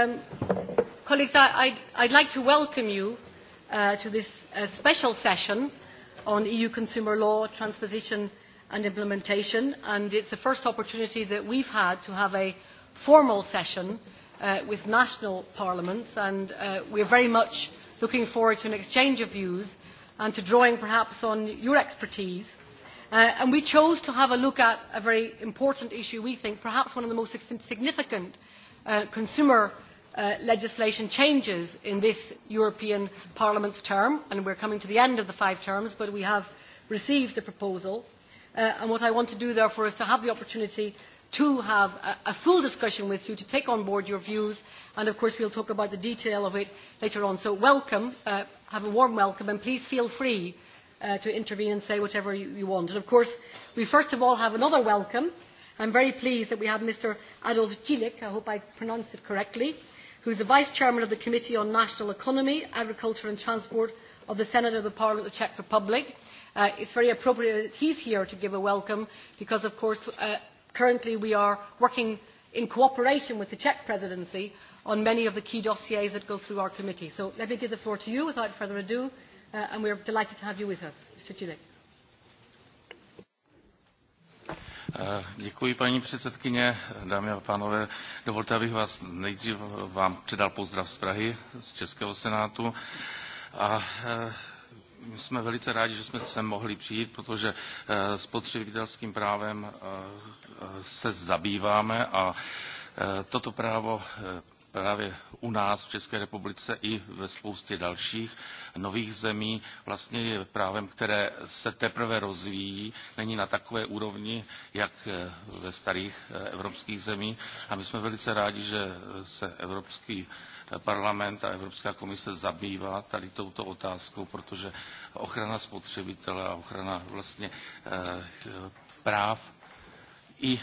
Um, colleagues, I, I'd, I'd like to welcome you uh, to this uh, special session on EU consumer law, transposition and implementation, and it's the first opportunity that we've had to have a formal session uh, with national parliaments, and uh, we're very much looking forward to an exchange of views and to drawing perhaps on your expertise. Uh, and we chose to have a look at a very important issue, we think, perhaps one of the most significant uh, consumer Uh, legislation changes in this European Parliament's term, and we're coming to the end of the five terms, but we have received the proposal. Uh, and what I want to do, therefore, is to have the opportunity to have a, a full discussion with you, to take on board your views, and of course we'll talk about the detail of it later on. So welcome, uh, have a warm welcome, and please feel free uh, to intervene and say whatever you, you want. And of course, we first of all have another welcome. I'm very pleased that we have Mr. Adolf Cilic, I hope I pronounced it correctly, who is the Vice Chairman of the Committee on National Economy, Agriculture and Transport of the Senate of the Parliament of the Czech Republic. Uh, it's very appropriate that he's here to give a welcome because, of course, uh, currently we are working in cooperation with the Czech presidency on many of the key dossiers that go through our committee. So let me give the floor to you without further ado, uh, and we're delighted to have you with us, Mr. Gillick. Eh, děkuji, paní předsedkyně, dámy a pánové. Dovolte, abych vás nejdřív vám předal pozdrav z Prahy, z Českého senátu. A eh, my jsme velice rádi, že jsme sem mohli přijít, protože eh, spotřebitelským právem se zabýváme a toto právo právě u nás v České republice i ve spoustě dalších nových zemí vlastně je právem, které se teprve rozvíjí, není na takové úrovni, jak eh, ve starých eh, evropských zemí. A my jsme velice rádi, že se Evropský eh, parlament a Evropská komise zabývá tady touto otázkou, protože ochrana spotřebitele a ochrana vlastně práv i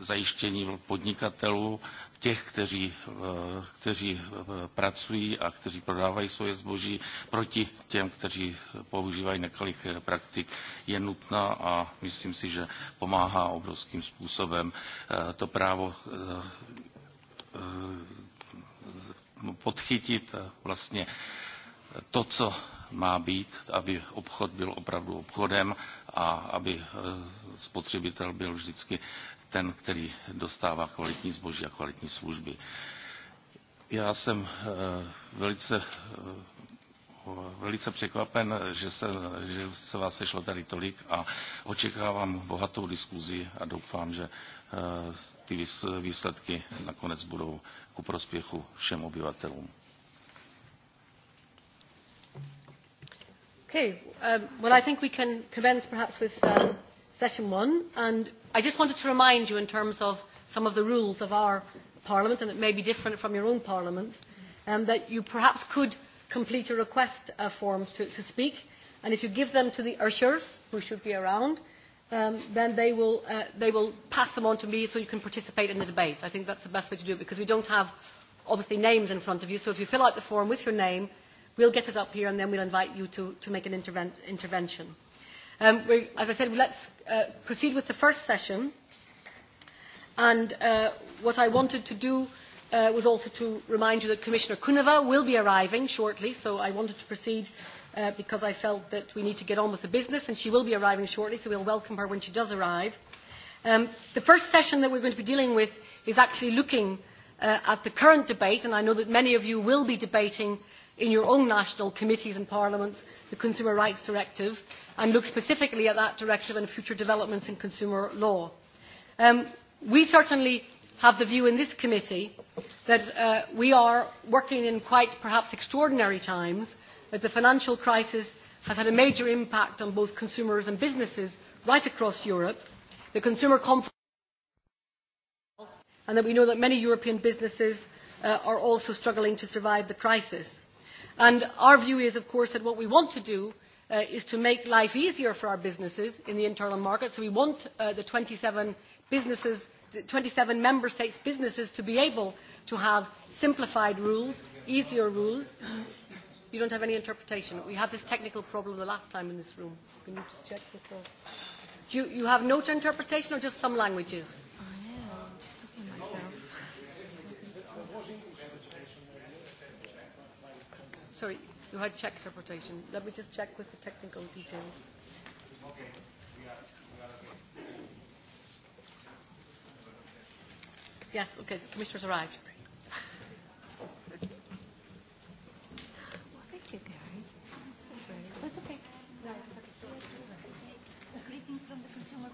zajištění podnikatelů, těch, kteří, eh, kteří eh, pracují a kteří prodávají svoje zboží, proti těm, kteří používají nekalých praktik, je nutná a myslím si, že pomáhá obrovským způsobem. Eh, to právo podchytit vlastně to, co má být, aby obchod byl opravdu obchodem a aby spotřebitel byl vždycky ten, který dostává kvalitní zboží a kvalitní služby. Já jsem eh, velice, eh, velice překvapen, že se, že se vás sešlo tady tolik a očekávám bohatou diskuzi a doufám, že eh, ty výsledky nakonec budou ku prospěchu všem obyvatelům. Okay, um, well I think we can commence perhaps with um, session one. And I just wanted to remind you in terms of some of the rules of our parliament, and it may be different from your own parliaments, um, that you perhaps could complete a request uh, form to, to speak. And if you give them to the ushers, who should be around, um, then they will, uh, they will pass them on to me so you can participate in the debate. I think that's the best way to do it because we don't have, obviously, names in front of you. So if you fill out the form with your name, we'll get it up here and then we'll invite you to, to make an interven intervention. Um, we, as I said, let's uh, proceed with the first session. And uh, what I wanted to do uh, was also to remind you that Commissioner Kuneva will be arriving shortly, so I wanted to proceed uh, because I felt that we need to get on with the business, and she will be arriving shortly, so we'll welcome her when she does arrive. Um, the first session that we're going to be dealing with is actually looking uh, at the current debate, and I know that many of you will be debating uh, in your own national committees and parliaments the Consumer Rights Directive and look specifically at that directive and future developments in consumer law. Um, we certainly have the view in this committee that uh, we are working in quite perhaps extraordinary times, that the financial crisis has had a major impact on both consumers and businesses right across Europe. The consumer and that we know that many European businesses uh, are also struggling to survive the crisis. And our view is, of course, that what we want to do uh, is to make life easier for our businesses in the internal market. So we want uh, the 27 businesses, the 27 member states' businesses to be able to have simplified rules, easier rules. You don't have any interpretation. We had this technical problem the last time in this room. Can you just check the floor? Do you, you have no interpretation or just some languages? sorry, you had Czech interpretation. Let me just check with the technical details. Okay, we are, we are okay. Yes, okay, the commissioner's arrived. well, thank you, Gary. okay. No, it's okay. Greetings from the consumer.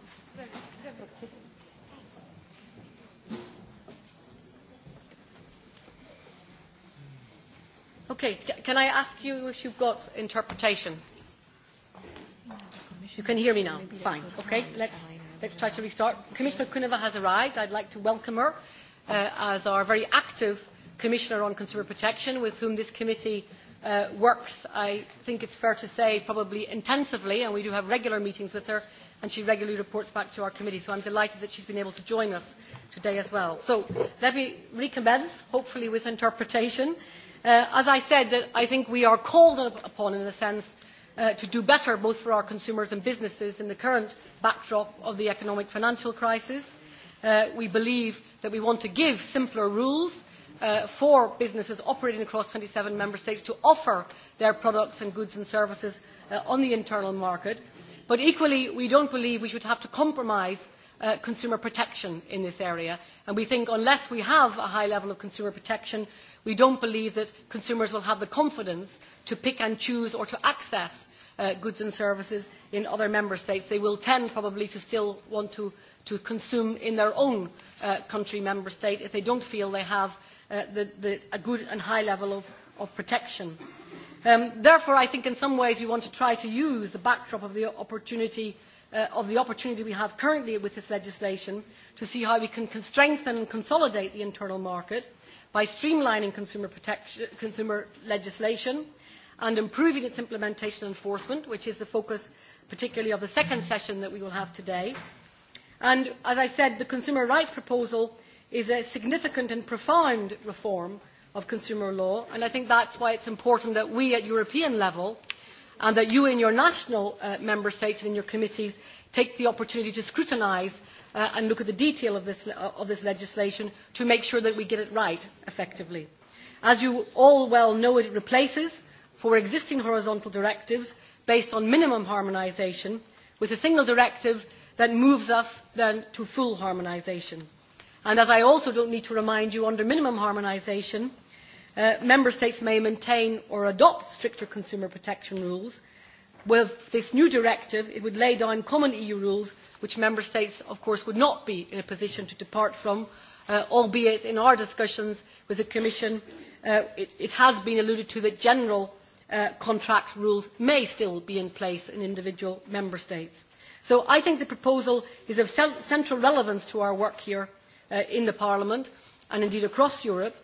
Okay, can I ask you if you've got interpretation? You can hear me now. Fine. Okay, let's, let's try to restart. Commissioner Kuneva has arrived. I'd like to welcome her uh, as our very active Commissioner on Consumer Protection with whom this committee uh, works, I think it's fair to say, probably intensively, and we do have regular meetings with her, and she regularly reports back to our committee, so I'm delighted that she's been able to join us today as well. So let me recommence, hopefully with interpretation. Uh, as I said, that I think we are called upon, in a sense, uh, to do better both for our consumers and businesses in the current backdrop of the economic financial crisis. Uh, we believe that we want to give simpler rules uh, for businesses operating across 27 member states to offer their products and goods and services uh, on the internal market. But equally, we don't believe we should have to compromise uh, consumer protection in this area. And we think unless we have a high level of consumer protection, we do not believe that consumers will have the confidence to pick and choose or to access uh, goods and services in other member states. They will tend probably to still want to, to consume in their own uh, country member state if they do not feel they have uh, the, the, a good and high level of, of protection. Um, therefore, I think in some ways we want to try to use the backdrop of the opportunity uh, of the opportunity we have currently with this legislation to see how we can strengthen and consolidate the internal market by streamlining consumer, protection, consumer legislation and improving its implementation and enforcement, which is the focus particularly of the second session that we will have today. And as I said, the consumer rights proposal is a significant and profound reform of consumer law, and I think that's why it's important that we at European level and that you in your national uh, member states and in your committees take the opportunity to scrutinise uh, and look at the detail of this, uh, of this legislation to make sure that we get it right effectively. As you all well know, it replaces for existing horizontal directives based on minimum harmonisation with a single directive that moves us then to full harmonisation. And as I also don't need to remind you, under minimum harmonisation, uh, member states may maintain or adopt stricter consumer protection rules With this new directive, it would lay down common EU rules, which Member States, of course, would not be in a position to depart from, uh, albeit in our discussions with the Commission, uh, it, it has been alluded to that general uh, contract rules may still be in place in individual Member States. So I think the proposal is of central relevance to our work here uh, in the Parliament and indeed across Europe.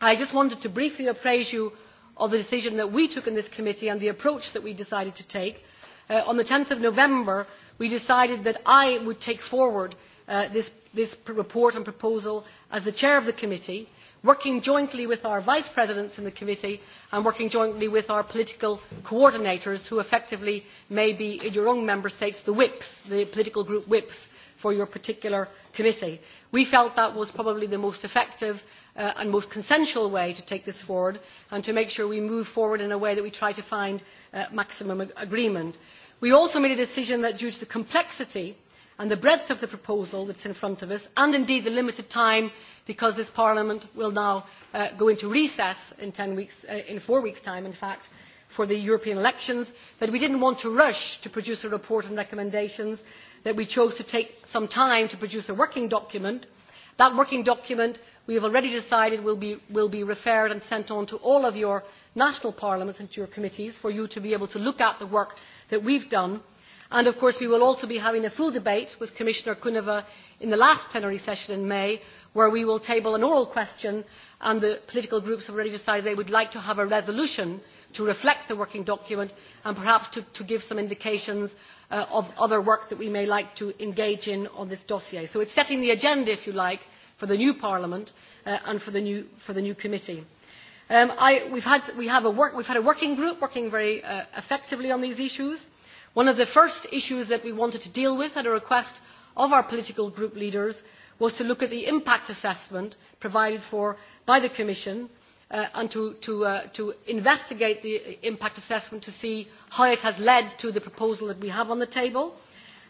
I just wanted to briefly appraise you of the decision that we took in this committee and the approach that we decided to take. Uh, on the 10th of November, we decided that I would take forward uh, this, this report and proposal as the chair of the committee, working jointly with our vice presidents in the committee and working jointly with our political coordinators, who effectively may be in your own member states the whips, the political group whips for your particular committee. We felt that was probably the most effective uh, and most consensual way to take this forward and to make sure we move forward in a way that we try to find uh, maximum ag agreement. We also made a decision that due to the complexity and the breadth of the proposal that is in front of us, and indeed the limited time, because this Parliament will now uh, go into recess in, ten weeks, uh, in four weeks' time, in fact, for the European elections, that we did not want to rush to produce a report and recommendations that we chose to take some time to produce a working document. That working document we have already decided will be, will be referred and sent on to all of your national parliaments and to your committees for you to be able to look at the work that we've done. And of course we will also be having a full debate with Commissioner Kuneva in the last plenary session in May where we will table an oral question and the political groups have already decided they would like to have a resolution to reflect the working document and perhaps to, to give some indications uh, of other work that we may like to engage in on this dossier. So it's setting the agenda, if you like, for the new Parliament uh, and for the new, for the new committee. Um, I, we've, had, we have a work, we've had a working group working very uh, effectively on these issues. One of the first issues that we wanted to deal with at a request of our political group leaders was to look at the impact assessment provided for by the Commission uh, and to, to, uh, to investigate the impact assessment to see how it has led to the proposal that we have on the table.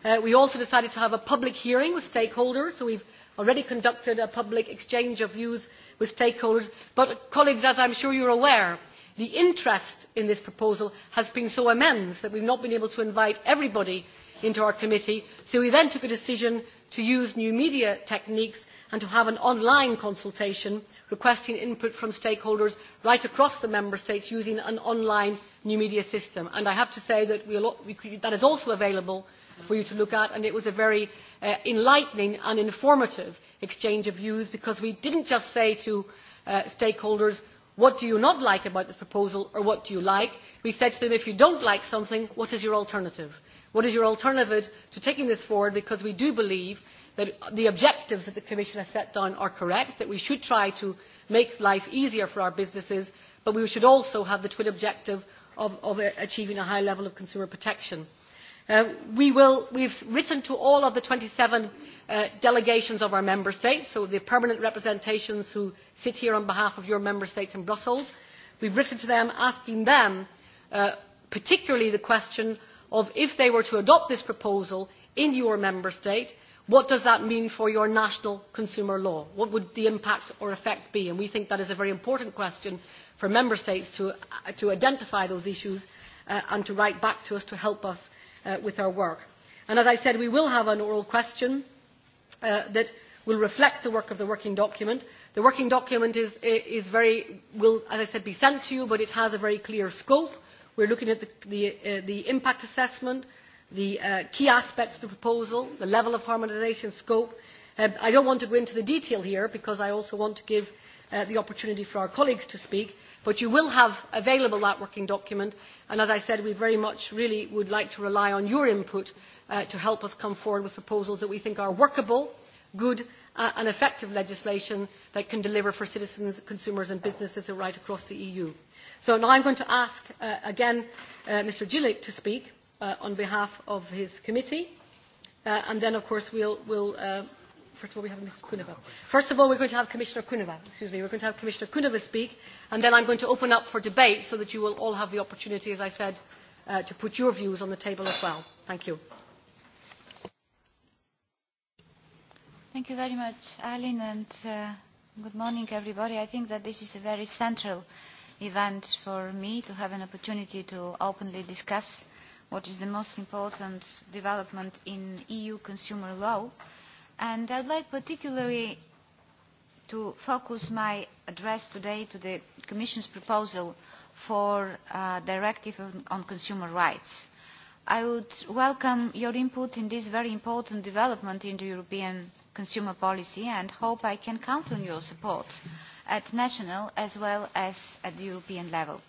Uh, we also decided to have a public hearing with stakeholders, so we've already conducted a public exchange of views with stakeholders. But, colleagues, as I'm sure you're aware, the interest in this proposal has been so immense that we've not been able to invite everybody into our committee, so we then took a decision to use new media techniques and to have an online consultation requesting input from stakeholders right across the member states using an online new media system. And I have to say that we, we that is also available for you to look at, and it was a very uh, enlightening and informative exchange of views because we didn't just say to uh, stakeholders, what do you not like about this proposal or what do you like? We said to them, if you don't like something, what is your alternative? What is your alternative to taking this forward? Because we do believe that the objectives that the Commission has set down are correct, that we should try to make life easier for our businesses, but we should also have the twin objective of, of achieving a high level of consumer protection. Uh, we will, we've written to all of the 27 uh, delegations of our member states, so the permanent representations who sit here on behalf of your member states in Brussels. We've written to them asking them, uh, particularly the question of if they were to adopt this proposal in your member state, What does that mean for your national consumer law? What would the impact or effect be? And we think that is a very important question for member states to, uh, to identify those issues uh, and to write back to us to help us uh, with our work. And as I said, we will have an oral question uh, that will reflect the work of the working document. The working document is, is very, will, as I said, be sent to you, but it has a very clear scope. We're looking at the, the, uh, the impact assessment, the uh, key aspects of the proposal, the level of harmonisation scope. I um, I don't want to go into the detail here because I also want to give uh, the opportunity for our colleagues to speak, but you will have available that working document, and as I said, we very much really would like to rely on your input uh, to help us come forward with proposals that we think are workable, good uh, and effective legislation that can deliver for citizens, consumers and businesses right across the EU. So now I'm going to ask uh, again uh, Mr. Gillick to speak uh, on behalf of his committee. Uh, and then, of course, we'll, we'll uh, first of all, we have Mrs. Kuneva. First of all, we're going to have Commissioner Kuneva, excuse me, we're going to have Commissioner Kuneva speak, and then I'm going to open up for debate so that you will all have the opportunity, as I said, uh, to put your views on the table as well. Thank you. Thank you very much, Aline, and uh, good morning, everybody. I think that this is a very central event for me to have an opportunity to openly discuss uh, what is the most important development in EU consumer law. And I'd like particularly to focus my address today to the Commission's proposal for a uh, directive on, on consumer rights. I would welcome your input in this very important development in the European consumer policy and hope I can count on your support at national as well as at the European level.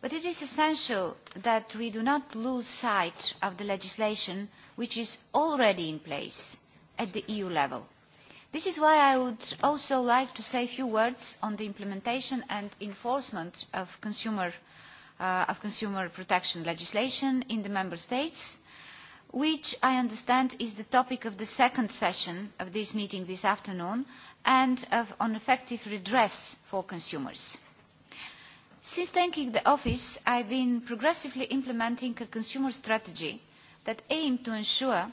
But it is essential that we do not lose sight of the legislation which is already in place at the EU level. This is why I would also like to say a few words on the implementation and enforcement of consumer, uh, of consumer protection legislation in the Member States, which I understand is the topic of the second session of this meeting this afternoon, and of, on effective redress for consumers. Since taking the office, I've been progressively implementing a consumer strategy that aims to ensure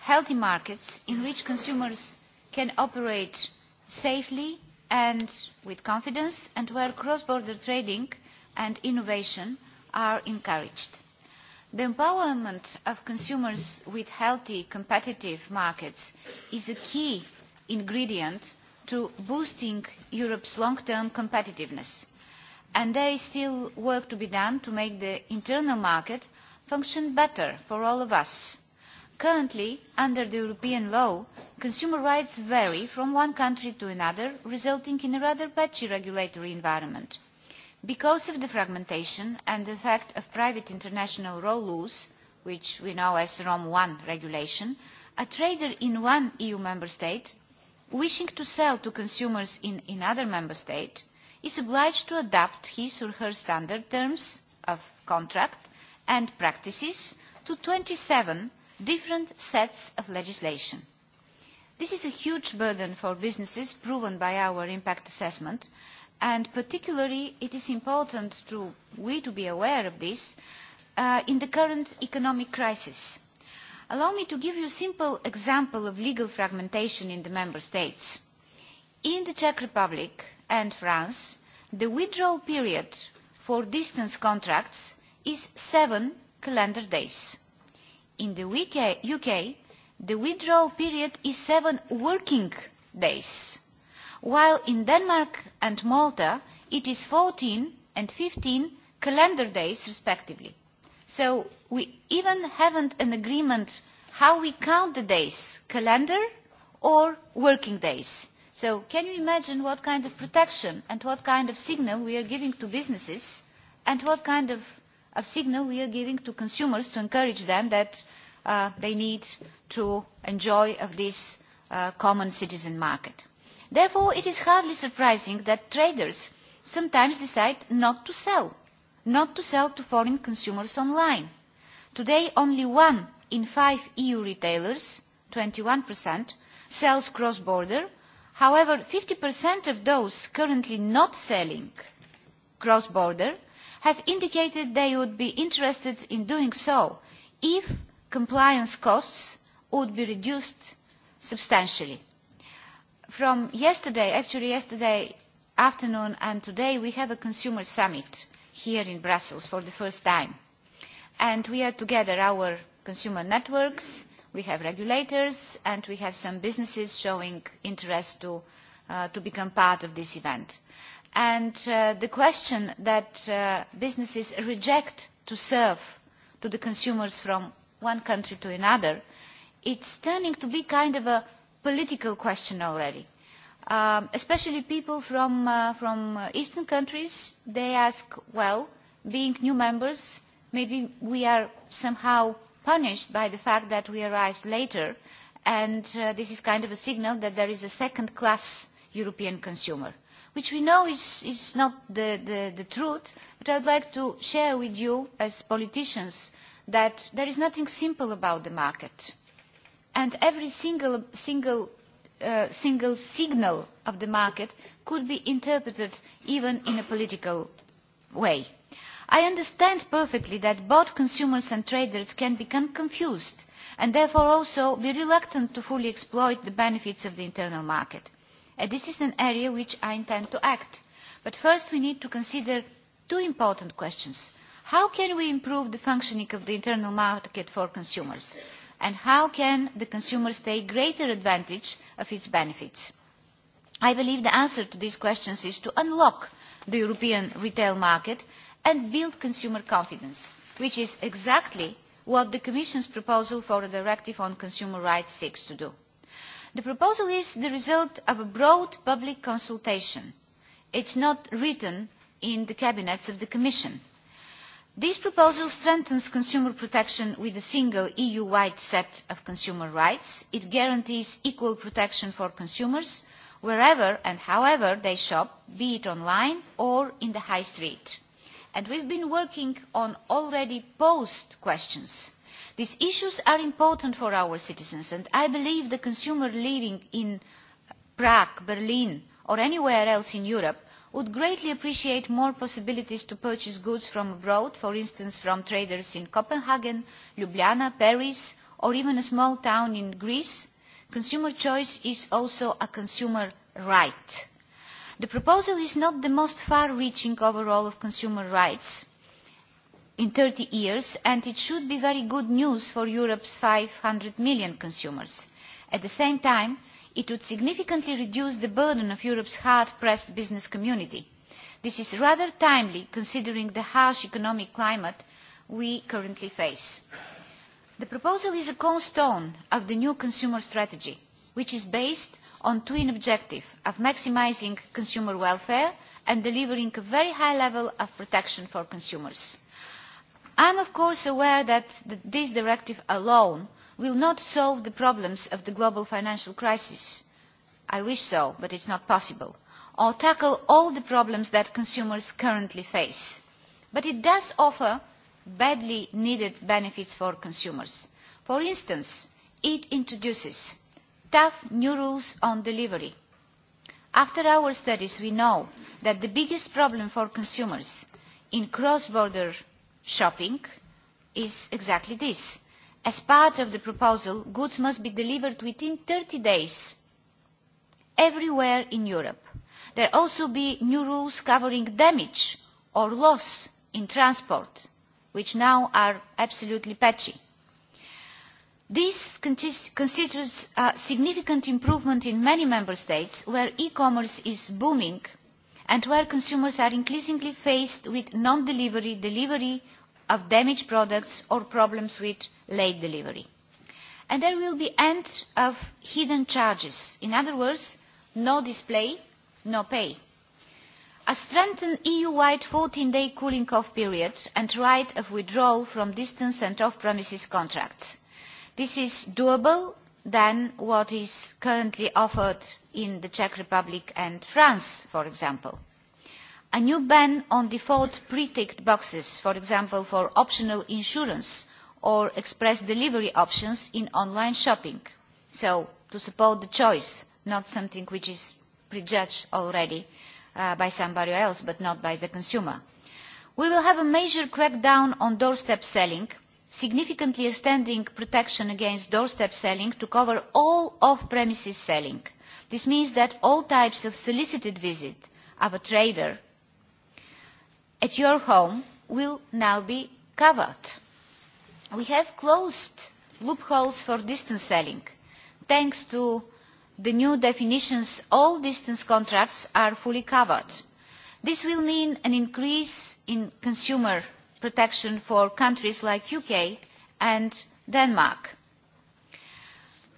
healthy markets in which consumers can operate safely and with confidence and where cross-border trading and innovation are encouraged. The empowerment of consumers with healthy competitive markets is a key ingredient to boosting Europe's long-term competitiveness and there is still work to be done to make the internal market function better for all of us. Currently, under the European law, consumer rights vary from one country to another, resulting in a rather patchy regulatory environment. Because of the fragmentation and the fact of private international role rules, which we know as ROM 1 regulation, a trader in one EU member state wishing to sell to consumers in another member state is obliged to adapt his or her standard terms of contract and practices to 27 different sets of legislation. This is a huge burden for businesses proven by our impact assessment and particularly it is important to we to be aware of this uh, in the current economic crisis. Allow me to give you a simple example of legal fragmentation in the member states. In the Czech Republic, and France, the withdrawal period for distance contracts is seven calendar days. In the UK, UK the withdrawal period is seven working days, while in Denmark and Malta it is 14 and 15 calendar days respectively. So we even haven't an agreement how we count the days, calendar or working days. So can you imagine what kind of protection and what kind of signal we are giving to businesses and what kind of, of signal we are giving to consumers to encourage them that uh, they need to enjoy of this uh, common citizen market. Therefore, it is hardly surprising that traders sometimes decide not to sell, not to sell to foreign consumers online. Today, only one in five EU retailers, 21%, sells cross-border However, 50% of those currently not selling cross-border have indicated they would be interested in doing so if compliance costs would be reduced substantially. From yesterday, actually yesterday afternoon and today, we have a consumer summit here in Brussels for the first time. And we are together, our consumer networks, We have regulators and we have some businesses showing interest to, uh, to become part of this event. And uh, the question that uh, businesses reject to serve to the consumers from one country to another, it's turning to be kind of a political question already. Um, especially people from, uh, from eastern countries, they ask, well, being new members, maybe we are somehow punished by the fact that we arrived later and uh, this is kind of a signal that there is a second class European consumer which we know is, is not the, the, the truth, but I would like to share with you as politicians that there is nothing simple about the market. And every single, single, uh, single signal of the market could be interpreted even in a political way. I understand perfectly that both consumers and traders can become confused and therefore also be reluctant to fully exploit the benefits of the internal market. And uh, this is an area which I intend to act. But first we need to consider two important questions. How can we improve the functioning of the internal market for consumers? And how can the consumers take greater advantage of its benefits? I believe the answer to these questions is to unlock the European retail market and build consumer confidence, which is exactly what the Commission's proposal for a directive on consumer rights seeks to do. The proposal is the result of a broad public consultation. It's not written in the cabinets of the Commission. This proposal strengthens consumer protection with a single EU-wide set of consumer rights. It guarantees equal protection for consumers wherever and however they shop, be it online or in the high street and we've been working on already posed questions. These issues are important for our citizens, and I believe the consumer living in Prague, Berlin, or anywhere else in Europe would greatly appreciate more possibilities to purchase goods from abroad, for instance from traders in Copenhagen, Ljubljana, Paris, or even a small town in Greece. Consumer choice is also a consumer right. The proposal is not the most far-reaching overall of consumer rights in 30 years, and it should be very good news for Europe's 500 million consumers. At the same time, it would significantly reduce the burden of Europe's hard-pressed business community. This is rather timely considering the harsh economic climate we currently face. The proposal is a cornerstone of the new consumer strategy, which is based on twin objectives of maximizing consumer welfare and delivering a very high level of protection for consumers. I am of course aware that this directive alone will not solve the problems of the global financial crisis. I wish so, but it's not possible, or tackle all the problems that consumers currently face. But it does offer badly needed benefits for consumers. For instance, it introduces tough new rules on delivery. After our studies, we know that the biggest problem for consumers in cross-border shopping is exactly this. As part of the proposal, goods must be delivered within 30 days everywhere in Europe. There also be new rules covering damage or loss in transport, which now are absolutely patchy. This constitutes a significant improvement in many member states where e-commerce is booming and where consumers are increasingly faced with non-delivery, delivery of damaged products or problems with late delivery. And there will be end of hidden charges. In other words, no display, no pay. A strengthened EU-wide 14-day cooling-off period and right of withdrawal from distance and off-premises contracts – This is doable than what is currently offered in the Czech Republic and France, for example. A new ban on default pre-ticked boxes, for example, for optional insurance or express delivery options in online shopping. So, to support the choice, not something which is prejudged already uh, by somebody else, but not by the consumer. We will have a major crackdown on doorstep selling – significantly extending protection against doorstep selling to cover all off-premises selling. This means that all types of solicited visit of a trader at your home will now be covered. We have closed loopholes for distance selling. Thanks to the new definitions, all distance contracts are fully covered. This will mean an increase in consumer protection for countries like UK and Denmark.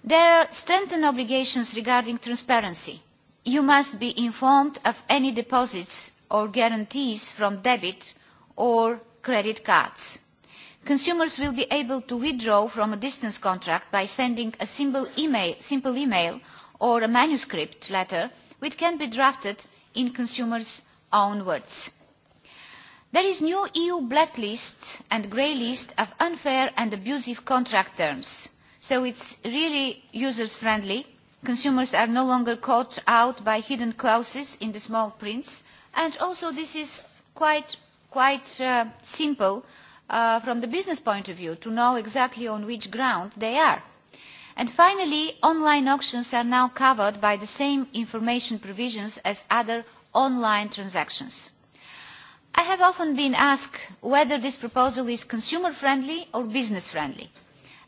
There are strengthened obligations regarding transparency. You must be informed of any deposits or guarantees from debit or credit cards. Consumers will be able to withdraw from a distance contract by sending a simple email, simple email or a manuscript letter which can be drafted in consumers' own words. There is new EU blacklist and grey list of unfair and abusive contract terms. So it's really users friendly. Consumers are no longer caught out by hidden clauses in the small prints. And also this is quite, quite uh, simple uh, from the business point of view to know exactly on which ground they are. And finally, online auctions are now covered by the same information provisions as other online transactions. I have often been asked whether this proposal is consumer-friendly or business-friendly,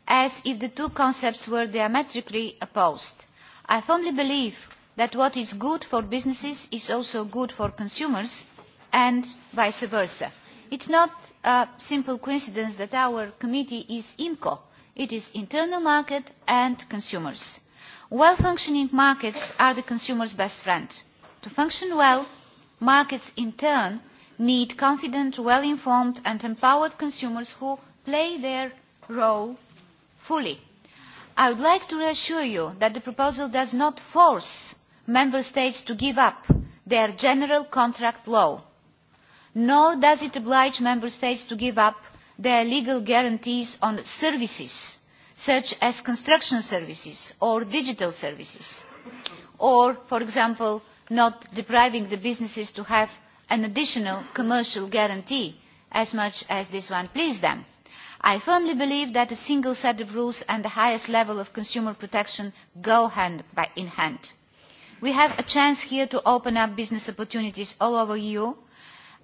as if the two concepts were diametrically opposed. I firmly believe that what is good for businesses is also good for consumers and vice versa. It's not a simple coincidence that our committee is IMCO. It is internal market and consumers. Well-functioning markets are the consumer's best friend. To function well, markets in turn need confident, well-informed and empowered consumers who play their role fully. I would like to reassure you that the proposal does not force Member States to give up their general contract law, nor does it oblige Member States to give up their legal guarantees on services, such as construction services or digital services, or, for example, not depriving the businesses to have an additional commercial guarantee as much as this one pleased them. I firmly believe that a single set of rules and the highest level of consumer protection go hand by in hand. We have a chance here to open up business opportunities all over EU,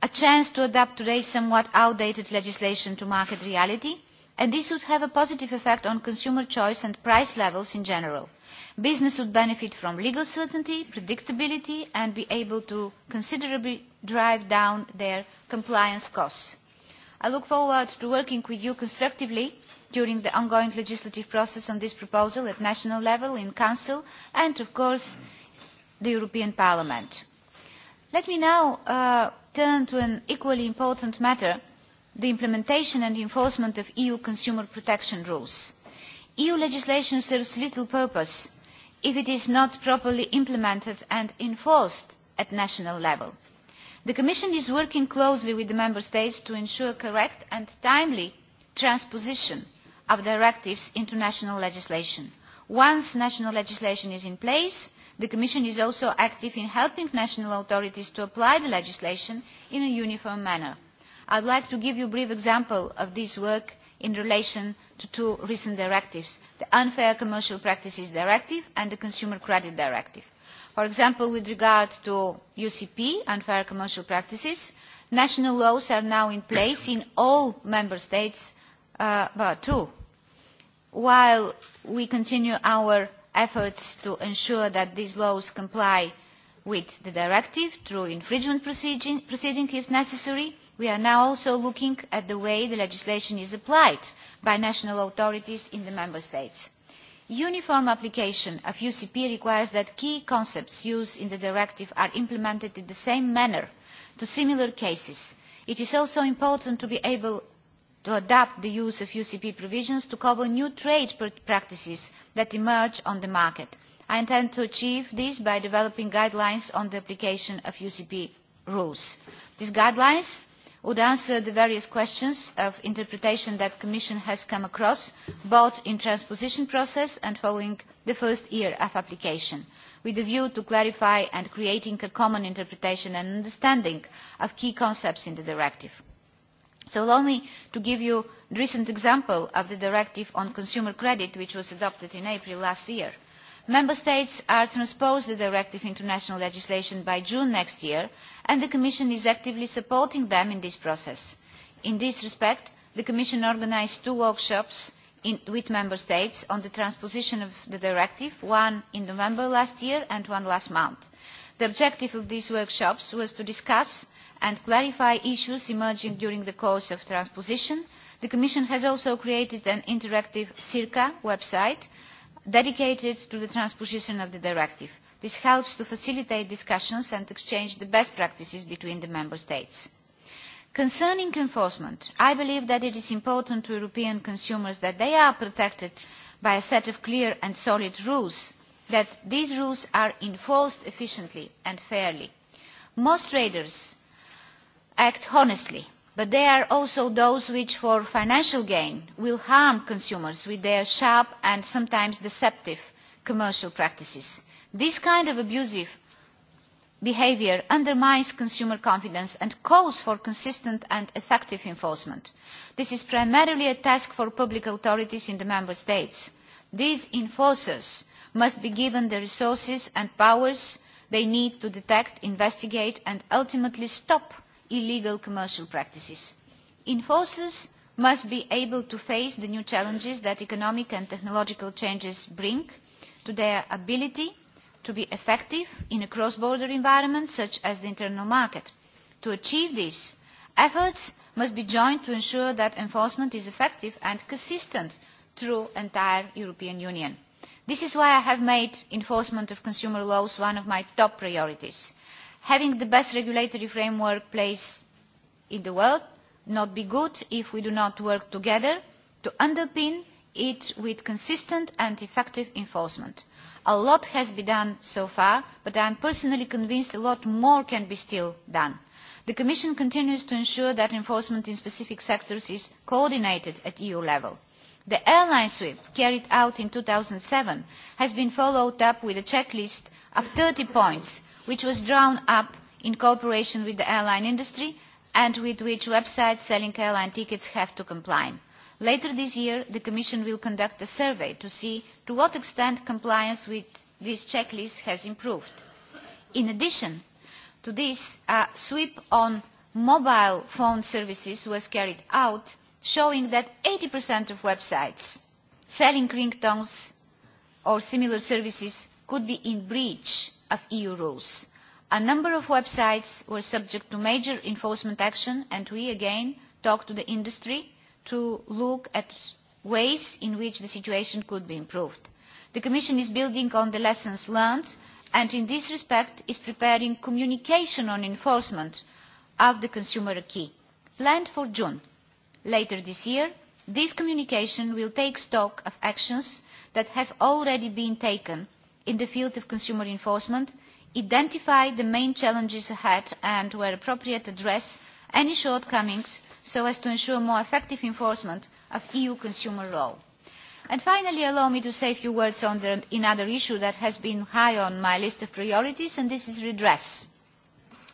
a chance to adapt today's somewhat outdated legislation to market reality, and this would have a positive effect on consumer choice and price levels in general. Business would benefit from legal certainty, predictability, and be able to considerably drive down their compliance costs. I look forward to working with you constructively during the ongoing legislative process on this proposal at national level, in Council, and of course, the European Parliament. Let me now uh, turn to an equally important matter, the implementation and enforcement of EU consumer protection rules. EU legislation serves little purpose if it is not properly implemented and enforced at national level. The Commission is working closely with the Member States to ensure correct and timely transposition of directives into national legislation. Once national legislation is in place, the Commission is also active in helping national authorities to apply the legislation in a uniform manner. I would like to give you a brief example of this work in relation to two recent directives, the Unfair Commercial Practices Directive and the Consumer Credit Directive. For example, with regard to UCP, Unfair Commercial Practices, national laws are now in place in all member states, uh, but two, while we continue our efforts to ensure that these laws comply with the directive through infringement proceeding, proceeding if necessary, We are now also looking at the way the legislation is applied by national authorities in the Member States. Uniform application of UCP requires that key concepts used in the directive are implemented in the same manner to similar cases. It is also important to be able to adapt the use of UCP provisions to cover new trade practices that emerge on the market. I intend to achieve this by developing guidelines on the application of UCP rules. These guidelines would answer the various questions of interpretation that the Commission has come across, both in transposition process and following the first year of application, with a view to clarify and creating a common interpretation and understanding of key concepts in the directive. So allow me to give you a recent example of the directive on consumer credit, which was adopted in April last year. Member States are to transpose the directive into national legislation by June next year, and the Commission is actively supporting them in this process. In this respect, the Commission organized two workshops in, with Member States on the transposition of the directive, one in November last year and one last month. The objective of these workshops was to discuss and clarify issues emerging during the course of transposition. The Commission has also created an interactive CIRCA website dedicated to the transposition of the directive. This helps to facilitate discussions and exchange the best practices between the Member States. Concerning enforcement, I believe that it is important to European consumers that they are protected by a set of clear and solid rules, that these rules are enforced efficiently and fairly. Most traders act honestly But there are also those which for financial gain will harm consumers with their sharp and sometimes deceptive commercial practices. This kind of abusive behavior undermines consumer confidence and calls for consistent and effective enforcement. This is primarily a task for public authorities in the Member States. These enforcers must be given the resources and powers they need to detect, investigate and ultimately stop illegal commercial practices. Enforcers must be able to face the new challenges that economic and technological changes bring to their ability to be effective in a cross-border environment such as the internal market. To achieve this, efforts must be joined to ensure that enforcement is effective and consistent through entire European Union. This is why I have made enforcement of consumer laws one of my top priorities having the best regulatory framework place in the world not be good if we do not work together to underpin it with consistent and effective enforcement. A lot has been done so far, but I am personally convinced a lot more can be still done. The Commission continues to ensure that enforcement in specific sectors is coordinated at EU level. The airline sweep carried out in 2007 has been followed up with a checklist of 30 points which was drawn up in cooperation with the airline industry and with which websites selling airline tickets have to comply. Later this year, the Commission will conduct a survey to see to what extent compliance with this checklist has improved. In addition to this, a sweep on mobile phone services was carried out, showing that 80% of websites selling ringtones or similar services could be in breach of EU rules. A number of websites were subject to major enforcement action and we again talked to the industry to look at ways in which the situation could be improved. The Commission is building on the lessons learned and in this respect is preparing communication on enforcement of the consumer acquis, planned for June. Later this year, this communication will take stock of actions that have already been taken in the field of consumer enforcement, identify the main challenges ahead and, where appropriate, address any shortcomings so as to ensure more effective enforcement of EU consumer law. And finally, allow me to say a few words on the, another issue that has been high on my list of priorities, and this is redress.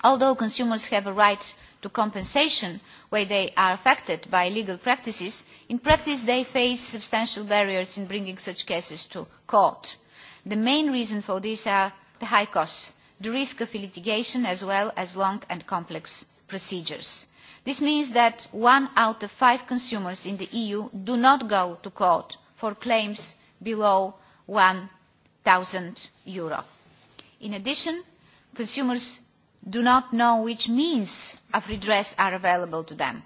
Although consumers have a right to compensation where they are affected by legal practices, in practice they face substantial barriers in bringing such cases to court. The main reason for this are the high costs, the risk of litigation as well as long and complex procedures. This means that one out of five consumers in the EU do not go to court for claims below 1,000 euro. In addition, consumers do not know which means of redress are available to them.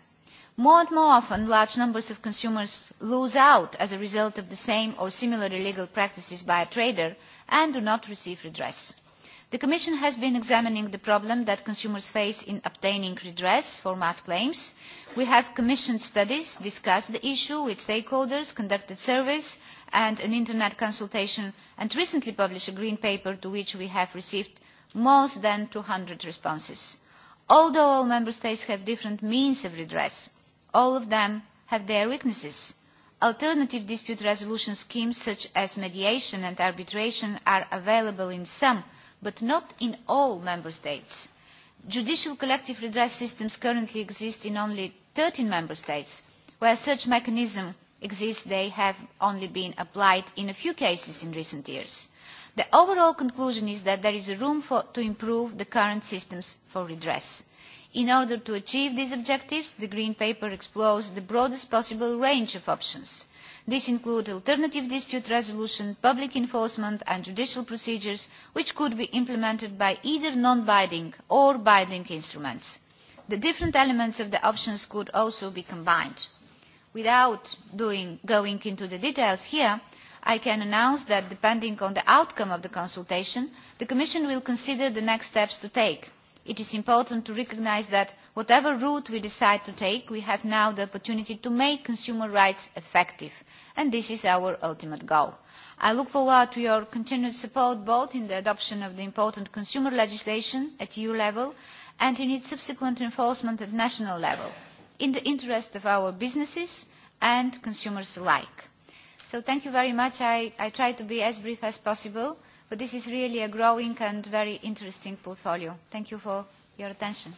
More and more often, large numbers of consumers lose out as a result of the same or similar illegal practices by a trader and do not receive redress. The Commission has been examining the problem that consumers face in obtaining redress for mass claims. We have commissioned studies, discussed the issue with stakeholders, conducted surveys and an internet consultation and recently published a green paper to which we have received more than 200 responses. Although all member states have different means of redress, All of them have their weaknesses. Alternative dispute resolution schemes such as mediation and arbitration are available in some, but not in all member states. Judicial collective redress systems currently exist in only 13 member states. Where such mechanism exists, they have only been applied in a few cases in recent years. The overall conclusion is that there is room for, to improve the current systems for redress. In order to achieve these objectives, the Green Paper explores the broadest possible range of options. These include alternative dispute resolution, public enforcement and judicial procedures, which could be implemented by either non-binding or binding instruments. The different elements of the options could also be combined. Without doing, going into the details here, I can announce that depending on the outcome of the consultation, the Commission will consider the next steps to take it is important to recognize that whatever route we decide to take, we have now the opportunity to make consumer rights effective, and this is our ultimate goal. I look forward to your continued support both in the adoption of the important consumer legislation at EU level and in its subsequent enforcement at national level, in the interest of our businesses and consumers alike. So thank you very much. I, I try to be as brief as possible. But this is really a growing and very interesting portfolio. Thank you for your attention.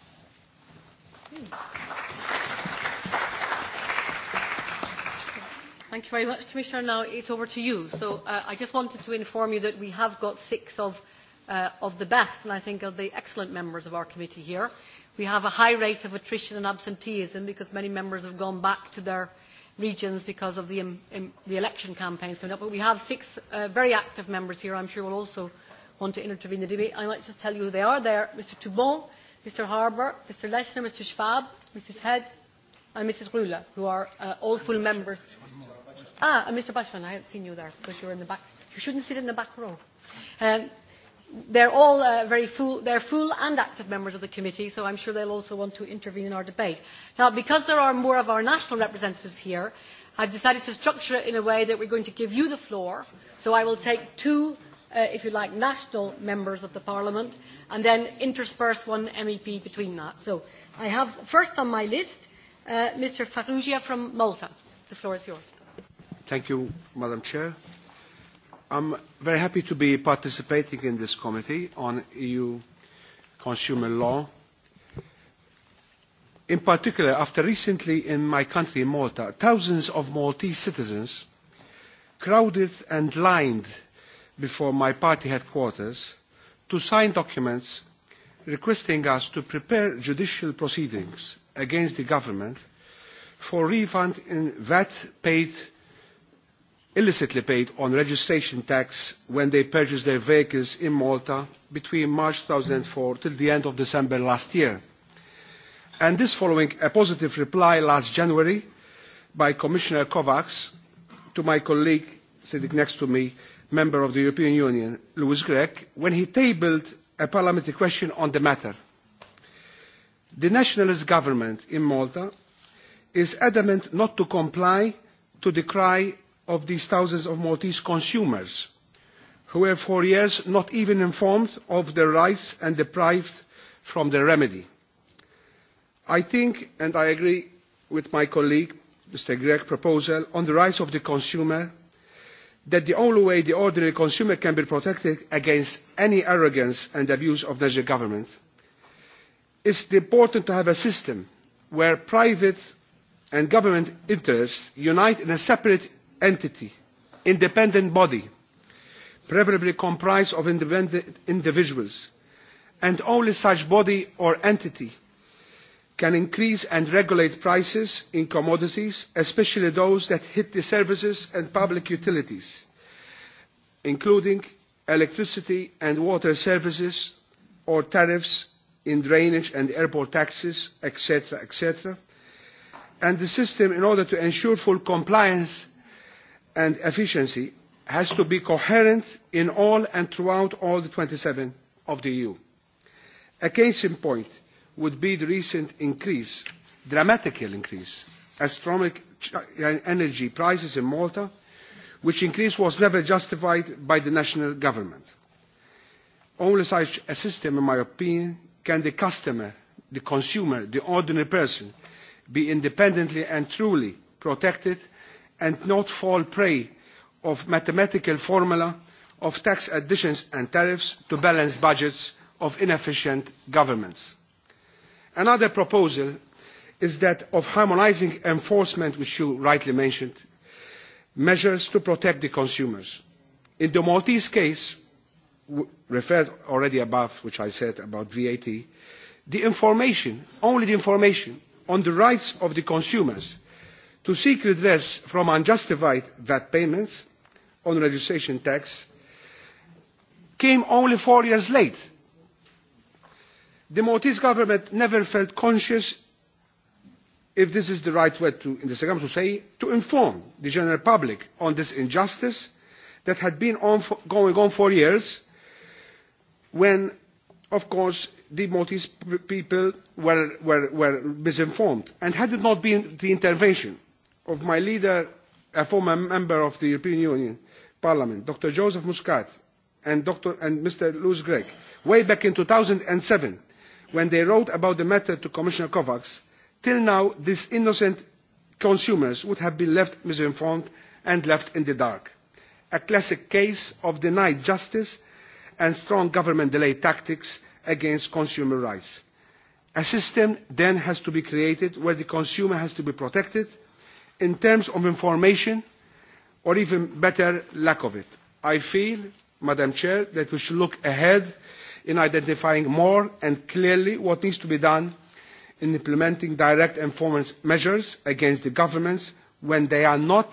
Thank you very much, Commissioner. Now it's over to you. So uh, I just wanted to inform you that we have got six of, uh, of the best, and I think of the excellent members of our committee here. We have a high rate of attrition and absenteeism because many members have gone back to their regions because of the, um, um, the election campaigns coming up. But we have six uh, very active members here I'm sure will also want to intervene in the debate. I might just tell you who they are. They are Mr. Toubon, Mr. Harbour, Mr. Lechner, Mr. Schwab, Mrs. Head, and Mrs. Rula, who are uh, all full members. Ah, and Mr. Bashman, I haven't seen you there because you're in the back. You shouldn't sit in the back row. Um, they're all uh, very full, they're full and active members of the committee, so I'm sure they'll also want to intervene in our debate. Now, because there are more of our national representatives here, I've decided to structure it in a way that we're going to give you the floor, so I will take two, uh, if you like, national members of the parliament, and then intersperse one MEP between that. So I have first on my list uh, Mr. Farrugia from Malta. The floor is yours. Thank you, Madam Chair. I'm very happy to be participating in this committee on EU consumer law. In particular, after recently in my country, Malta, thousands of Maltese citizens crowded and lined before my party headquarters to sign documents requesting us to prepare judicial proceedings against the government for refund in VAT paid illicitly paid on registration tax when they purchased their vehicles in Malta between March 2004 till the end of December last year. And this following a positive reply last January by Commissioner Kovacs to my colleague sitting next to me, member of the European Union, Louis Grech, when he tabled a parliamentary question on the matter. The nationalist government in Malta is adamant not to comply to the cry of these thousands of Maltese consumers who were for years not even informed of their rights and deprived from the remedy. I think, and I agree with my colleague, Mr. Gregg's proposal on the rights of the consumer, that the only way the ordinary consumer can be protected against any arrogance and abuse of national government is important to have a system where private and government interests unite in a separate entity, independent body, preferably comprised of independent individuals, and only such body or entity can increase and regulate prices in commodities, especially those that hit the services and public utilities, including electricity and water services or tariffs in drainage and airport taxes, etc., etc., and the system in order to ensure full compliance and efficiency has to be coherent in all and throughout all the 27 of the EU. A case in point would be the recent increase, dramatic increase, astronomic uh, energy prices in Malta, which increase was never justified by the national government. Only such a system, in my opinion, can the customer, the consumer, the ordinary person, be independently and truly protected and not fall prey of mathematical formula of tax additions and tariffs to balance budgets of inefficient governments. Another proposal is that of harmonizing enforcement, which you rightly mentioned, measures to protect the consumers. In the Maltese case, referred already above, which I said about VAT, the information, only the information on the rights of the consumers to seek redress from unjustified VAT payments on registration tax came only four years late. The Maltese government never felt conscious, if this is the right way to, in the second to say, to inform the general public on this injustice that had been on for, going on for years when, of course, the Maltese people were, were, were misinformed and had it not been the intervention of my leader, a former member of the European Union Parliament, Dr. Joseph Muscat and, Dr. and Mr. Louis Gregg, way back in 2007, when they wrote about the matter to Commissioner Kovacs, till now these innocent consumers would have been left misinformed and left in the dark. A classic case of denied justice and strong government delay tactics against consumer rights. A system then has to be created where the consumer has to be protected in terms of information or even better lack of it. I feel, Madam Chair, that we should look ahead in identifying more and clearly what needs to be done in implementing direct enforcement measures against the governments when they are not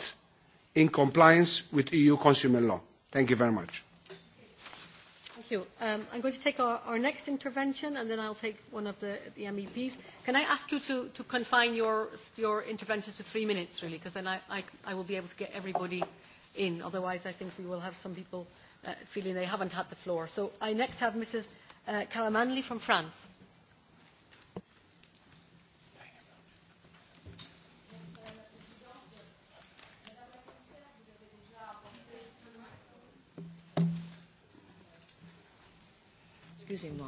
in compliance with EU consumer law. Thank you very much you. Um, I'm going to take our, our next intervention and then I'll take one of the, the MEPs. Can I ask you to, to confine your, your interventions to three minutes, really, because then I, I, I will be able to get everybody in. Otherwise, I think we will have some people uh, feeling they haven't had the floor. So I next have Mrs. Uh, Calamanli from France. Excusez-moi.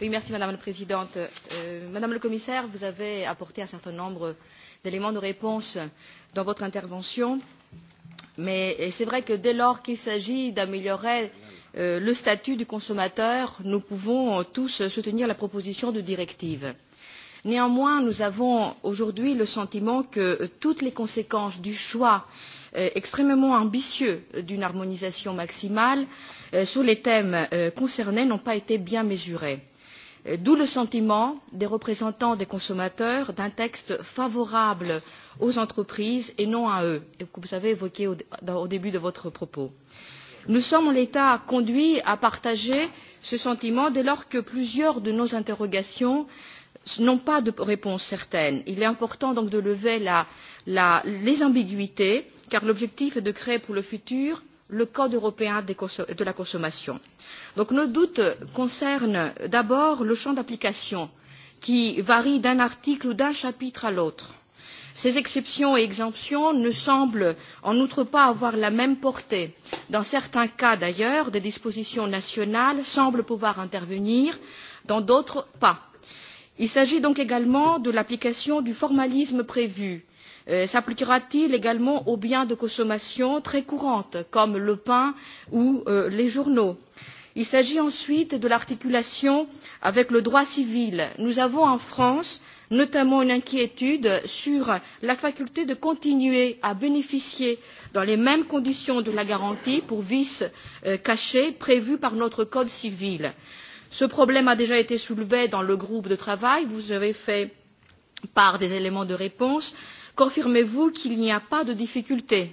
Oui, merci Madame la Présidente. Euh, Madame le Commissaire, vous avez apporté un certain nombre d'éléments de réponse dans votre intervention, mais c'est vrai que dès lors qu'il s'agit d'améliorer euh, le statut du consommateur, nous pouvons tous soutenir la proposition de directive. Néanmoins, nous avons aujourd'hui le sentiment que toutes les conséquences du choix euh, Euh, extrêmement ambitieux d'une harmonisation maximale euh, sur les thèmes euh, concernés n'ont pas été bien mesurés. D'où le sentiment des représentants des consommateurs d'un texte favorable aux entreprises et non à eux, que vous avez évoqué au, au début de votre propos. Nous sommes en l'état conduits à partager ce sentiment dès lors que plusieurs de nos interrogations n'ont pas de réponse certaine. Il est important donc de lever la, la, les ambiguïtés car l'objectif est de créer pour le futur le Code européen de la consommation. Donc nos doutes concernent d'abord le champ d'application qui varie d'un article ou d'un chapitre à l'autre. Ces exceptions et exemptions ne semblent en outre pas avoir la même portée. Dans certains cas d'ailleurs, des dispositions nationales semblent pouvoir intervenir, dans d'autres pas. Il s'agit donc également de l'application du formalisme prévu Euh, S'appliquera-t-il également aux biens de consommation très courantes, comme le pain ou euh, les journaux Il s'agit ensuite de l'articulation avec le droit civil. Nous avons en France notamment une inquiétude sur la faculté de continuer à bénéficier dans les mêmes conditions de la garantie pour vice caché euh, cachés prévus par notre Code civil. Ce problème a déjà été soulevé dans le groupe de travail, vous avez fait part des éléments de réponse. Confirmez-vous qu'il n'y a pas de difficulté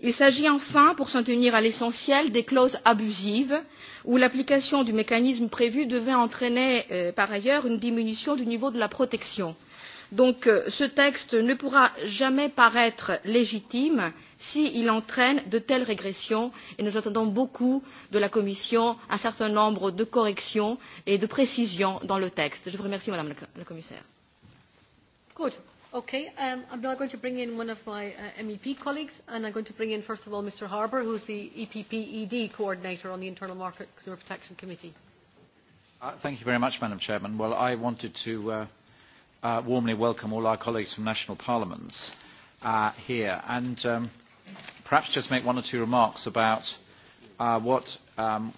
Il s'agit enfin, pour s'en tenir à l'essentiel, des clauses abusives, où l'application du mécanisme prévu devait entraîner euh, par ailleurs une diminution du niveau de la protection. Donc euh, ce texte ne pourra jamais paraître légitime s'il entraîne de telles régressions et nous attendons beaucoup de la Commission un certain nombre de corrections et de précisions dans le texte. Je vous remercie Madame la, la Commissaire. Good. Okay, um, I'm now going to bring in one of my uh, MEP colleagues, and I'm going to bring in, first of all, Mr. Harbour, who's the EPPED coordinator on the Internal Market Consumer Protection Committee. Uh, thank you very much, Madam Chairman. Well, I wanted to uh, uh, warmly welcome all our colleagues from national parliaments uh, here, and um, perhaps just make one or two remarks about uh, what um,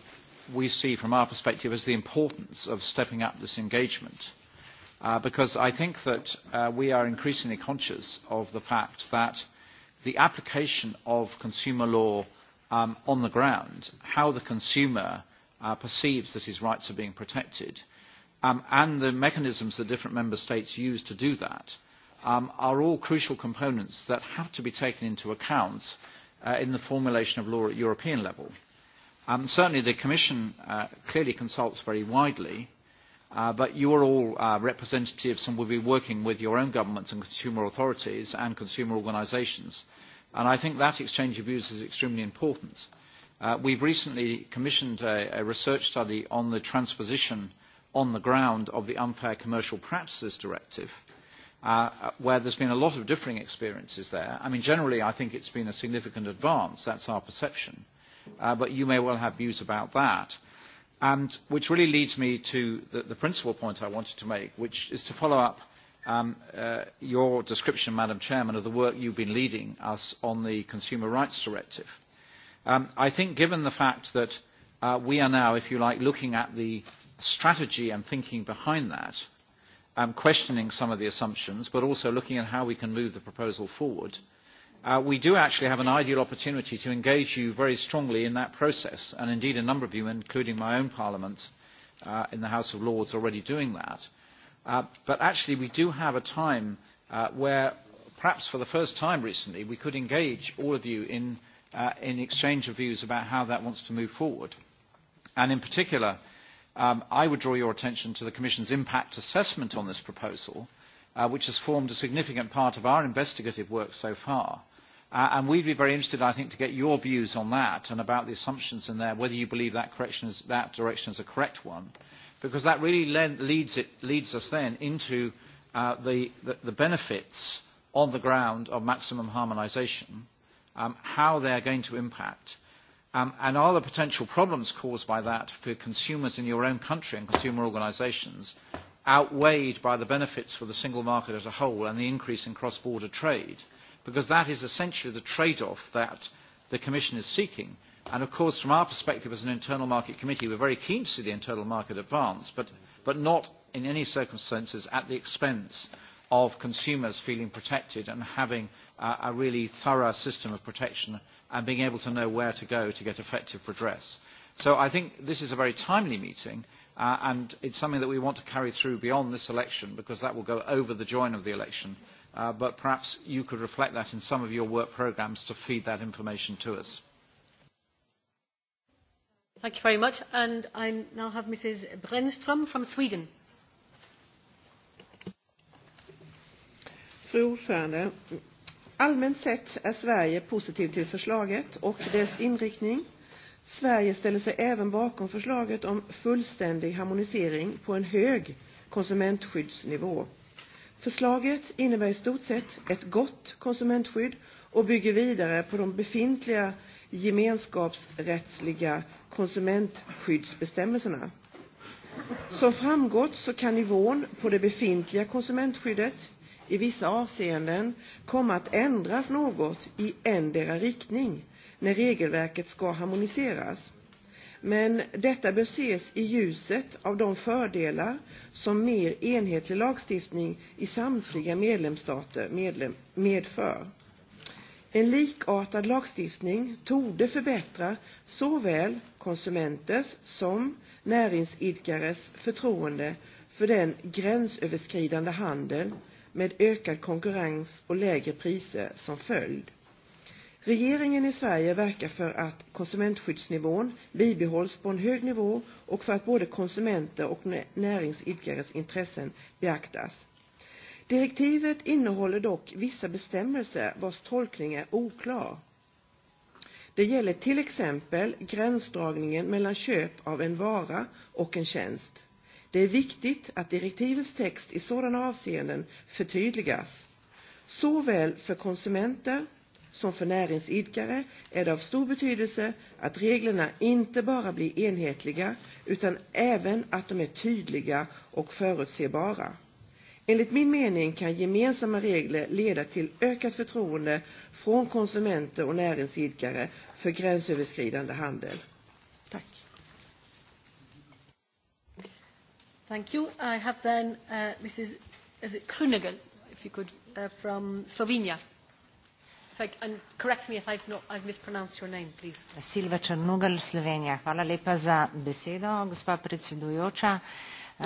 we see from our perspective as the importance of stepping up this engagement. Uh, uh, because I think that uh, we are increasingly conscious of the fact that the application of consumer law um, on the ground, how the consumer uh, perceives that his rights are being protected, um, and the mechanisms that different member states use to do that um, are all crucial components that have to be taken into account uh, in the formulation of law at European level. Um, certainly the Commission uh, clearly consults very widely Uh, but you are all uh, representatives and will be working with your own governments and consumer authorities and consumer organisations. And I think that exchange of views is extremely important. Uh, we've recently commissioned a, a research study on the transposition on the ground of the Unfair Commercial Practices Directive, uh, where there's been a lot of differing experiences there. I mean, generally, I think it's been a significant advance. That's our perception. Uh, but you may well have views about that. And which really leads me to the, the principal point I wanted to make, which is to follow up um, uh, your description, Madam Chairman, of the work you've been leading us on the Consumer Rights Directive. Um, I think given the fact that uh, we are now, if you like, looking at the strategy and thinking behind that, um, questioning some of the assumptions, but also looking at how we can move the proposal forward, uh, Uh, we do actually have an ideal opportunity to engage you very strongly in that process, and indeed a number of you, including my own Parliament uh, in the House of Lords, already doing that. Uh, but actually we do have a time uh, where perhaps for the first time recently we could engage all of you in, uh, in exchange of views about how that wants to move forward. And in particular, um, I would draw your attention to the Commission's impact assessment on this proposal, uh, which has formed a significant part of our investigative work so far. Uh, and we'd be very interested, I think, to get your views on that and about the assumptions in there, whether you believe that, correction is, that direction is a correct one, because that really le- leads, it, leads us then into uh, the, the, the benefits on the ground of maximum harmonisation, um, how they are going to impact, um, and are the potential problems caused by that for consumers in your own country and consumer organisations, outweighed by the benefits for the single market as a whole and the increase in cross-border trade, because that is essentially the trade-off that the Commission is seeking. And of course, from our perspective as an internal market committee, we're very keen to see the internal market advance, but, but not in any circumstances at the expense of consumers feeling protected and having uh, a really thorough system of protection and being able to know where to go to get effective redress. So I think this is a very timely meeting Uh, and it's something that we want to carry through beyond this election because that will go over the join of the election. Uh, but perhaps you could reflect that in some of your work programmes to feed that information to us. Thank you very much. And I now have Mrs. Brenström from Sweden. Fru ordförande, allmänt sett är Sverige positiv till förslaget och dess inriktning Sverige ställer sig även bakom förslaget om fullständig harmonisering på en hög konsumentskyddsnivå. Förslaget innebär i stort sett ett gott konsumentskydd och bygger vidare på de befintliga gemenskapsrättsliga konsumentskyddsbestämmelserna. Som framgått så kan nivån på det befintliga konsumentskyddet i vissa avseenden komma att ändras något i ändera riktning när regelverket ska harmoniseras. Men detta bör ses i ljuset av de fördelar som mer enhetlig lagstiftning i samtliga medlemsstater medlem medför. En likartad lagstiftning torde förbättra såväl konsumenters som näringsidkares förtroende för den gränsöverskridande handel med ökad konkurrens och lägre priser som följd. Regeringen i Sverige verkar för att konsumentskyddsnivån bibehålls på en hög nivå och för att både konsumenter och näringsidkares intressen beaktas. Direktivet innehåller dock vissa bestämmelser vars tolkning är oklar. Det gäller till exempel gränsdragningen mellan köp av en vara och en tjänst. Det är viktigt att direktivets text i sådana avseenden förtydligas, såväl för konsumenter som för näringsidkare är det av stor betydelse att reglerna inte bara blir enhetliga utan även att de är tydliga och förutsebara. Enligt min mening kan gemensamma regler leda till ökat förtroende från konsumenter och näringsidkare för gränsöverskridande handel. Tack. Thank you. I have then uh, Mrs. Is it Krunigl, if you could, uh, from Slovenia. If and correct me if I've, not, I've mispronounced your name, please. Silva Črnugal, Slovenija. Hvala lepa za besedo, gospa predsedujoča.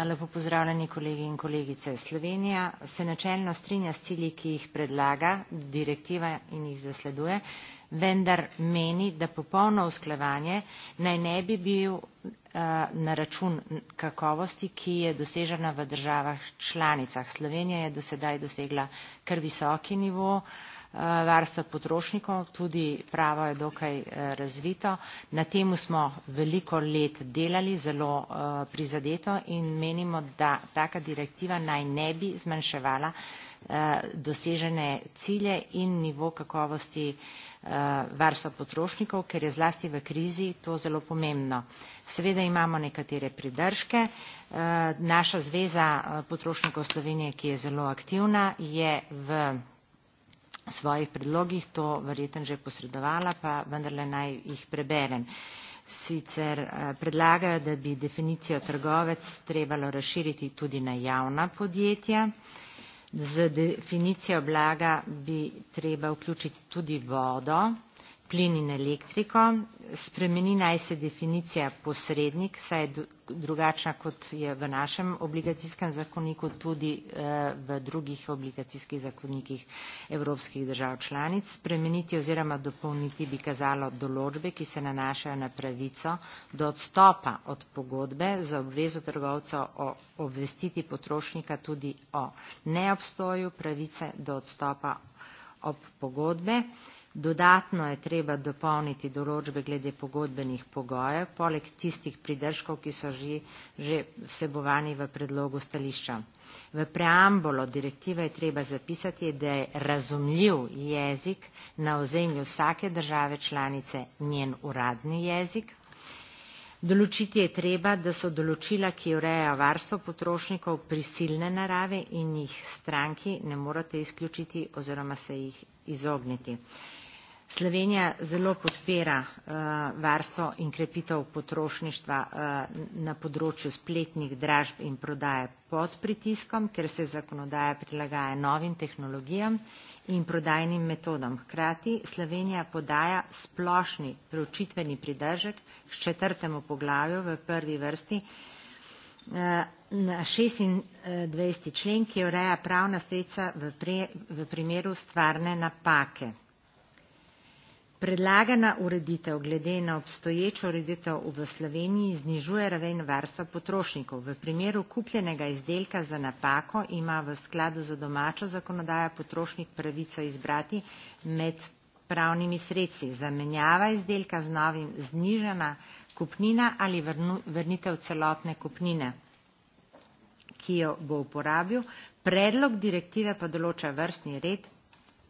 Lepo pozdravljeni kolegi in kolegice. Slovenija se načelno strinja s cilji, ki jih predlaga direktiva in jih zasleduje, vendar meni, da popolno usklevanje naj ne bi bil eh, na račun kakovosti, ki je dosežena v državah članicah. Slovenija je do sedaj dosegla kar visoki nivo Eh, varstva potrošnikov, tudi pravo je dokaj eh, razvito. Na temu smo veliko let delali, zelo eh, prizadeto in menimo, da taka direktiva naj ne bi zmanjševala dosežene cilje in nivo kakovosti varstva potrošnikov, ker je zlasti v krizi to zelo pomembno. Seveda imamo nekatere pridržke. Naša zveza potrošnikov Slovenije, ki je zelo aktivna, je v svojih predlogih, to verjetno že posredovala, pa vendarle naj jih preberem. Sicer eh, predlagajo, da bi definicijo trgovec trebalo razširiti tudi na javna podjetja. Z definicijo blaga bi treba vključiti tudi vodo, plin in elektriko. Spremenina je se definicija posrednik, saj je drugačna kot je v našem obligacijskem zakoniku, tudi eh, v drugih obligacijskih zakonikih evropskih držav članic. Spremeniti oziroma dopolniti bi kazalo določbe, ki se nanašajo na pravico do odstopa od pogodbe za obvezo trgovca o obvestiti potrošnika tudi o neobstoju pravice do odstopa ob pogodbe Dodatno je treba dopolniti določbe glede pogodbenih pogojev, poleg tistih pridržkov, ki so že, že vsebovani v predlogu stališča. V preambulo direktive je treba zapisati, da je razumljiv jezik na ozemlju vsake države članice njen uradni jezik, Določiti je treba, da so določila, ki urejajo varstvo potrošnikov, prisilne narave in jih stranki ne morete izključiti oziroma se jih izogniti. Slovenija zelo podpira uh, varstvo in krepitev potrošništva uh, na področju spletnih dražb in prodaje pod pritiskom, ker se zakonodaja prilagaja novim tehnologijam in prodajnim metodam. Hkrati Slovenija podaja splošni preučitveni pridržek s četrtemu poglavju v prvi vrsti eh, na 26. člen, ki ureja pravna sredstva v, pre, v primeru stvarne napake. Predlagana ureditev glede na obstoječo ureditev v Sloveniji znižuje raven varstva potrošnikov. V primeru kupljenega izdelka za napako ima v skladu za domačo zakonodajo potrošnik pravico izbrati med pravnimi sredstvi. Zamenjava izdelka z novim znižana kupnina ali vrnitev celotne kupnine ki jo bo uporabil, predlog direktive pa določa vrstni red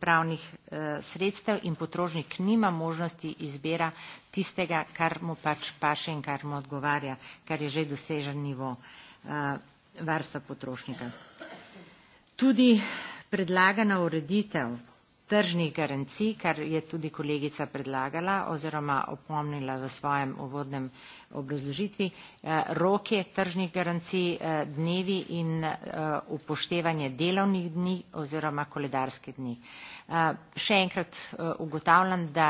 pravnih eh, sredstev in potrošnik nima možnosti izbira tistega, kar mu pač paše in kar mu odgovarja, kar je že dosežen nivo eh, varstva potrošnika. Tudi predlagana ureditev tržnih garancij, kar je tudi kolegica predlagala oziroma opomnila v svojem uvodnem obrazložitvi. Eh, Rok je tržnih garancij eh, dnevi in eh, upoštevanje delovnih dni oziroma koledarskih dni. Še enkrat ugotavljam, da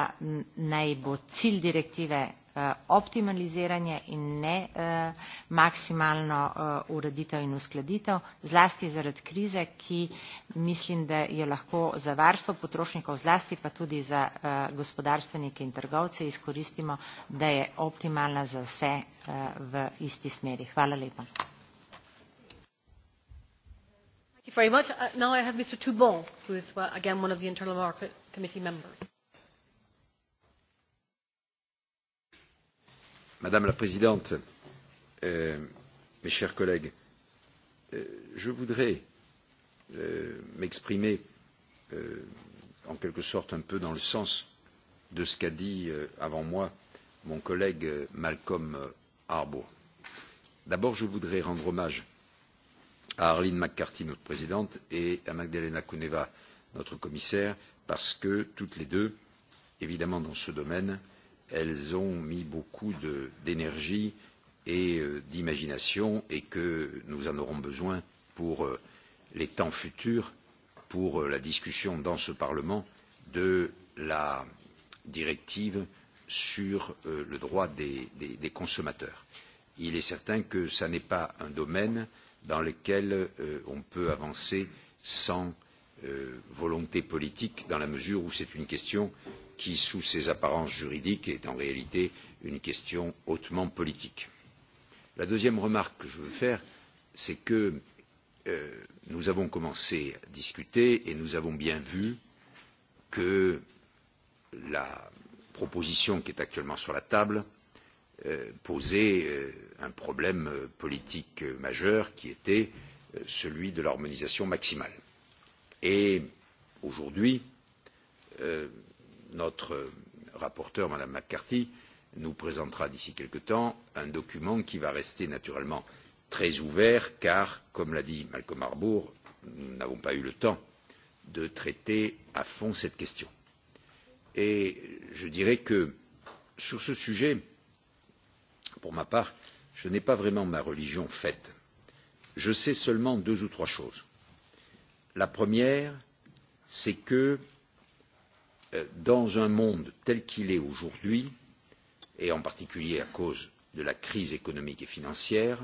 naj bo cilj direktive Eh, optimaliziranje in ne eh, maksimalno eh, ureditev in uskladitev, zlasti zaradi krize, ki mislim, da je lahko za varstvo potrošnikov, zlasti pa tudi za gospodarstvenike in trgovce izkoristimo, da je optimalna za vse v isti smeri. Hvala lepa. Thank you very much. Uh, now I have Mr. Toubon, who is, well, again, one of the Internal Market Committee members. Madame la Présidente, euh, mes chers collègues, euh, je voudrais euh, m'exprimer euh, en quelque sorte un peu dans le sens de ce qu'a dit euh, avant moi mon collègue euh, Malcolm Harbour. D'abord, je voudrais rendre hommage à Arlene McCarthy, notre présidente, et à Magdalena Kuneva, notre commissaire, parce que toutes les deux, évidemment dans ce domaine, elles ont mis beaucoup d'énergie et euh, d'imagination et que nous en aurons besoin pour euh, les temps futurs, pour euh, la discussion dans ce Parlement de la directive sur le droit des, des, des consommateurs. Il est certain que ce n'est pas un domaine dans lequel on peut avancer sans Euh, volonté politique dans la mesure où c'est une question qui, sous ses apparences juridiques, est en réalité une question hautement politique. La deuxième remarque que je veux faire, c'est que euh, nous avons commencé à discuter et nous avons bien vu que la proposition qui est actuellement sur la table euh, posait euh, un problème politique majeur qui était euh, celui de l'harmonisation maximale Et aujourd'hui, euh, notre rapporteur, Mme McCarthy, nous présentera d'ici quelque temps un document qui va rester naturellement très ouvert, car, comme l'a dit Malcolm Harbour, nous n'avons pas eu le temps de traiter à fond cette question. Et je dirais que sur ce sujet, pour ma part, je n'ai pas vraiment ma religion faite. Je sais seulement deux ou trois choses. La première, c'est que euh, dans un monde tel qu'il est aujourd'hui, et en particulier à cause de la crise économique et financière,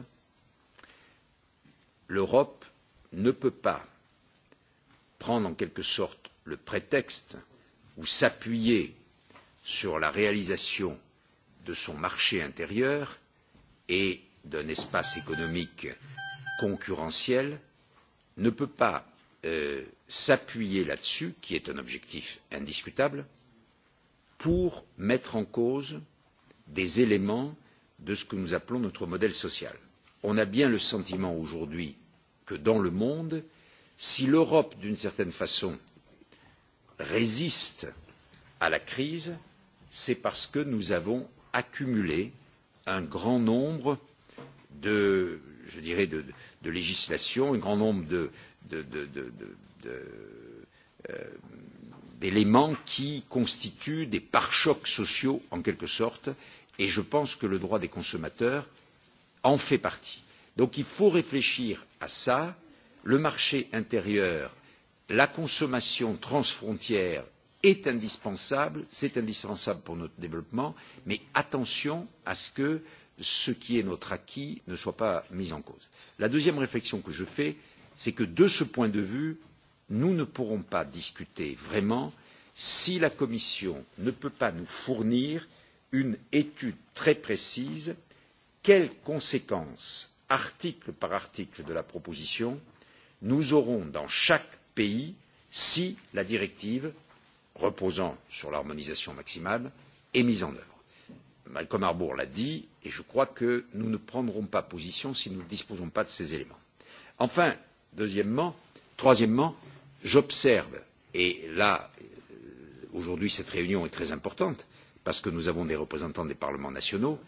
l'Europe ne peut pas prendre en quelque sorte le prétexte ou s'appuyer sur la réalisation de son marché intérieur et d'un espace économique concurrentiel ne peut pas Euh, s'appuyer là-dessus, qui est un objectif indiscutable, pour mettre en cause des éléments de ce que nous appelons notre modèle social. On a bien le sentiment aujourd'hui que dans le monde, si l'Europe, d'une certaine façon, résiste à la crise, c'est parce que nous avons accumulé un grand nombre de je dirais, de, de législation, un grand nombre de, de, de, de, de, euh, d'éléments qui constituent des pare-chocs sociaux, en quelque sorte, et je pense que le droit des consommateurs en fait partie. Donc il faut réfléchir à ça. Le marché intérieur, la consommation transfrontière est indispensable, c'est indispensable pour notre développement, mais attention à ce que ce qui est notre acquis ne soit pas mis en cause. La deuxième réflexion que je fais, c'est que de ce point de vue, nous ne pourrons pas discuter vraiment si la Commission ne peut pas nous fournir une étude très précise quelles conséquences, article par article de la proposition, nous aurons dans chaque pays si la directive reposant sur l'harmonisation maximale est mise en œuvre. Malcolm Harbour l'a dit, et je crois que nous ne prendrons pas position si nous ne disposons pas de ces éléments. Enfin, deuxièmement, troisièmement, j'observe, et là, euh, aujourd'hui, cette réunion est très importante, parce que nous avons des représentants des parlements nationaux,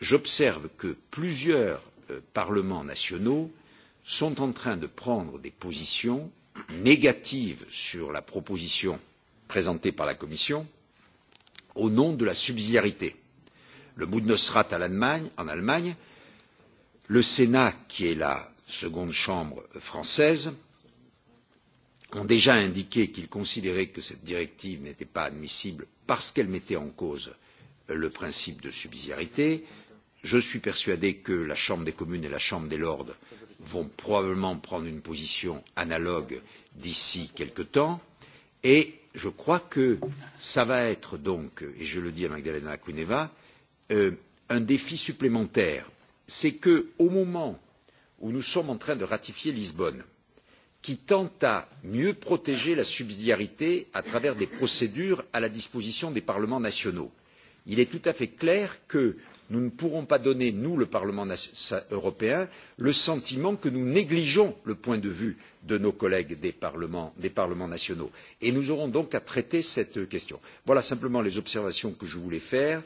j'observe que plusieurs euh, parlements nationaux sont en train de prendre des positions négatives sur la proposition présentée par la Commission au nom de la subsidiarité le Bundesrat à l'Allemagne, en Allemagne, le Sénat, qui est la seconde chambre française, ont déjà indiqué qu'ils considéraient que cette directive n'était pas admissible parce qu'elle mettait en cause le principe de subsidiarité. Je suis persuadé que la Chambre des communes et la Chambre des lords vont probablement prendre une position analogue d'ici quelque temps et je crois que ça va être donc, et je le dis à Magdalena Kuneva euh, un défi supplémentaire, c'est que, au moment où nous sommes en train de ratifier Lisbonne, qui tend à mieux protéger la subsidiarité à travers des procédures à la disposition des parlements nationaux, il est tout à fait clair que nous ne pourrons pas donner, nous, le Parlement européen, le sentiment que nous négligeons le point de vue de nos collègues des parlements, des parlements nationaux. Et nous aurons donc à traiter cette question. Voilà simplement les observations que je voulais faire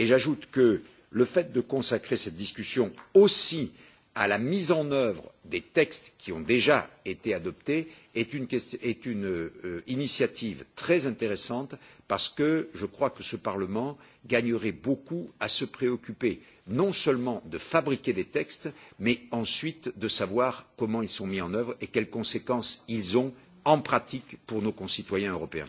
Et j'ajoute que le fait de consacrer cette discussion aussi à la mise en œuvre des textes qui ont déjà été adoptés est une, question, est une euh, initiative très intéressante parce que je crois que ce Parlement gagnerait beaucoup à se préoccuper non seulement de fabriquer des textes, mais ensuite de savoir comment ils sont mis en œuvre et quelles conséquences ils ont en pratique pour nos concitoyens européens.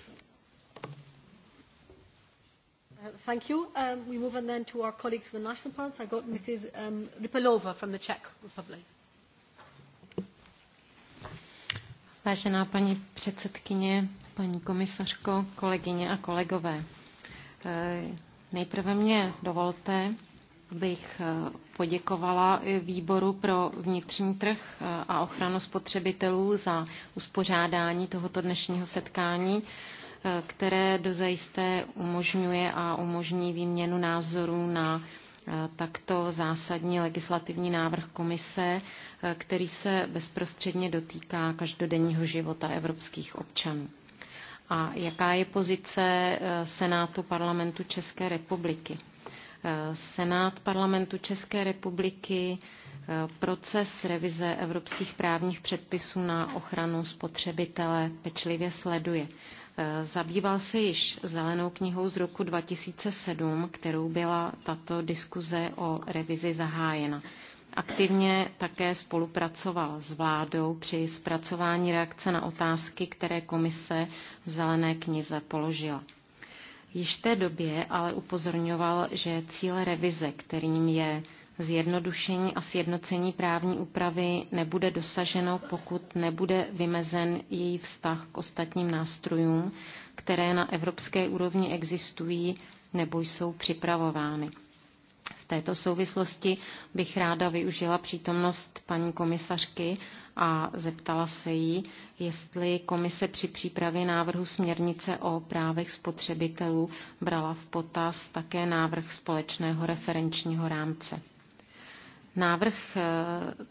Thank you. Um, we move on then to our colleagues from the National Parliament. I've got Mrs. Um, Ripalova from the Czech Republic. Vážená paní předsedkyně, paní komisařko, kolegyně a kolegové, e, nejprve mě dovolte, abych e, poděkovala výboru pro vnitřní trh e, a ochranu spotřebitelů za uspořádání tohoto dnešního setkání Eh, které dozajisté umožňuje a umožní výměnu názorů na eh, takto zásadní legislativní návrh komise, eh, který se bezprostředně dotýká každodenního života evropských občanů. A jaká je pozice Senátu parlamentu České republiky? Senát parlamentu České republiky proces revize evropských právních předpisů na ochranu spotřebitele pečlivě sleduje Eh, Zabýval se již zelenou knihou z roku 2007, kterou byla tato diskuze o revizi zahájena. Aktivně také spolupracoval s vládou při zpracování reakce na otázky, které komise v zelené knize položila. Již v té době ale upozorňoval, že cíle revize, kterým je Zjednodušení a sjednocení právní úpravy nebude dosaženo, pokud nebude vymezen její vztah k ostatním nástrojům, které na evropské úrovni existují nebo jsou připravovány. V této souvislosti bych ráda využila přítomnost paní komisařky a zeptala se jí, jestli komise při přípravě návrhu směrnice o právech spotřebitelů brala v potaz také návrh společného referenčního rámce. Návrh eh,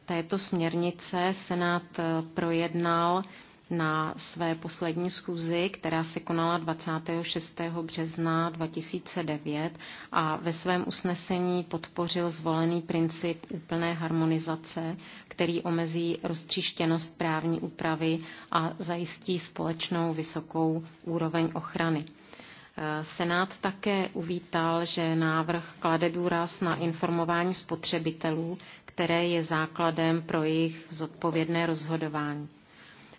této směrnice Senát eh, projednal na své poslední schůzi, která se konala 26. března 2009 a ve svém usnesení podpořil zvolený princip úplné harmonizace, který omezí roztříštěnost právní úpravy a zajistí společnou vysokou úroveň ochrany. Eh, Senát také uvítal, že návrh klade důraz na informování spotřebitelů, které je základem pro jejich zodpovědné rozhodování.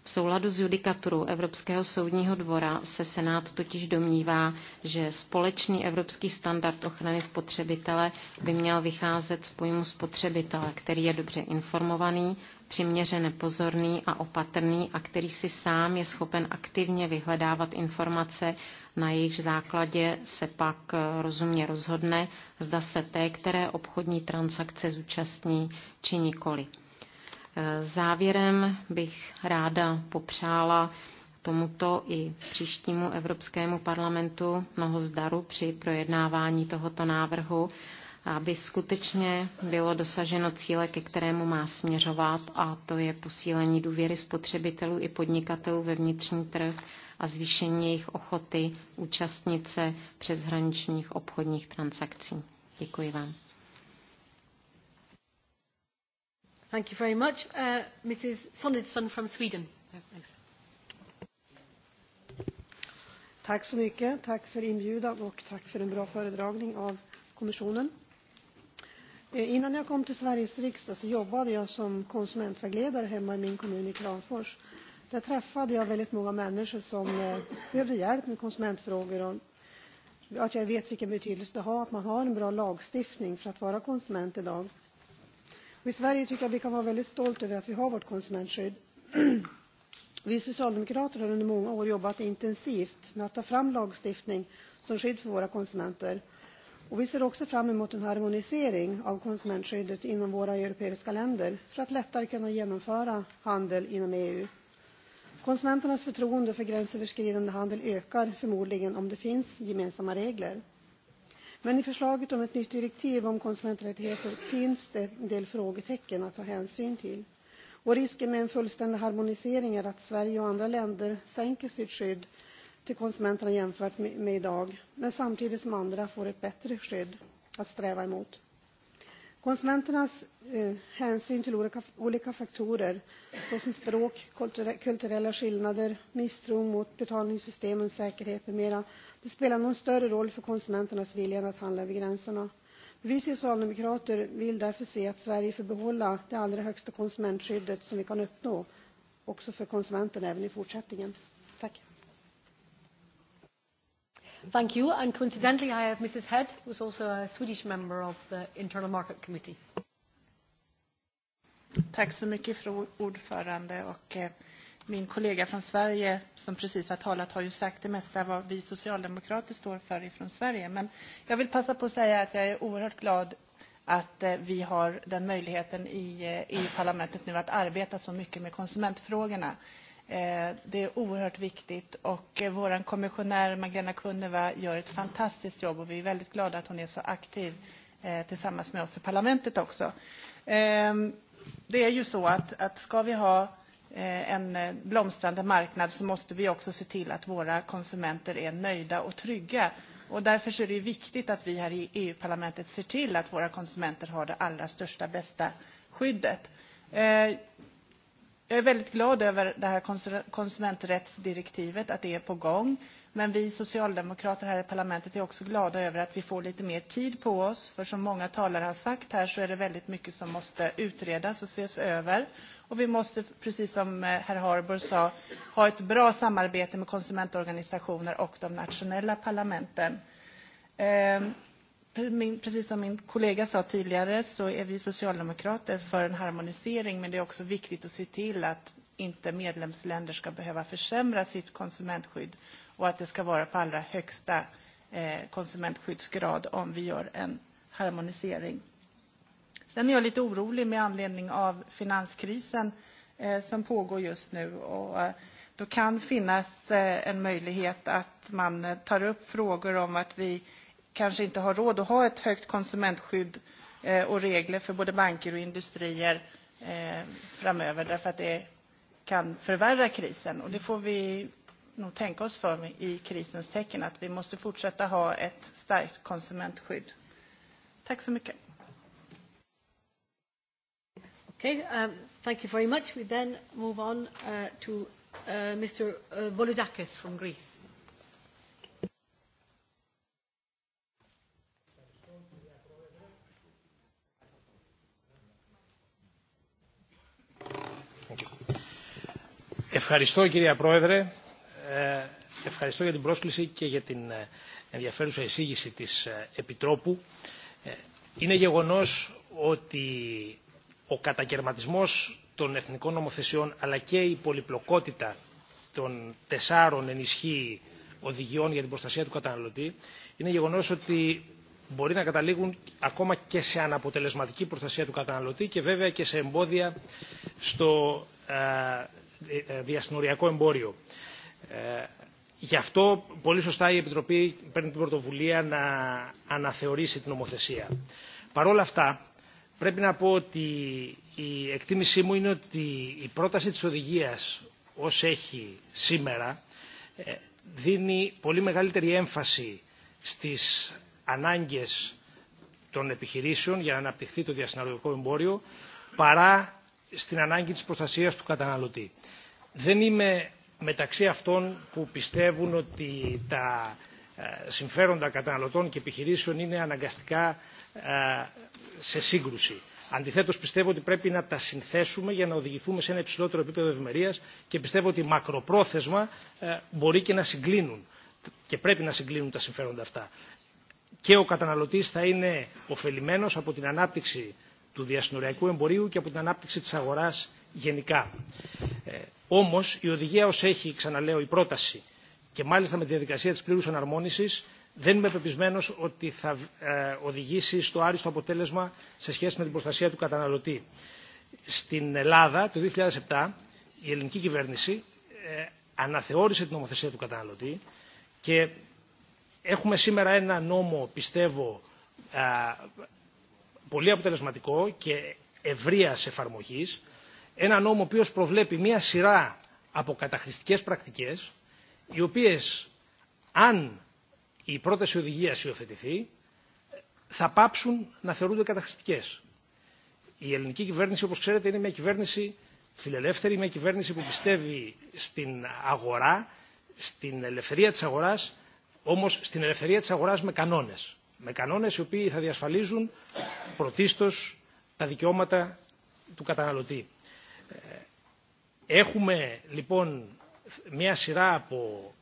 V souladu s judikaturou Evropského soudního dvora se Senát totiž domnívá, že společný evropský standard ochrany spotřebitele by měl vycházet z pojmu spotřebitele, který je dobře informovaný, přiměřeně pozorný a opatrný a který si sám je schopen aktivně vyhledávat informace, na jejichž základě se pak rozumně rozhodne, zda se té, které obchodní transakce zúčastní, či nikoli. Eh, závěrem bych ráda popřála tomuto i příštímu Evropskému parlamentu mnoho zdaru při projednávání tohoto návrhu, aby skutečně bylo dosaženo cíle, ke kterému má směřovat, a to je posílení důvěry spotřebitelů i podnikatelů ve vnitřní trh a zvýšení jejich ochoty účastnit se přeshraničních obchodních transakcí. Děkuji vám. Thank you very much. Uh, Mrs. Sonnedson from Sweden. Tack så mycket. Tack för inbjudan och tack för en bra föredragning av kommissionen. Eh, innan jag kom till Sveriges riksdag så jobbade jag som konsumentvägledare hemma i min kommun i Kranfors. Där träffade jag väldigt många människor som eh, behövde hjälp med konsumentfrågor och att jag vet vilken betydelse det har att man har en bra lagstiftning för att vara konsument idag. Och I Sverige tycker jag vi kan vara väldigt stolta över att vi har vårt konsumentskydd. vi socialdemokrater har under många år jobbat intensivt med att ta fram lagstiftning som skydd för våra konsumenter. Och vi ser också fram emot en harmonisering av konsumentskyddet inom våra europeiska länder för att lättare kunna genomföra handel inom EU. Konsumenternas förtroende för gränsöverskridande handel ökar förmodligen om det finns gemensamma regler. Men i förslaget om ett nytt direktiv om konsumenträttigheter finns det en del frågetecken att ta hänsyn till. Och risken med en fullständig harmonisering är att Sverige och andra länder sänker sitt skydd till konsumenterna jämfört med idag, men samtidigt som andra får ett bättre skydd att sträva emot. Konsumenternas eh, hänsyn till olika, olika faktorer såsom språk, kulturella skillnader, misstro mot betalningssystemens säkerhet mera. M.m. Det spelar någon större roll för konsumenternas vilja att handla över gränserna. Vi socialdemokrater vill därför se att Sverige får behålla det allra högsta konsumentskyddet som vi kan uppnå också för konsumenten även i fortsättningen. Tack. Thank you. And coincidentally, I have Mrs. Head, who's also a Swedish member of the Internal Market Committee. Tack så mycket, fru ordförande. Och, eh, min kollega från Sverige som precis har talat har ju sagt det mesta vad vi socialdemokrater står för ifrån Sverige. Men jag vill passa på att säga att jag är oerhört glad att eh, vi har den möjligheten i eh, EU-parlamentet nu att arbeta så mycket med konsumentfrågorna. Eh, det är oerhört viktigt och eh, vår kommissionär Magdalena Kunneva gör ett fantastiskt jobb och vi är väldigt glada att hon är så aktiv eh, tillsammans med oss i parlamentet också. Ehm, det är ju så att, att ska vi ha en blomstrande marknad så måste vi också se till att våra konsumenter är nöjda och trygga. Och därför är det viktigt att vi här i EU-parlamentet ser till att våra konsumenter har det allra största bästa skyddet. Jag är väldigt glad över det här konsumenträttsdirektivet, att det är på gång. Men vi socialdemokrater här i parlamentet är också glada över att vi får lite mer tid på oss. För som många talare har sagt här så är det väldigt mycket som måste utredas och ses över. Och vi måste, precis som eh, herr Harbour sa, ha ett bra samarbete med konsumentorganisationer och de nationella parlamenten. Ehm, Min, precis som min kollega sa tidigare så är vi socialdemokrater för en harmonisering men det är också viktigt att se till att inte medlemsländer ska behöva försämra sitt konsumentskydd och att det ska vara på allra högsta eh, konsumentskyddsgrad om vi gör en harmonisering. Sen är jag lite orolig med anledning av finanskrisen eh, som pågår just nu. Och, eh, då kan finnas eh, en möjlighet att man eh, tar upp frågor om att vi eh, kanske inte har råd att ha ett högt konsumentskydd eh, och regler för både banker och industrier eh, framöver därför att det kan förvärra krisen. Och det får vi nog tänka oss för i krisens tecken att vi måste fortsätta ha ett starkt konsumentskydd. Tack så mycket. Okay, um, thank you very much. We then move on uh, to uh, Mr. Uh, Volodakis from Greece. Ευχαριστώ κυρία Πρόεδρε. ευχαριστώ για την πρόσκληση και για την ενδιαφέρουσα εισήγηση της Επιτρόπου. Είναι γεγονός ότι ο κατακαιρματισμός των εθνικών νομοθεσιών αλλά και η πολυπλοκότητα των τεσσάρων ενισχύει οδηγιών για την προστασία του καταναλωτή είναι γεγονός ότι μπορεί να καταλήγουν ακόμα και σε αναποτελεσματική προστασία του καταναλωτή και βέβαια και σε εμπόδια στο διασυνοριακό εμπόριο. Γι' αυτό πολύ σωστά η Επιτροπή παίρνει την πρωτοβουλία να αναθεωρήσει την νομοθεσία. Παρ' όλα αυτά, πρέπει να πω ότι η εκτίμησή μου είναι ότι η πρόταση της οδηγίας ως έχει σήμερα δίνει πολύ μεγαλύτερη έμφαση στις ανάγκες των επιχειρήσεων για να αναπτυχθεί το διασυναλλογικό εμπόριο παρά στην ανάγκη της προστασίας του καταναλωτή. Δεν είμαι μεταξύ αυτών που πιστεύουν ότι τα συμφέροντα καταναλωτών και επιχειρήσεων είναι αναγκαστικά σε σύγκρουση. Αντιθέτως πιστεύω ότι πρέπει να τα συνθέσουμε για να οδηγηθούμε σε ένα υψηλότερο επίπεδο ευημερίας και πιστεύω ότι μακροπρόθεσμα μπορεί και να συγκλίνουν και πρέπει να συγκλίνουν τα συμφέροντα αυτά. Και ο καταναλωτής θα είναι ωφελημένος από την ανάπτυξη του διασυνοριακού εμπορίου και από την ανάπτυξη της αγοράς γενικά. Ε, όμως η οδηγία ως έχει, ξαναλέω, η πρόταση και μάλιστα με τη διαδικασία της πλήρους αναρμόνισης δεν είμαι πεπισμένος ότι θα ε, οδηγήσει στο άριστο αποτέλεσμα σε σχέση με την προστασία του καταναλωτή. Στην Ελλάδα το 2007 η ελληνική κυβέρνηση ε, αναθεώρησε την νομοθεσία του καταναλωτή και έχουμε σήμερα ένα νόμο, πιστεύω, πολύ αποτελεσματικό και ευρεία εφαρμογή, ένα νόμο ο οποίο προβλέπει μία σειρά από καταχρηστικέ πρακτικέ, οι οποίε, αν η πρόταση οδηγία υιοθετηθεί, θα πάψουν να θεωρούνται καταχρηστικέ. Η ελληνική κυβέρνηση, όπω ξέρετε, είναι μια κυβέρνηση φιλελεύθερη, μια κυβέρνηση που πιστεύει στην αγορά, στην ελευθερία τη αγορά, όμω στην ελευθερία τη αγορά με κανόνε με κανόνες οι οποίοι θα διασφαλίζουν πρωτίστως τα δικαιώματα του καταναλωτή. Έχουμε λοιπόν μια σειρά από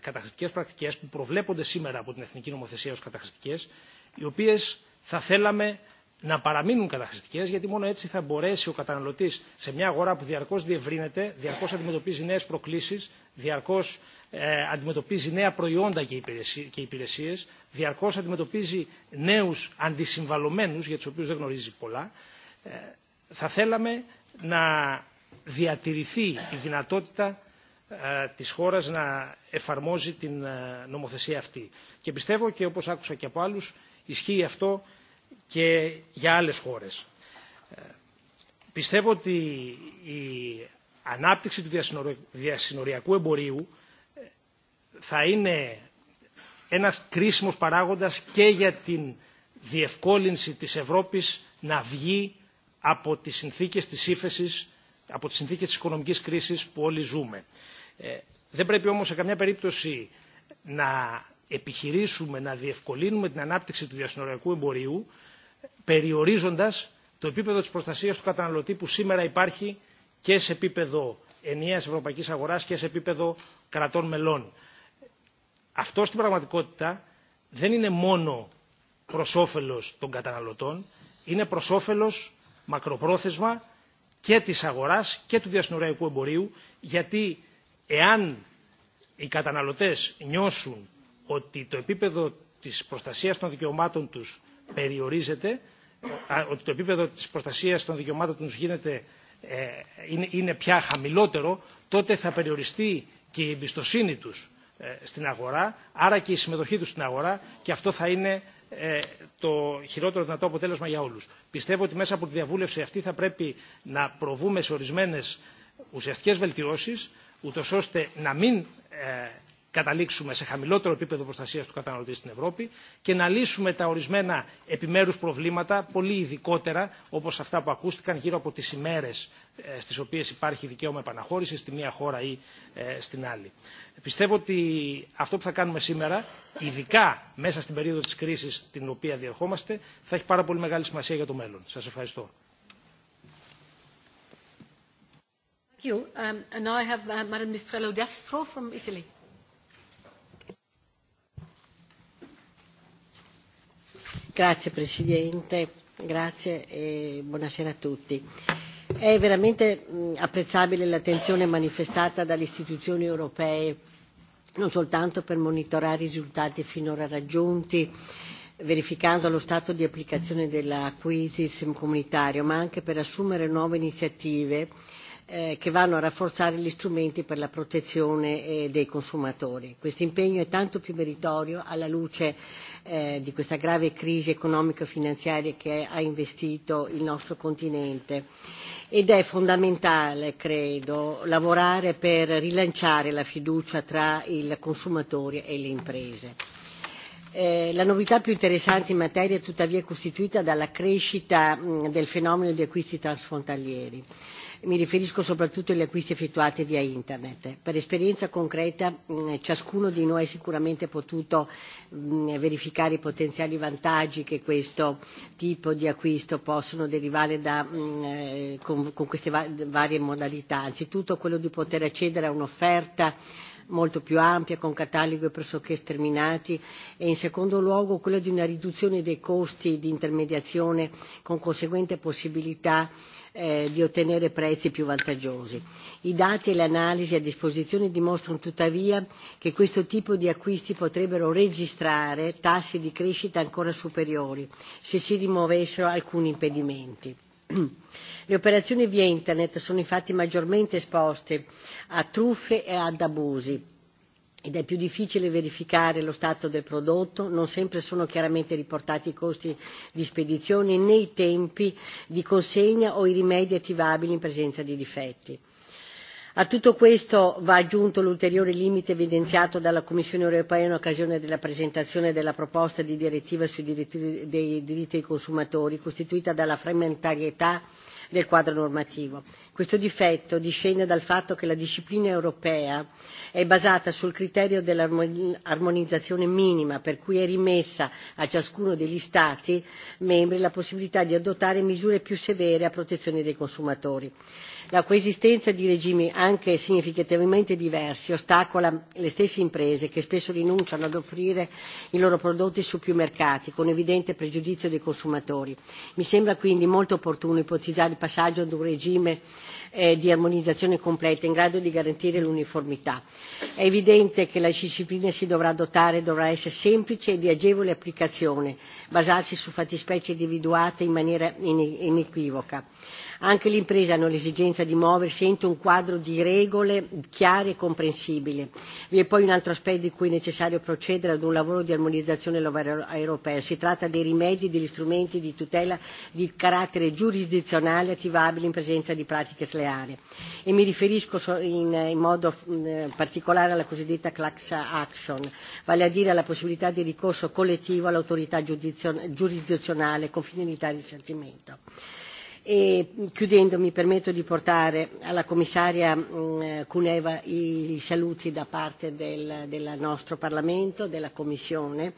καταχρηστικές πρακτικές που προβλέπονται σήμερα από την Εθνική Νομοθεσία ως καταχρηστικές, οι οποίες θα θέλαμε να παραμείνουν καταχρηστικέ, γιατί μόνο έτσι θα μπορέσει ο καταναλωτή σε μια αγορά που διαρκώ διευρύνεται, διαρκώ αντιμετωπίζει νέε προκλήσει, διαρκώ ε, αντιμετωπίζει νέα προϊόντα και υπηρεσίε, διαρκώ αντιμετωπίζει νέου αντισυμβαλωμένου, για του οποίου δεν γνωρίζει πολλά. Ε, θα θέλαμε να διατηρηθεί η δυνατότητα της χώρας να εφαρμόζει την νομοθεσία αυτή. Και πιστεύω και όπως άκουσα και από άλλους ισχύει αυτό και για άλλες χώρες. Πιστεύω ότι η ανάπτυξη του διασυνοριακού εμπορίου θα είναι ένας κρίσιμος παράγοντας και για την διευκόλυνση της Ευρώπης να βγει από τις συνθήκες της ύφεσης, από τις συνθήκες της οικονομικής κρίσης που όλοι ζούμε. Ε, δεν πρέπει όμως σε καμιά περίπτωση να επιχειρήσουμε να διευκολύνουμε την ανάπτυξη του διασυνοριακού εμπορίου, περιορίζοντας το επίπεδο της προστασίας του καταναλωτή που σήμερα υπάρχει και σε επίπεδο ενιαίας ευρωπαϊκής αγοράς και σε επίπεδο κρατών μελών. Αυτό στην πραγματικότητα δεν είναι μόνο προς όφελος των καταναλωτών, είναι προς όφελος μακροπρόθεσμα και της αγοράς και του διασυνοριακού εμπορίου, γιατί εάν οι καταναλωτές νιώσουν ότι το επίπεδο της προστασίας των δικαιωμάτων τους περιορίζεται, ότι το επίπεδο της προστασίας των δικαιωμάτων τους γίνεται, ε, είναι, είναι πια χαμηλότερο, τότε θα περιοριστεί και η εμπιστοσύνη τους ε, στην αγορά, άρα και η συμμετοχή τους στην αγορά και αυτό θα είναι ε, το χειρότερο δυνατό αποτέλεσμα για όλους. Πιστεύω ότι μέσα από τη διαβούλευση αυτή θα πρέπει να προβούμε σε ορισμένες ουσιαστικές βελτιώσεις, ούτως ώστε να μην ε, καταλήξουμε σε χαμηλότερο επίπεδο προστασία του καταναλωτή στην Ευρώπη και να λύσουμε τα ορισμένα επιμέρου προβλήματα, πολύ ειδικότερα όπω αυτά που ακούστηκαν γύρω από τι ημέρε στι οποίε υπάρχει δικαίωμα επαναχώρηση στη μία χώρα ή στην άλλη. Πιστεύω ότι αυτό που θα κάνουμε σήμερα, ειδικά μέσα στην περίοδο τη κρίση την οποία διερχόμαστε, θα έχει πάρα πολύ μεγάλη σημασία για το μέλλον. Σα ευχαριστώ. Thank you. Um, and now I have uh, Madame Mistrello Destro from Italy. Grazie Presidente, grazie e buonasera a tutti. È veramente mh, apprezzabile l'attenzione manifestata dalle istituzioni europee non soltanto per monitorare i risultati finora raggiunti, verificando lo stato di applicazione della comunitario, ma anche per assumere nuove iniziative eh, che vanno a rafforzare gli strumenti per la protezione eh, dei consumatori. Questo impegno è tanto più meritorio alla luce eh, di questa grave crisi economico-finanziaria che ha investito il nostro continente ed è fondamentale, credo, lavorare per rilanciare la fiducia tra il consumatore e le imprese. Eh, la novità più interessante in materia è tuttavia costituita dalla crescita mh, del fenomeno di acquisti transfrontalieri mi riferisco soprattutto agli acquisti effettuati via internet. Per esperienza concreta mm, ciascuno di noi ha sicuramente potuto mm, verificare i potenziali vantaggi che questo tipo di acquisto possono derivare da, mm, eh, con, con queste varie modalità. Anzitutto quello di poter accedere a un'offerta molto più ampia, con cataloghi e pressoché sterminati e in secondo luogo quella di una riduzione dei costi di intermediazione con conseguente possibilità eh, di ottenere prezzi più vantaggiosi. I dati e le analisi a disposizione dimostrano tuttavia che questo tipo di acquisti potrebbero registrare tassi di crescita ancora superiori se si rimuovessero alcuni impedimenti. Le operazioni via Internet sono infatti maggiormente esposte a truffe e ad abusi ed è più difficile verificare lo stato del prodotto, non sempre sono chiaramente riportati i costi di spedizione né i tempi di consegna o i rimedi attivabili in presenza di difetti. A tutto questo va aggiunto l'ulteriore limite evidenziato dalla Commissione europea in occasione della presentazione della proposta di direttiva sui diritti dei consumatori, costituita dalla frammentarietà del quadro normativo. Questo difetto discende dal fatto che la disciplina europea è basata sul criterio dell'armonizzazione minima, per cui è rimessa a ciascuno degli Stati membri la possibilità di adottare misure più severe a protezione dei consumatori. La coesistenza di regimi anche significativamente diversi ostacola le stesse imprese che spesso rinunciano ad offrire i loro prodotti su più mercati, con evidente pregiudizio dei consumatori. Mi sembra quindi molto opportuno ipotizzare il passaggio ad un regime eh, di armonizzazione completa in grado di garantire l'uniformità. È evidente che la disciplina si dovrà adottare dovrà essere semplice e di agevole applicazione, basarsi su fattispecie individuate in maniera inequivoca. Anche l'impresa hanno l'esigenza di muoversi entro un quadro di regole chiare e comprensibili. Vi è poi un altro aspetto di cui è necessario procedere ad un lavoro di armonizzazione europea. Si tratta dei rimedi e degli strumenti di tutela di carattere giurisdizionale attivabili in presenza di pratiche sleali. E mi riferisco in, in modo particolare alla cosiddetta class action, vale a dire alla possibilità di ricorso collettivo all'autorità giurisdizionale con finalità di risarcimento. E chiudendo mi permetto di portare alla commissaria mm, Cuneva i saluti da parte del, del nostro Parlamento, della Commissione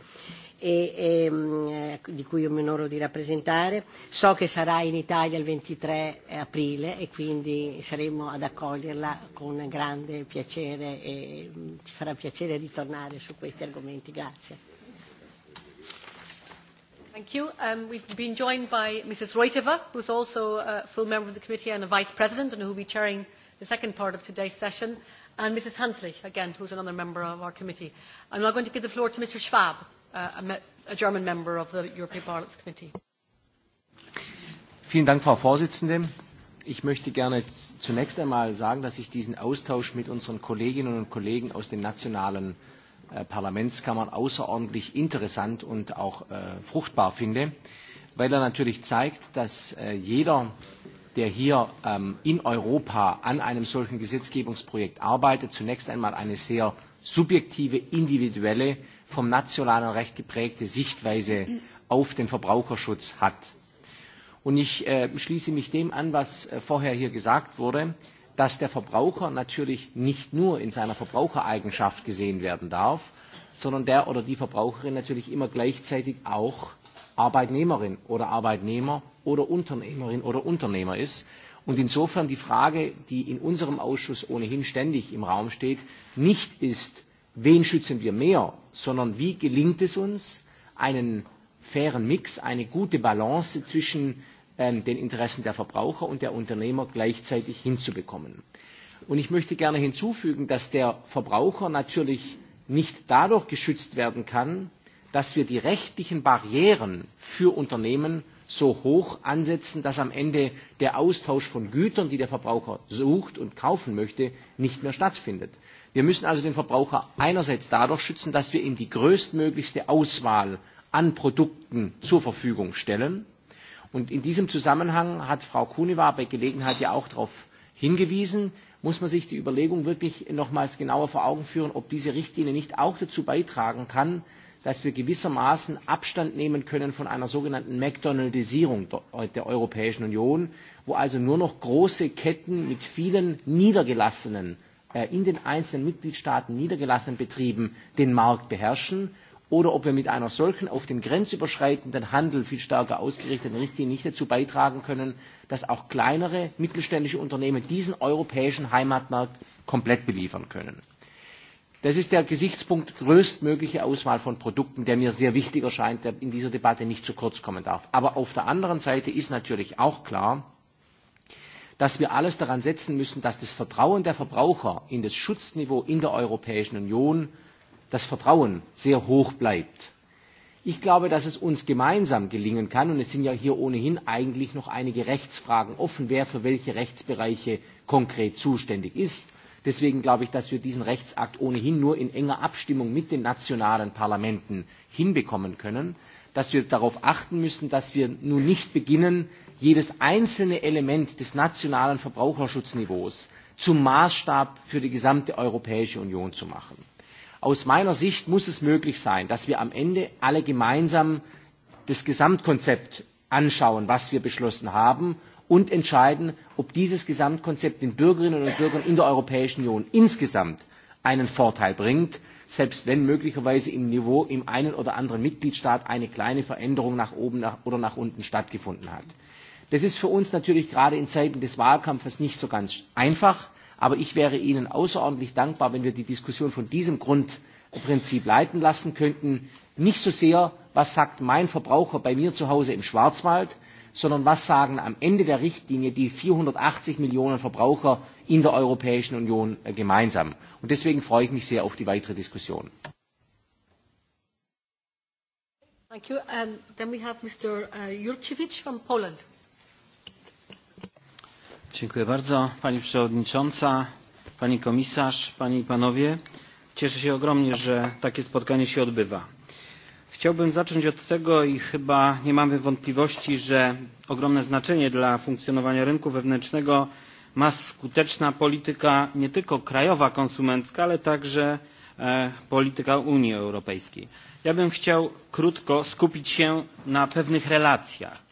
e, e, mm, eh, di cui io mi onoro di rappresentare. So che sarà in Italia il 23 aprile e quindi saremo ad accoglierla con grande piacere e mm, ci farà piacere ritornare su questi argomenti. Grazie. Thank you. Um, we've been joined by Mrs. Reuteva, who's also a full member of the committee and a vice president, and who will be chairing the second part of today's session, and Mrs. Hansley, again, who's another member of our committee. I'm now going to give the floor to Mr. Schwab, uh, a, a German member of the European Parliament's committee. Vielen Dank, Frau Vorsitzende. Ich möchte gerne zunächst einmal sagen, dass ich diesen Austausch mit unseren Kolleginnen und Kollegen aus den nationalen äh, Parlamentskammern außerordentlich interessant und auch äh, fruchtbar finde, weil er natürlich zeigt, dass äh, jeder, der hier ähm, in Europa an einem solchen Gesetzgebungsprojekt arbeitet, zunächst einmal eine sehr subjektive, individuelle, vom nationalen Recht geprägte Sichtweise auf den Verbraucherschutz hat. Und ich äh, schließe mich dem an, was äh, vorher hier gesagt wurde dass der Verbraucher natürlich nicht nur in seiner Verbrauchereigenschaft gesehen werden darf, sondern der oder die Verbraucherin natürlich immer gleichzeitig auch Arbeitnehmerin oder Arbeitnehmer oder Unternehmerin oder Unternehmer ist. Und insofern die Frage, die in unserem Ausschuss ohnehin ständig im Raum steht, nicht ist, wen schützen wir mehr, sondern wie gelingt es uns, einen fairen Mix, eine gute Balance zwischen Ähm, den Interessen der Verbraucher und der Unternehmer gleichzeitig hinzubekommen. Und ich möchte gerne hinzufügen, dass der Verbraucher natürlich nicht dadurch geschützt werden kann, dass wir die rechtlichen Barrieren für Unternehmen so hoch ansetzen, dass am Ende der Austausch von Gütern, die der Verbraucher sucht und kaufen möchte, nicht mehr stattfindet. Wir müssen also den Verbraucher einerseits dadurch schützen, dass wir ihm die größtmöglichste Auswahl an Produkten zur Verfügung stellen Und in diesem Zusammenhang hat Frau Kuniwa bei Gelegenheit ja auch darauf hingewiesen, muss man sich die Überlegung wirklich nochmals genauer vor Augen führen, ob diese Richtlinie nicht auch dazu beitragen kann, dass wir gewissermaßen Abstand nehmen können von einer sogenannten McDonaldisierung der Europäischen Union, wo also nur noch große Ketten mit vielen niedergelassenen, äh, in den einzelnen Mitgliedstaaten niedergelassenen Betrieben den Markt beherrschen oder ob wir mit einer solchen auf den grenzüberschreitenden Handel viel stärker ausgerichteten Richtlinie nicht dazu beitragen können, dass auch kleinere mittelständische Unternehmen diesen europäischen Heimatmarkt komplett beliefern können. Das ist der Gesichtspunkt größtmögliche Auswahl von Produkten, der mir sehr wichtig erscheint, der in dieser Debatte nicht zu kurz kommen darf. Aber auf der anderen Seite ist natürlich auch klar, dass wir alles daran setzen müssen, dass das Vertrauen der Verbraucher in das Schutzniveau in der Europäischen Union das Vertrauen sehr hoch bleibt. Ich glaube, dass es uns gemeinsam gelingen kann, und es sind ja hier ohnehin eigentlich noch einige Rechtsfragen offen, wer für welche Rechtsbereiche konkret zuständig ist. Deswegen glaube ich, dass wir diesen Rechtsakt ohnehin nur in enger Abstimmung mit den nationalen Parlamenten hinbekommen können, dass wir darauf achten müssen, dass wir nun nicht beginnen, jedes einzelne Element des nationalen Verbraucherschutzniveaus zum Maßstab für die gesamte Europäische Union zu machen. Aus meiner Sicht muss es möglich sein, dass wir am Ende alle gemeinsam das Gesamtkonzept anschauen, was wir beschlossen haben und entscheiden, ob dieses Gesamtkonzept den Bürgerinnen und Bürgern in der Europäischen Union insgesamt einen Vorteil bringt, selbst wenn möglicherweise im Niveau im einen oder anderen Mitgliedstaat eine kleine Veränderung nach oben nach, oder nach unten stattgefunden hat. Das ist für uns natürlich gerade in Zeiten des Wahlkampfes nicht so ganz einfach. Aber ich wäre Ihnen außerordentlich dankbar, wenn wir die Diskussion von diesem Grundprinzip leiten lassen könnten. Nicht so sehr, was sagt mein Verbraucher bei mir zu Hause im Schwarzwald, sondern was sagen am Ende der Richtlinie die 480 Millionen Verbraucher in der Europäischen Union äh, gemeinsam. Und deswegen freue ich mich sehr auf die weitere Diskussion. Thank you. And um, then we have Mr. Uh, Jurcevic from Poland. Dziękuję bardzo. Pani Przewodnicząca, Pani Komisarz, Panie i Panowie. Cieszę się ogromnie, że takie spotkanie się odbywa. Chciałbym zacząć od tego i chyba nie mamy wątpliwości, że ogromne znaczenie dla funkcjonowania rynku wewnętrznego ma skuteczna polityka nie tylko krajowa konsumencka, ale także e, polityka Unii Europejskiej. Ja bym chciał krótko skupić się na pewnych relacjach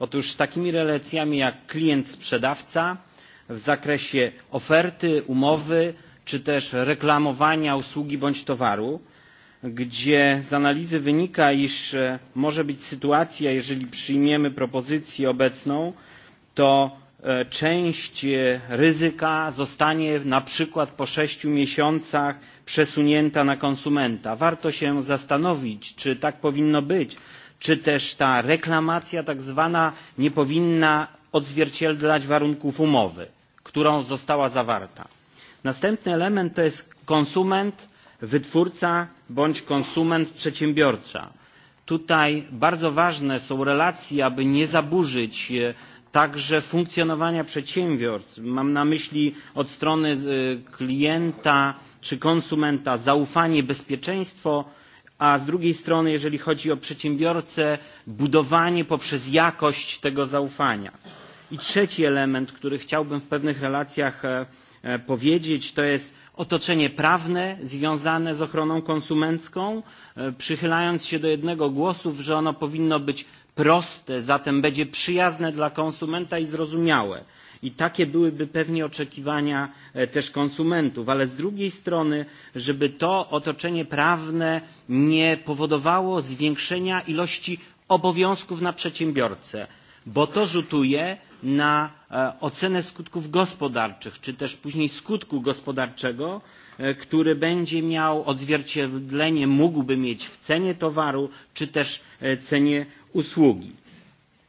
Otóż z takimi relacjami jak klient-sprzedawca w zakresie oferty, umowy czy też reklamowania usługi bądź towaru, gdzie z analizy wynika, iż e, może być sytuacja, jeżeli przyjmiemy propozycję obecną, to e, część e, ryzyka zostanie na przykład po sześciu miesiącach przesunięta na konsumenta. Warto się zastanowić, czy tak powinno być, czy też ta reklamacja tak zwana nie powinna odzwierciedlać warunków umowy, którą została zawarta. Następny element to jest konsument, wytwórca bądź konsument przedsiębiorca. Tutaj bardzo ważne są relacje, aby nie zaburzyć e, także funkcjonowania przedsiębiorstw. Mam na myśli od strony e, klienta czy konsumenta zaufanie, bezpieczeństwo, a z drugiej strony, jeżeli chodzi o przedsiębiorcę, budowanie poprzez jakość tego zaufania. I trzeci element, który chciałbym w pewnych relacjach e, e, powiedzieć, to jest otoczenie prawne związane z ochroną konsumencką, e, przychylając się do jednego głosu, że ono powinno być proste, zatem będzie przyjazne dla konsumenta i zrozumiałe. I takie byłyby pewnie oczekiwania e, też konsumentów, ale z drugiej strony, żeby to otoczenie prawne nie powodowało zwiększenia ilości obowiązków na przedsiębiorcę, bo to rzutuje na e, ocenę skutków gospodarczych, czy też później skutku gospodarczego, e, który będzie miał odzwierciedlenie, mógłby mieć w cenie towaru, czy też cenie usługi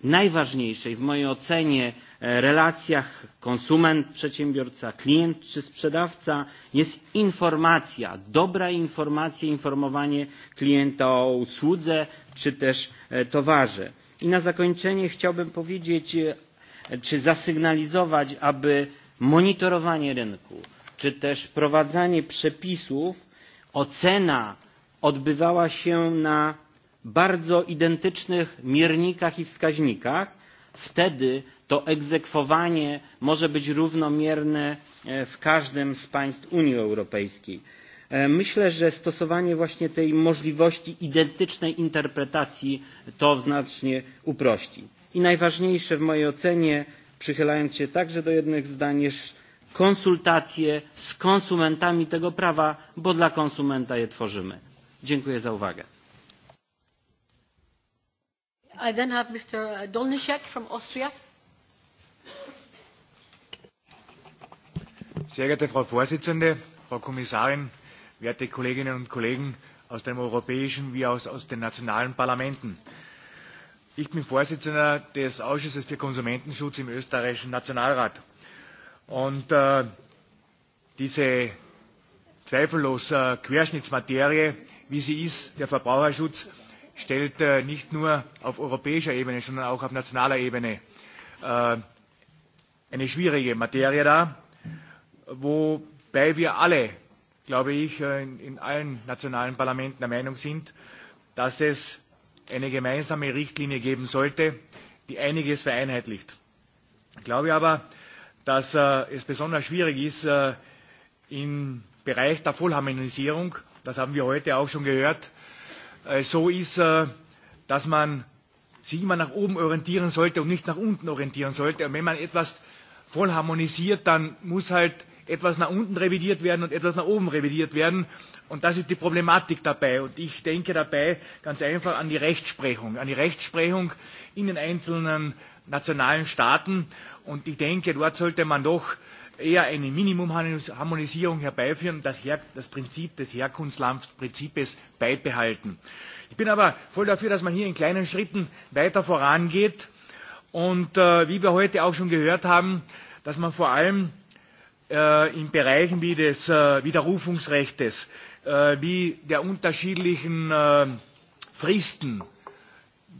najważniejszej w mojej ocenie e, relacjach konsument, przedsiębiorca, klient czy sprzedawca jest informacja, dobra informacja, informowanie klienta o usłudze czy też e, towarze. I na zakończenie chciałbym powiedzieć e, czy zasygnalizować, aby monitorowanie rynku czy też wprowadzanie przepisów, ocena odbywała się na bardzo identycznych miernikach i wskaźnikach, wtedy to egzekwowanie może być równomierne e, w każdym z państw Unii Europejskiej. E, myślę, że stosowanie właśnie tej możliwości identycznej interpretacji to znacznie uprości. I najważniejsze w mojej ocenie, przychylając się także do jednych zdań, jest konsultacje z konsumentami tego prawa, bo dla konsumenta je tworzymy. Dziękuję za uwagę. I then have Mr. Dolnischek from Austria. Sehr geehrte Frau Vorsitzende, Frau Kommissarin, werte Kolleginnen und Kollegen aus dem europäischen wie aus, aus den nationalen Parlamenten. Ich bin Vorsitzender des Ausschusses für Konsumentenschutz im österreichischen Nationalrat. Und äh, diese zweifellos äh, Querschnittsmaterie, wie sie ist, der Verbraucherschutz, stellt er nicht nur auf europäischer Ebene, sondern auch auf nationaler Ebene äh, eine schwierige Materie dar, wobei wir alle, glaube ich, äh, in, in allen nationalen Parlamenten der Meinung sind, dass es eine gemeinsame Richtlinie geben sollte, die einiges vereinheitlicht. Ich glaube aber, dass äh, es besonders schwierig ist, äh, im Bereich der Vollharmonisierung, das haben wir heute auch schon gehört, Äh, so ist, äh, dass man sich immer nach oben orientieren sollte und nicht nach unten orientieren sollte. Und wenn man etwas voll harmonisiert, dann muss halt etwas nach unten revidiert werden und etwas nach oben revidiert werden. Und das ist die Problematik dabei. Und ich denke dabei ganz einfach an die Rechtsprechung, an die Rechtsprechung in den einzelnen nationalen Staaten. Und ich denke, dort sollte man doch eher eine Minimumharmonisierung herbeiführen, das, Her das Prinzip des Herkunftslandprinzips beibehalten. Ich bin aber voll dafür, dass man hier in kleinen Schritten weiter vorangeht und äh, wie wir heute auch schon gehört haben, dass man vor allem äh, in Bereichen wie des äh, Widerrufungsrechts, äh, wie der unterschiedlichen äh, Fristen,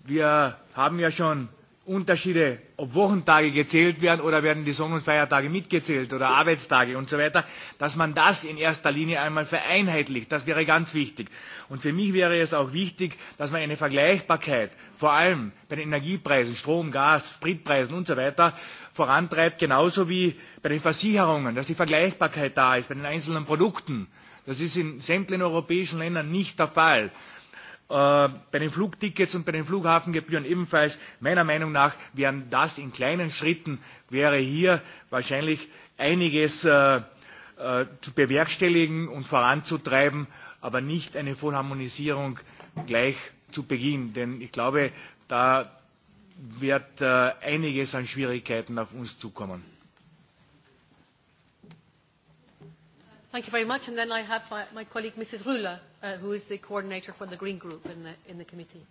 wir haben ja schon Unterschiede, ob Wochentage gezählt werden oder werden die Sonn- und Feiertage mitgezählt oder Arbeitstage und so weiter, dass man das in erster Linie einmal vereinheitlicht. Das wäre ganz wichtig. Und für mich wäre es auch wichtig, dass man eine Vergleichbarkeit, vor allem bei den Energiepreisen, Strom, Gas, Spritpreisen und so weiter, vorantreibt, genauso wie bei den Versicherungen, dass die Vergleichbarkeit da ist, bei den einzelnen Produkten. Das ist in sämtlichen europäischen Ländern nicht der Fall. Äh, bei den Flugtickets und bei den Flughafengebühren ebenfalls. Meiner Meinung nach wären das in kleinen Schritten, wäre hier wahrscheinlich einiges äh, äh, zu bewerkstelligen und voranzutreiben, aber nicht eine Vollharmonisierung gleich zu Beginn. Denn ich glaube, da wird äh, einiges an Schwierigkeiten auf uns zukommen. Thank you very much. And then I have my, uh, my colleague, Mrs. Rüller. Uh, who is the coordinator for the Green Group in the, in the committee.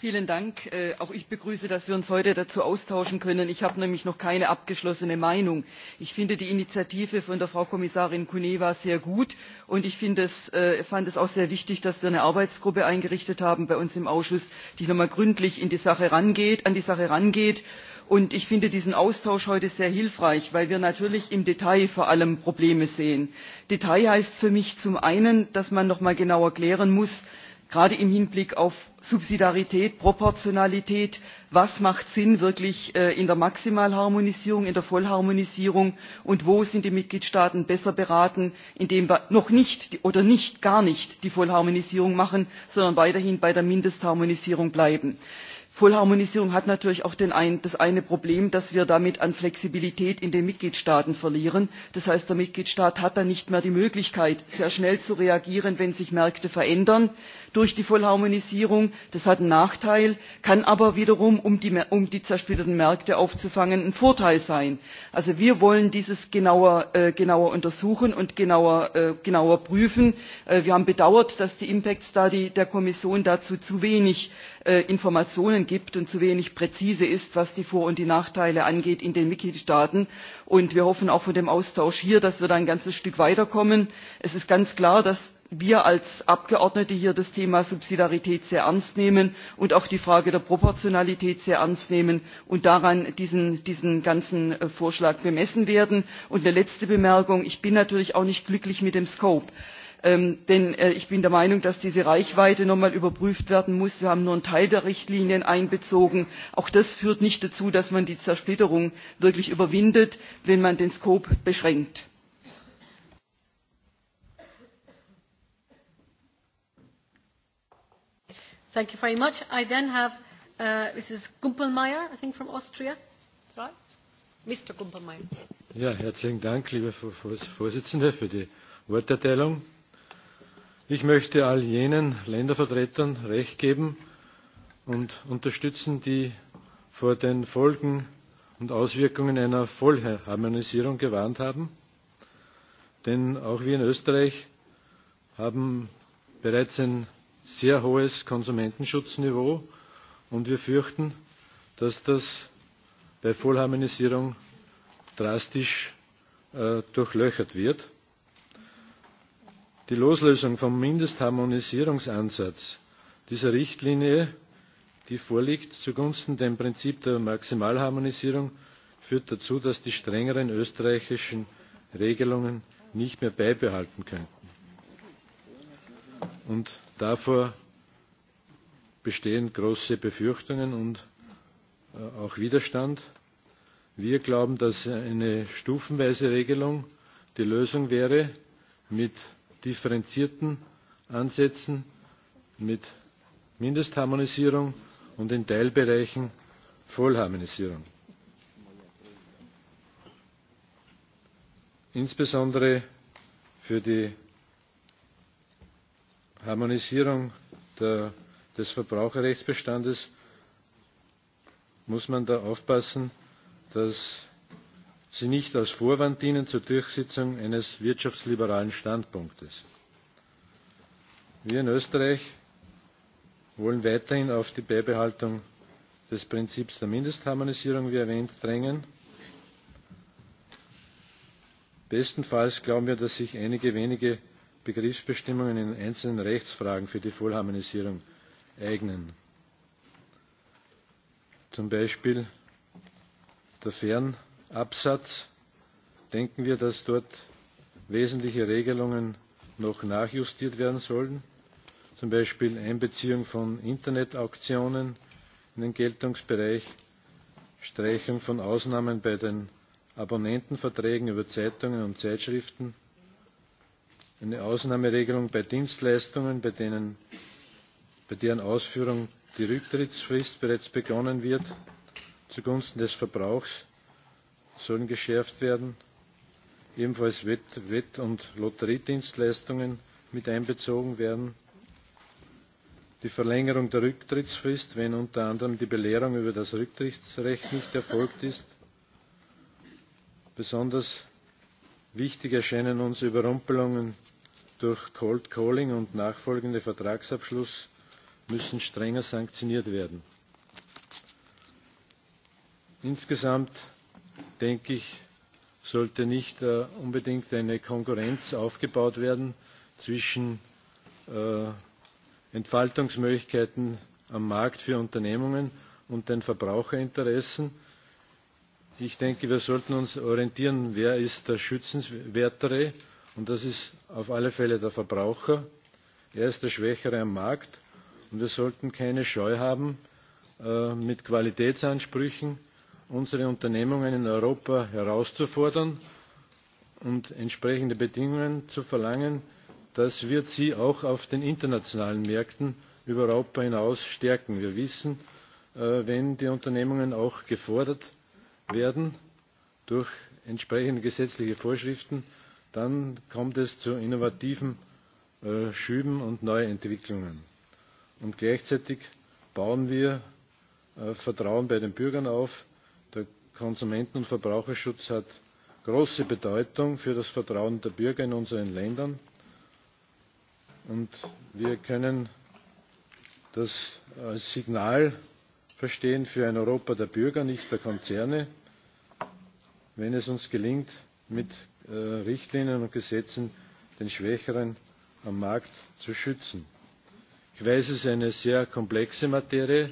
Vielen Dank. Äh, auch ich begrüße, dass wir uns heute dazu austauschen können. Ich habe nämlich noch keine abgeschlossene Meinung. Ich finde die Initiative von der Frau Kommissarin Kuneva sehr gut und ich finde es, äh, fand es auch sehr wichtig, dass wir eine Arbeitsgruppe eingerichtet haben bei uns im Ausschuss, die nochmal gründlich in die Sache rangeht, an die Sache rangeht Und ich finde diesen Austausch heute sehr hilfreich, weil wir natürlich im Detail vor allem Probleme sehen. Detail heißt für mich zum einen, dass man noch mal genauer klären muss, gerade im Hinblick auf Subsidiarität, Proportionalität, was macht Sinn wirklich äh, in der Maximalharmonisierung, in der Vollharmonisierung und wo sind die Mitgliedstaaten besser beraten, indem wir noch nicht oder nicht gar nicht die Vollharmonisierung machen, sondern weiterhin bei der Mindestharmonisierung bleiben. Vollharmonisierung hat natürlich auch den ein, das eine Problem, dass wir damit an Flexibilität in den Mitgliedstaaten verlieren. Das heißt, der Mitgliedstaat hat dann nicht mehr die Möglichkeit, sehr schnell zu reagieren, wenn sich Märkte verändern durch die Vollharmonisierung. Das hat einen Nachteil, kann aber wiederum, um die, um die zersplitterten Märkte aufzufangen, ein Vorteil sein. Also wir wollen dieses genauer, äh, genauer untersuchen und genauer, äh, genauer prüfen. Äh, wir haben bedauert, dass die Impact Study der Kommission dazu zu wenig Äh, Informationen gibt und zu wenig präzise ist, was die Vor- und die Nachteile angeht in den Mitgliedstaaten. Und wir hoffen auch von dem Austausch hier, dass wir da ein ganzes Stück weiterkommen. Es ist ganz klar, dass wir als Abgeordnete hier das Thema Subsidiarität sehr ernst nehmen und auch die Frage der Proportionalität sehr ernst nehmen und daran diesen, diesen ganzen äh, Vorschlag bemessen werden. Und eine letzte Bemerkung. Ich bin natürlich auch nicht glücklich mit dem Scope. Ähm, denn äh, ich bin der Meinung, dass diese Reichweite nochmal überprüft werden muss. Wir haben nur einen Teil der Richtlinien einbezogen. Auch das führt nicht dazu, dass man die Zersplitterung wirklich überwindet, wenn man den Scope beschränkt. Thank you very much. I then have uh, Mrs. I think from Austria. Right? Mr. Ja, herzlichen Dank, liebe Frau Vorsitzende, für die Worterteilung. Ich möchte all jenen Ländervertretern Recht geben und unterstützen, die vor den Folgen und Auswirkungen einer Vollharmonisierung gewarnt haben. Denn auch wir in Österreich haben bereits ein sehr hohes Konsumentenschutzniveau und wir fürchten, dass das bei Vollharmonisierung drastisch äh, durchlöchert wird. Die Loslösung vom Mindestharmonisierungsansatz dieser Richtlinie, die vorliegt zugunsten dem Prinzip der Maximalharmonisierung, führt dazu, dass die strengeren österreichischen Regelungen nicht mehr beibehalten könnten. Und davor bestehen große Befürchtungen und äh, auch Widerstand. Wir glauben, dass eine stufenweise Regelung die Lösung wäre mit differenzierten Ansätzen mit Mindestharmonisierung und in Teilbereichen Vollharmonisierung. Insbesondere für die Harmonisierung der, des Verbraucherrechtsbestandes muss man da aufpassen, dass sie nicht als Vorwand dienen zur Durchsetzung eines wirtschaftsliberalen Standpunktes. Wir in Österreich wollen weiterhin auf die Beibehaltung des Prinzips der Mindestharmonisierung, wie erwähnt, drängen. Bestenfalls glauben wir, dass sich einige wenige Begriffsbestimmungen in einzelnen Rechtsfragen für die Vollharmonisierung eignen. Zum Beispiel der Fern Absatz denken wir, dass dort wesentliche Regelungen noch nachjustiert werden sollen, zum Beispiel Einbeziehung von Internetauktionen in den Geltungsbereich, Streichung von Ausnahmen bei den Abonnentenverträgen über Zeitungen und Zeitschriften, eine Ausnahmeregelung bei Dienstleistungen, bei, denen, bei deren Ausführung die Rücktrittsfrist bereits begonnen wird, zugunsten des Verbrauchs sollen geschärft werden. Ebenfalls Wett-, Wett und Lotteriedienstleistungen mit einbezogen werden. Die Verlängerung der Rücktrittsfrist, wenn unter anderem die Belehrung über das Rücktrittsrecht nicht erfolgt ist. Besonders wichtig erscheinen uns Überrumpelungen durch Cold Calling und nachfolgende Vertragsabschluss müssen strenger sanktioniert werden. Insgesamt denke ich, sollte nicht äh, unbedingt eine Konkurrenz aufgebaut werden zwischen äh, Entfaltungsmöglichkeiten am Markt für Unternehmungen und den Verbraucherinteressen. Ich denke, wir sollten uns orientieren, wer ist der Schützenswertere und das ist auf alle Fälle der Verbraucher. Er ist der Schwächere am Markt und wir sollten keine Scheu haben äh, mit Qualitätsansprüchen unsere Unternehmungen in Europa herauszufordern und entsprechende Bedingungen zu verlangen, das wird sie auch auf den internationalen Märkten über Europa hinaus stärken. Wir wissen, äh, wenn die Unternehmungen auch gefordert werden durch entsprechende gesetzliche Vorschriften, dann kommt es zu innovativen äh, Schüben und Neuentwicklungen. Und gleichzeitig bauen wir äh, Vertrauen bei den Bürgern auf, Konsumenten- und Verbraucherschutz hat große Bedeutung für das Vertrauen der Bürger in unseren Ländern. Und wir können das als Signal verstehen für ein Europa der Bürger, nicht der Konzerne, wenn es uns gelingt, mit äh, Richtlinien und Gesetzen den Schwächeren am Markt zu schützen. Ich weiß, es ist eine sehr komplexe Materie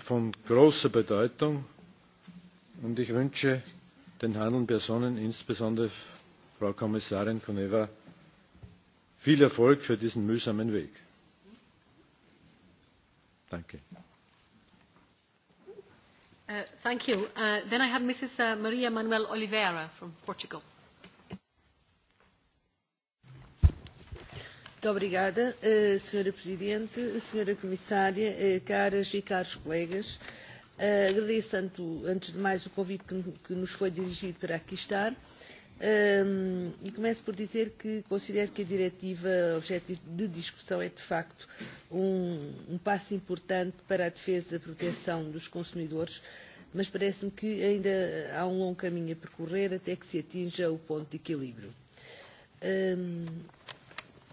von großer Bedeutung Und ich wünsche den handelnden Personen, insbesondere Frau Kommissarin Koneva, viel Erfolg für diesen mühsamen Weg. Danke. Uh, thank you. Uh, then I have Mrs. Uh, Maria Manuel Oliveira from Portugal. Muito obrigada, uh, Sra. Presidente, Sra. Comissária, uh, caras e caros colegas. Eh, agradeço tanto, antes de mais, o convite que, nos foi dirigido para aqui estar. Ehm, e começo por dizer que considero que a diretiva objeto de discussão é, de facto, um, um passo importante para a defesa e proteção dos consumidores, mas parece-me que ainda há um longo caminho a percorrer até que se atinja o ponto de equilíbrio. Ehm,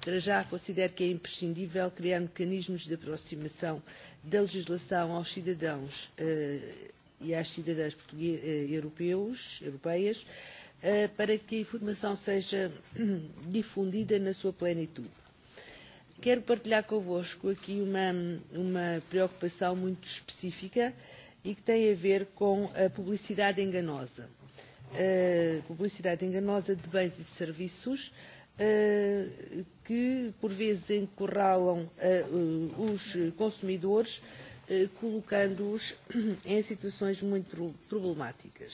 Para já, considero que é imprescindível criar mecanismos de aproximação da legislação aos cidadãos uh, e às cidadãs eh, europeus, europeias, uh, para que a informação seja difundida na sua plenitude. Quero partilhar convosco aqui uma, uma preocupação muito específica e que tem a ver com a publicidade enganosa. Uh, publicidade enganosa de bens e serviços Eh, que por vezes encurralam uh, os consumidores, uh, colocando-os em situações muito problemáticas.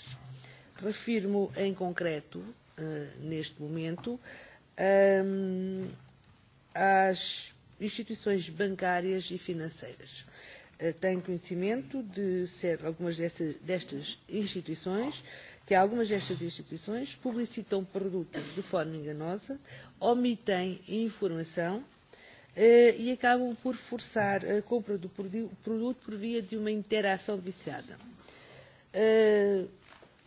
Refirmo em concreto, uh, neste momento, um, às instituições bancárias e financeiras. Uh, tenho conhecimento de ser algumas dessas, destas instituições uh, que algumas destas instituições publicitam produtos de forma enganosa, omitem informação eh, e acabam por forçar a compra do produto por via de uma interação viciada. Eh,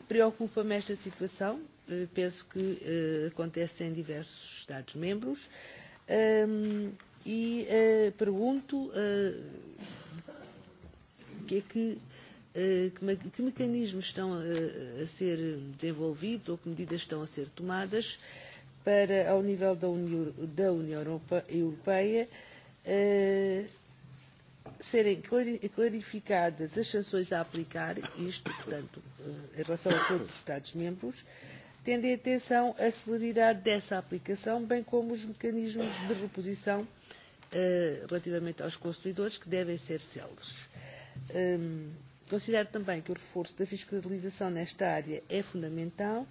Preocupa-me esta situação, eh, penso que eh, acontece em diversos Estados-membros, eh, e eh, pergunto eh, o que é que Eh, que mecanismos estão eh, a ser desenvolvidos ou que medidas estão a ser tomadas para, ao nível da União, da União Europeia, eh, serem clarificadas as sanções a aplicar, isto, portanto, em relação a todos os Estados-membros, tendo em atenção a celeridade dessa aplicação, bem como os mecanismos de reposição relativamente aos consumidores que devem ser céleres. Ehm, Considero também que o reforço da fiscalização nesta área é fundamental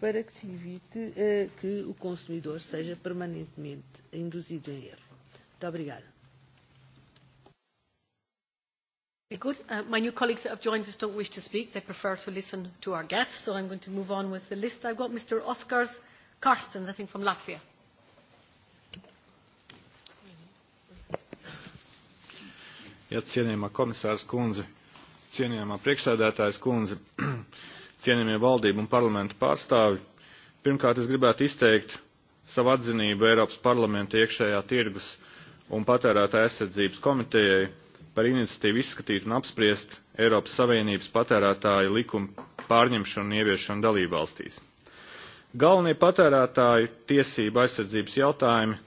para que se evite uh, que o consumidor seja permanentemente induzido em erro. Muito obrigada. Good. Uh, my new colleagues that have joined us don't wish to speak. They prefer to listen to our guests, so I'm going to move on with the list. I've got Mr. Oskars Karstens, I think, from Latvia. Ja cienījumā komisārs kundze, cienījamā priekšsēdētājas kundze, cienījamie valdību un parlamentu pārstāvi. Pirmkārt, es gribētu izteikt savu atzinību Eiropas parlamenta iekšējā tirgus un patērētā aizsardzības komitejai par iniciatīvu izskatīt un apspriest Eiropas Savienības patērētāju likumu pārņemšanu un ieviešanu valstīs. Galvenie patērētāju tiesību aizsardzības jautājumi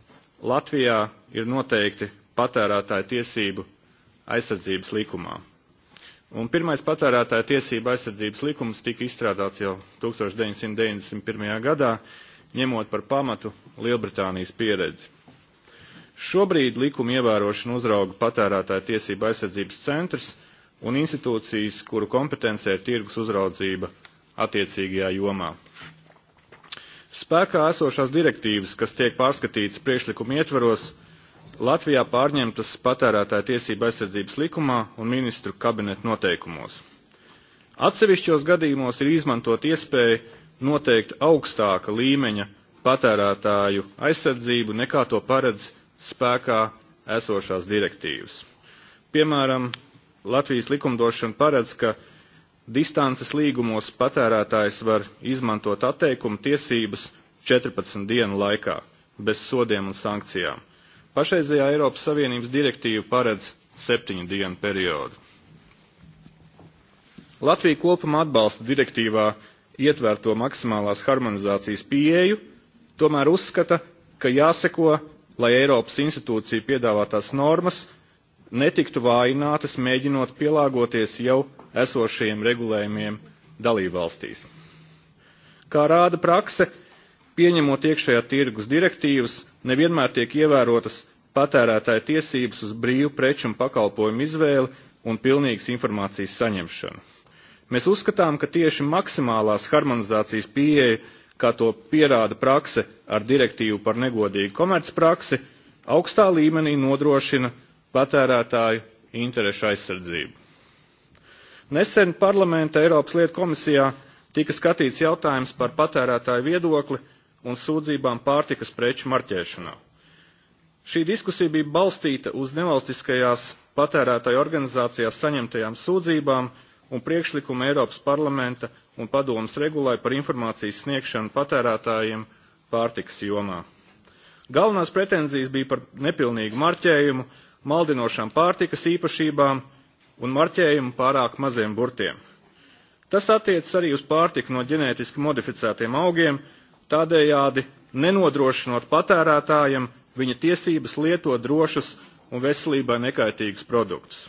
Latvijā ir noteikti patērētāju tiesību aizsardzības likumā. Un pirmais patērētāja tiesība aizsardzības likums tika izstrādāts jau 1991. gadā, ņemot par pamatu Lielbritānijas pieredzi. Šobrīd likuma ievērošanu uzrauga patērētāja tiesība aizsardzības centrs un institūcijas, kuru kompetencē ir tirgus uzraudzība attiecīgajā jomā. Spēkā esošās direktīvas, kas tiek pārskatītas priekšlikuma ietvaros, Latvijā pārņemtas patērētāja tiesība aizsardzības likumā un ministru kabineta noteikumos. Atsevišķos gadījumos ir izmantot iespēju noteikt augstāka līmeņa patērētāju aizsardzību nekā to paredz spēkā esošās direktīvas. Piemēram, Latvijas likumdošana paredz, ka distances līgumos patērētājs var izmantot atteikumu tiesības 14 dienu laikā bez sodiem un sankcijām Pašreizējā Eiropas Savienības direktīva paredz septiņu dienu periodu. Latvija kopumā atbalsta direktīvā ietverto maksimālās harmonizācijas pieeju, tomēr uzskata, ka jāseko, lai Eiropas institūcija piedāvātās normas netiktu vājinātas, mēģinot pielāgoties jau esošajiem regulējumiem dalībvalstīs. Kā rāda prakse, pieņemot iekšējā tirgus direktīvas, nevienmēr tiek ievērotas patērētāja tiesības uz brīvu preču un pakalpojumu izvēli un pilnīgas informācijas saņemšanu. Mēs uzskatām, ka tieši maksimālās harmonizācijas pieeja, kā to pierāda prakse ar direktīvu par negodīgu komercpraksi, augstā līmenī nodrošina patērētāju interešu aizsardzību. Nesen parlamenta Eiropas lietu komisijā tika skatīts jautājums par patērētāju viedokli un sūdzībām pārtikas preču marķēšanā. Šī diskusija bija balstīta uz nevalstiskajās patērētāju organizācijās saņemtajām sūdzībām un priekšlikumu Eiropas parlamenta un padomas regulai par informācijas sniegšanu patērētājiem pārtikas jomā. Galvenās pretenzijas bija par nepilnīgu marķējumu, maldinošām pārtikas īpašībām un marķējumu pārāk maziem burtiem. Tas attiecas arī uz pārtiku no ģenētiski modificētiem augiem, tādējādi nenodrošinot patērētājiem viņa tiesības lietot drošas un veselībai nekaitīgus produktus.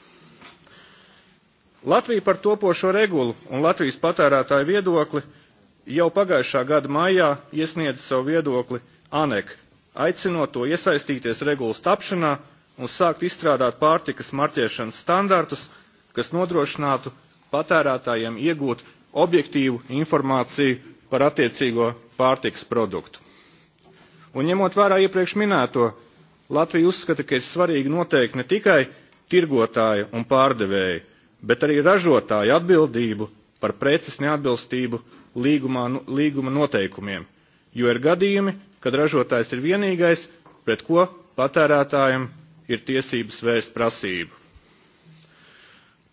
Latvija par topošo regulu un Latvijas patērētāju viedokli jau pagājušā gada maijā iesniedza savu viedokli ANEK, aicinot to iesaistīties regulas tapšanā un sākt izstrādāt pārtikas marķēšanas standartus, kas nodrošinātu patērētājiem iegūt objektīvu informāciju par attiecīgo pārtiks produktu. Un ņemot vērā iepriekš minēto, Latvija uzskata, ka ir svarīgi noteikt ne tikai tirgotāju un pārdevēju, bet arī ražotāju atbildību par preces neatbilstību līgumā, līguma noteikumiem, jo ir gadījumi, kad ražotājs ir vienīgais, pret ko patērētājiem ir tiesības vēst prasību.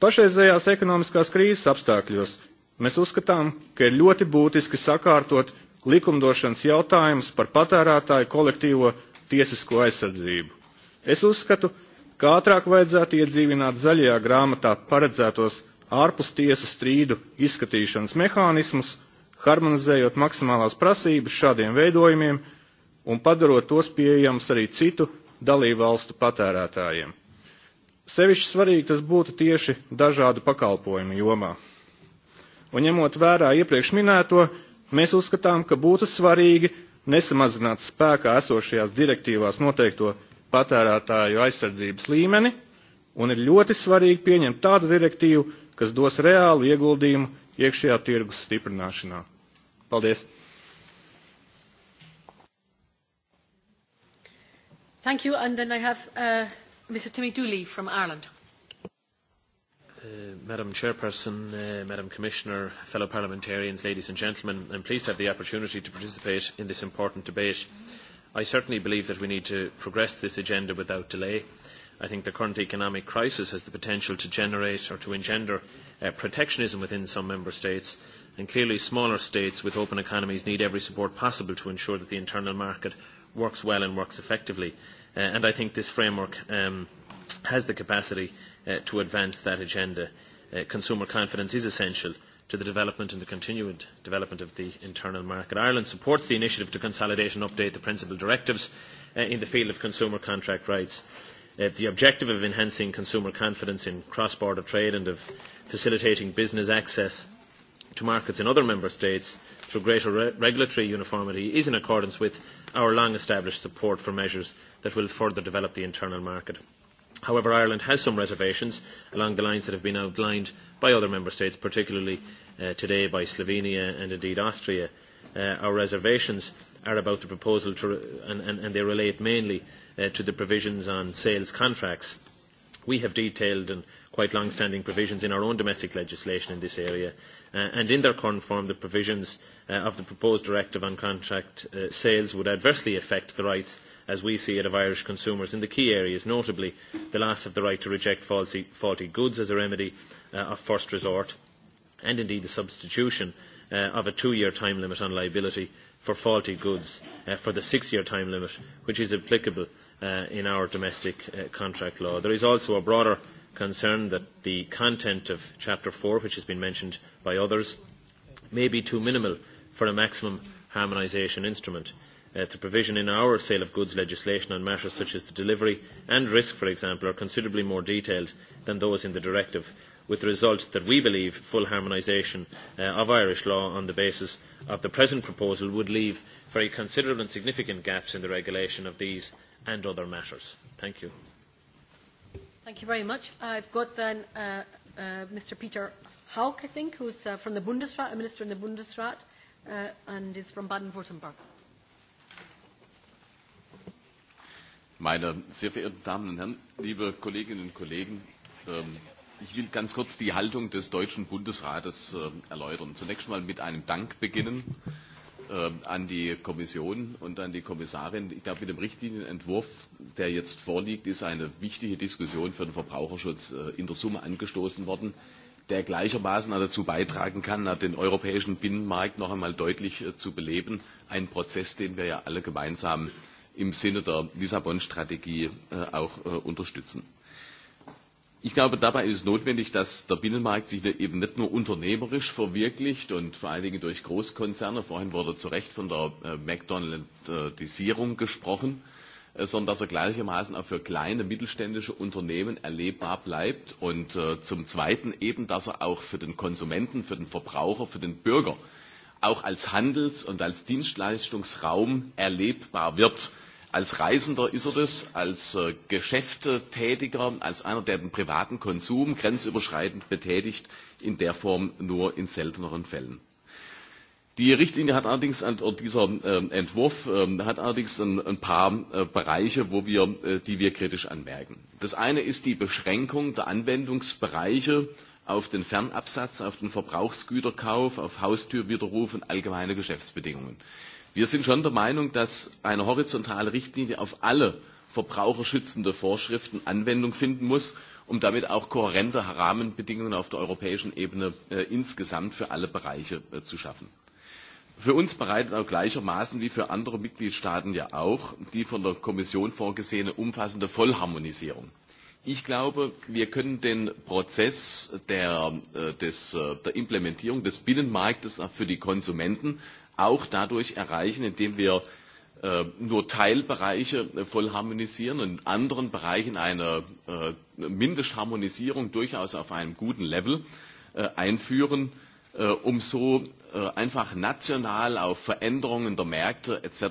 Pašreizējās ekonomiskās krīzes apstākļos Mēs uzskatām, ka ir ļoti būtiski sakārtot likumdošanas jautājumus par patērētāju kolektīvo tiesisko aizsardzību. Es uzskatu, ka ātrāk vajadzētu iedzīvināt zaļajā grāmatā paredzētos ārpus tiesu strīdu izskatīšanas mehānismus, harmonizējot maksimālās prasības šādiem veidojumiem un padarot tos pieejams arī citu dalību valstu patērētājiem. Sevišķi svarīgi tas būtu tieši dažādu pakalpojumu jomā un ņemot vērā iepriekš minēto, mēs uzskatām, ka būtu svarīgi nesamazināt spēkā esošajās direktīvās noteikto patērētāju aizsardzības līmeni, un ir ļoti svarīgi pieņemt tādu direktīvu, kas dos reālu ieguldījumu iekšējā tirgus stiprināšanā. Paldies! Thank you, and then I have uh, Mr. Timmy Dooley from Ireland. Uh, Madam Chairperson, uh, Madam Commissioner, fellow parliamentarians, ladies and gentlemen, I'm pleased to have the opportunity to participate in this important debate. I certainly believe that we need to progress this agenda without delay. I think the current economic crisis has the potential to generate or to engender uh, protectionism within some member states, and clearly smaller states with open economies need every support possible to ensure that the internal market works well and works effectively. Uh, and I think this framework um, has the capacity uh, to advance that agenda. Uh, consumer confidence is essential to the development and the continued development of the internal market. Ireland supports the initiative to consolidate and update the principal directives uh, in the field of consumer contract rights. Uh, the objective of enhancing consumer confidence in cross-border trade and of facilitating business access to markets in other member states through greater re regulatory uniformity is in accordance with our long-established support for measures that will further develop the internal market. However, Ireland has some reservations along the lines that have been outlined by other member states, particularly uh, today by Slovenia and indeed Austria. Uh, our reservations are about the proposal to, and, and, and they relate mainly uh, to the provisions on sales contracts. We have detailed and quite long-standing provisions in our own domestic legislation in this area, uh, and in their current form, the provisions uh, of the proposed directive on contract uh, sales would adversely affect the rights as we see it, of Irish consumers in the key areas, notably the loss of the right to reject faulty, faulty goods as a remedy uh, of first resort, and indeed the substitution uh, of a two-year time limit on liability for faulty goods uh, for the six-year time limit, which is applicable uh, in our domestic uh, contract law. There is also a broader concern that the content of Chapter 4, which has been mentioned by others, may be too minimal for a maximum harmonisation instrument uh, to provision in our sale of goods legislation on matters such as the delivery and risk, for example, are considerably more detailed than those in the directive, with the result that we believe full harmonisation uh, of Irish law on the basis of the present proposal would leave very considerable and significant gaps in the regulation of these and other matters. Thank you. Thank you very much. I've got then uh, uh, Mr. Peter Hauck, I think, who's uh, from the Bundesrat, a minister in the Bundesrat, uh, and is from Baden-Württemberg. Meine sehr verehrten Damen und Herren, liebe Kolleginnen und Kollegen, ähm, ich will ganz kurz die Haltung des Deutschen Bundesrates ähm, erläutern. Zunächst mal mit einem Dank beginnen ähm, an die Kommission und an die Kommissarin. Ich glaube, mit dem Richtlinienentwurf, der jetzt vorliegt, ist eine wichtige Diskussion für den Verbraucherschutz äh, in der Summe angestoßen worden, der gleichermaßen dazu beitragen kann, den europäischen Binnenmarkt noch einmal deutlich äh, zu beleben. Ein Prozess, den wir ja alle gemeinsam im Sinne der Lissabon-Strategie äh, auch äh, unterstützen. Ich glaube, dabei ist es notwendig, dass der Binnenmarkt sich eben nicht nur unternehmerisch verwirklicht und vor allen Dingen durch Großkonzerne, vorhin wurde zu Recht von der äh, McDonaldisierung gesprochen, sondern dass er gleichermaßen auch für kleine mittelständische Unternehmen erlebbar bleibt und zum Zweiten eben, dass er auch für den Konsumenten, für den Verbraucher, für den Bürger auch als Handels- und als Dienstleistungsraum erlebbar wird Als Reisender ist er das, als äh, Geschäftstätiger, als einer, der den privaten Konsum grenzüberschreitend betätigt, in der Form nur in selteneren Fällen. Die Richtlinie hat allerdings, dieser ähm, Entwurf ähm, hat allerdings ein, paar äh, Bereiche, wo wir, äh, die wir kritisch anmerken. Das eine ist die Beschränkung der Anwendungsbereiche auf den Fernabsatz, auf den Verbrauchsgüterkauf, auf Haustürwiderruf und allgemeine Geschäftsbedingungen. Wir sind schon der Meinung, dass eine horizontale Richtlinie auf alle verbraucherschützende Vorschriften Anwendung finden muss, um damit auch kohärente Rahmenbedingungen auf der europäischen Ebene äh, insgesamt für alle Bereiche äh, zu schaffen. Für uns bereitet auch gleichermaßen wie für andere Mitgliedstaaten ja auch die von der Kommission vorgesehene umfassende Vollharmonisierung. Ich glaube, wir können den Prozess der, äh, des, äh, der Implementierung des Binnenmarktes auch für die Konsumenten auch dadurch erreichen, indem wir äh, nur Teilbereiche äh, voll harmonisieren und in anderen Bereichen eine äh, Mindestharmonisierung durchaus auf einem guten Level äh, einführen, äh, um so äh, einfach national auf Veränderungen der Märkte etc.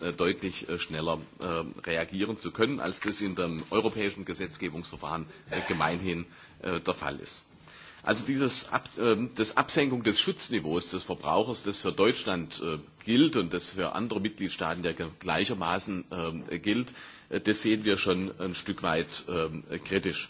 Äh, deutlich äh, schneller äh, reagieren zu können, als das in dem europäischen Gesetzgebungsverfahren äh, gemeinhin äh, der Fall ist. Also dieses Ab, äh, das Absenkung des Schutzniveaus des Verbrauchers, das für Deutschland äh, gilt und das für andere Mitgliedstaaten ja gleichermaßen äh, gilt, äh, das sehen wir schon ein Stück weit äh, kritisch.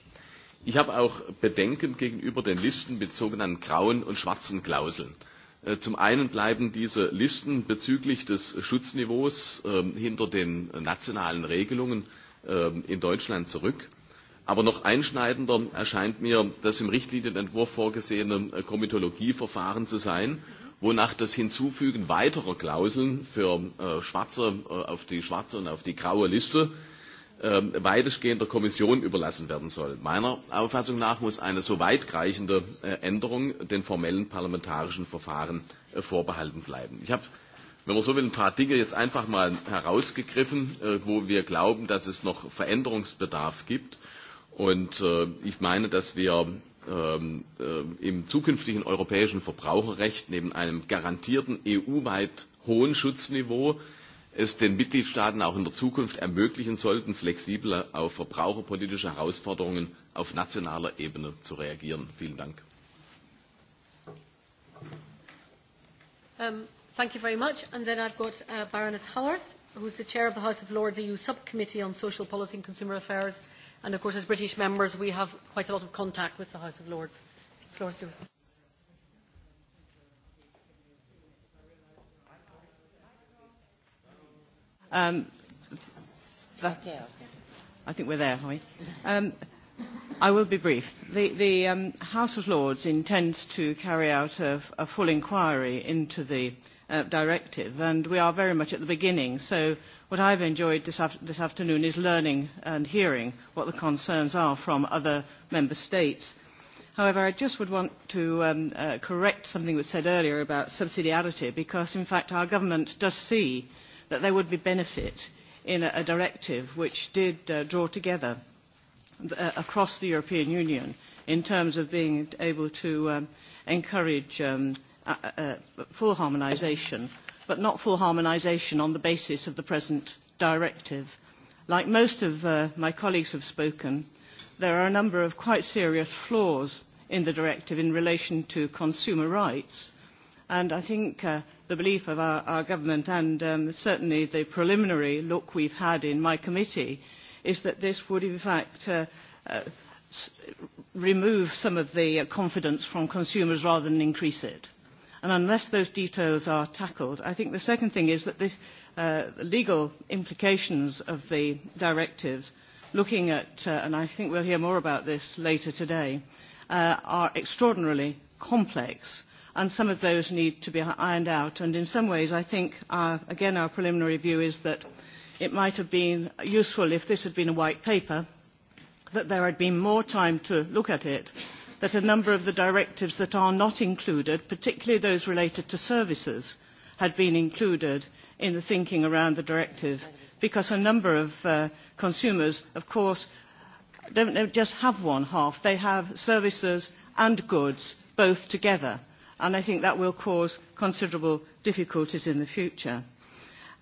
Ich habe auch Bedenken gegenüber den Listen mit sogenannten grauen und schwarzen Klauseln. Äh, zum einen bleiben diese Listen bezüglich des Schutzniveaus äh, hinter den nationalen Regelungen äh, in Deutschland zurück. Aber noch einschneidender erscheint mir das im Richtlinienentwurf vorgesehene äh, Komitologieverfahren zu sein, wonach das Hinzufügen weiterer Klauseln für äh, schwarze, äh, auf die schwarze und auf die graue Liste äh, weitestgehend der Kommission überlassen werden soll. Meiner Auffassung nach muss eine so weitreichende äh, Änderung den formellen parlamentarischen Verfahren äh, vorbehalten bleiben. Ich habe wenn man so will, ein paar Dinge jetzt einfach mal herausgegriffen, äh, wo wir glauben, dass es noch Veränderungsbedarf gibt. Und äh, ich meine, dass wir ähm, äh, im zukünftigen europäischen Verbraucherrecht neben einem garantierten EU-weit hohen Schutzniveau es den Mitgliedstaaten auch in der Zukunft ermöglichen sollten, flexibler auf verbraucherpolitische Herausforderungen auf nationaler Ebene zu reagieren. Vielen Dank. Um, thank you very much. And then I've got uh, Baroness Howarth, is the chair of the House of Lords EU Subcommittee on Social Policy and Consumer Affairs And of course, as British members, we have quite a lot of contact with the House of Lords. floor is yours. Um, the, I think we're there, are we? Um, I will be brief. The, the um, House of Lords intends to carry out a, a full inquiry into the uh, directive, and we are very much at the beginning. So what I've enjoyed this, af this afternoon is learning and hearing what the concerns are from other member states. However, I just would want to um, uh, correct something was said earlier about subsidiarity, because in fact our government does see that there would be benefit in a, a directive which did uh, draw together uh, across the European Union in terms of being able to um, encourage um, Uh, uh, full harmonisation, but not full harmonisation on the basis of the present directive. Like most of uh, my colleagues have spoken, there are a number of quite serious flaws in the directive in relation to consumer rights. And I think uh, the belief of our, our government and um, certainly the preliminary look we've had in my committee is that this would in fact uh, uh, remove some of the uh, confidence from consumers rather than increase it. And unless those details are tackled, I think the second thing is that the uh, legal implications of the directives, looking at, uh, and I think we'll hear more about this later today, uh, are extraordinarily complex and some of those need to be ironed out. And in some ways, I think, our, again, our preliminary view is that it might have been useful if this had been a white paper, that there had been more time to look at it that a number of the directives that are not included, particularly those related to services, had been included in the thinking around the directive because a number of uh, consumers, of course, don't, just have one half. They have services and goods both together. And I think that will cause considerable difficulties in the future.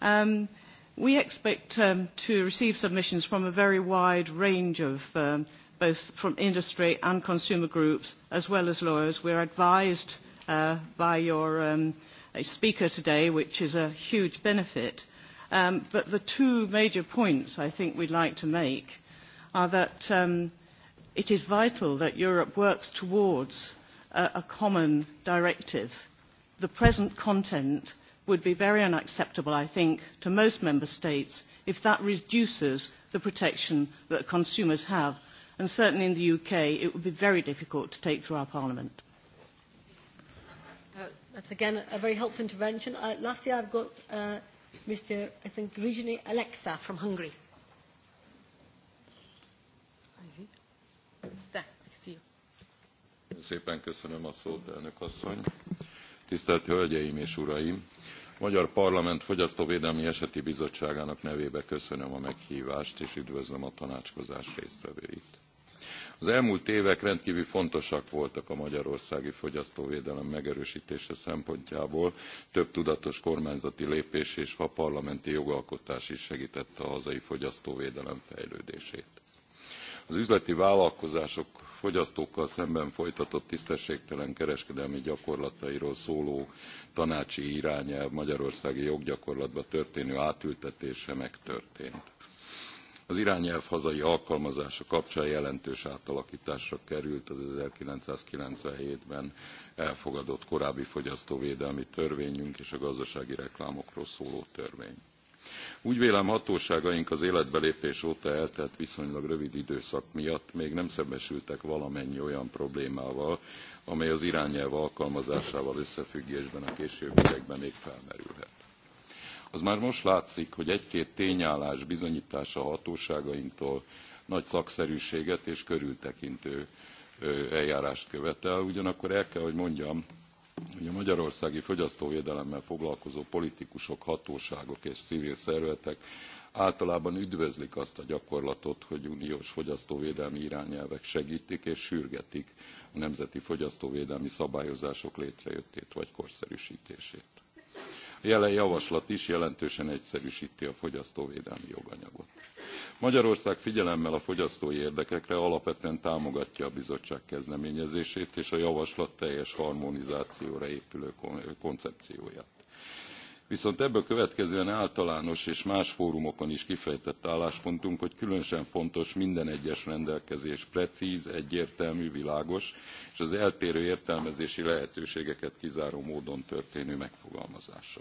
Um, we expect um, to receive submissions from a very wide range of um, both from industry and consumer groups, as well as lawyers. We're advised uh, by your um, speaker today, which is a huge benefit. Um, but the two major points I think we'd like to make are that um, it is vital that Europe works towards a, a common directive. The present content would be very unacceptable, I think, to most member states if that reduces the protection that consumers have and certainly in the UK it would be very difficult to take through our Parliament. Uh, that's again a very helpful intervention. Uh, lastly, I've got uh, Mr. I think regionally Alexa from Hungary. Szépen köszönöm a szót, elnök asszony. Tisztelt Hölgyeim és Uraim! Magyar Parlament Fogyasztóvédelmi Eseti Bizottságának nevébe köszönöm a meghívást, és üdvözlöm a tanácskozás résztvevőit. Az elmúlt évek rendkívül fontosak voltak a magyarországi fogyasztóvédelem megerősítése szempontjából. Több tudatos kormányzati lépés és a parlamenti jogalkotás is segítette a hazai fogyasztóvédelem fejlődését. Az üzleti vállalkozások fogyasztókkal szemben folytatott tisztességtelen kereskedelmi gyakorlatairól szóló tanácsi irányelv Magyarországi joggyakorlatba történő átültetése megtörtént. Az irányelv hazai alkalmazása kapcsán jelentős átalakításra került az 1997-ben elfogadott korábbi fogyasztóvédelmi törvényünk és a gazdasági reklámokról szóló törvény. Úgy vélem hatóságaink az életbelépés óta eltelt viszonylag rövid időszak miatt még nem szembesültek valamennyi olyan problémával, amely az irányelv alkalmazásával összefüggésben a későbbiekben még felmerülhet az már most látszik, hogy egy-két tényállás bizonyítása hatóságainktól nagy szakszerűséget és körültekintő eljárást követel. Ugyanakkor el kell, hogy mondjam, hogy a magyarországi fogyasztóvédelemmel foglalkozó politikusok, hatóságok és civil szervetek általában üdvözlik azt a gyakorlatot, hogy uniós fogyasztóvédelmi irányelvek segítik és sürgetik a nemzeti fogyasztóvédelmi szabályozások létrejöttét vagy korszerűsítését jelen javaslat is jelentősen egyszerűsíti a fogyasztóvédelmi joganyagot. Magyarország figyelemmel a fogyasztói érdekekre alapvetően támogatja a bizottság kezdeményezését és a javaslat teljes harmonizációra épülő koncepcióját Viszont ebből következően általános és más fórumokon is kifejtett álláspontunk, hogy különösen fontos minden egyes rendelkezés precíz, egyértelmű, világos, és az eltérő értelmezési lehetőségeket kizáró módon történő megfogalmazása.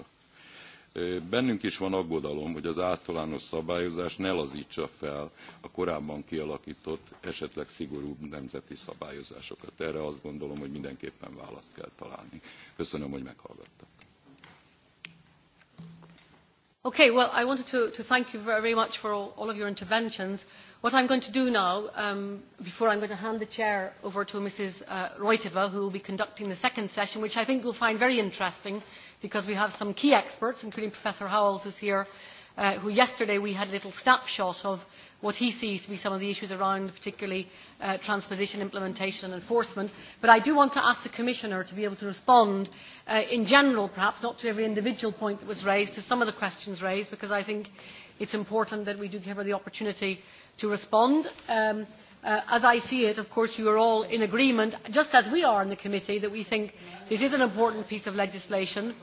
Bennünk is van aggodalom, hogy az általános szabályozás ne lazítsa fel a korábban kialakított, esetleg szigorúbb nemzeti szabályozásokat. Erre azt gondolom, hogy mindenképpen választ kell találni. Köszönöm, hogy meghallgattak. Okay, well, I wanted to, to thank you very much for all, all of your interventions. What I'm going to do now, um, before I'm going to hand the chair over to Mrs. Uh, Reuteva, who will be conducting the second session, which I think you'll find very interesting because we have some key experts, including Professor Howells, who's here, uh, who yesterday we had a little snapshot of what he sees to be some of the issues around particularly uh, transposition, implementation and enforcement. But I do want to ask the Commissioner to be able to respond uh, in general, perhaps not to every individual point that was raised, to some of the questions raised, because I think it's important that we do give her the opportunity to respond. Um, uh, as I see it, of course, you are all in agreement, just as we are in the committee, that we think this is an important piece of legislation.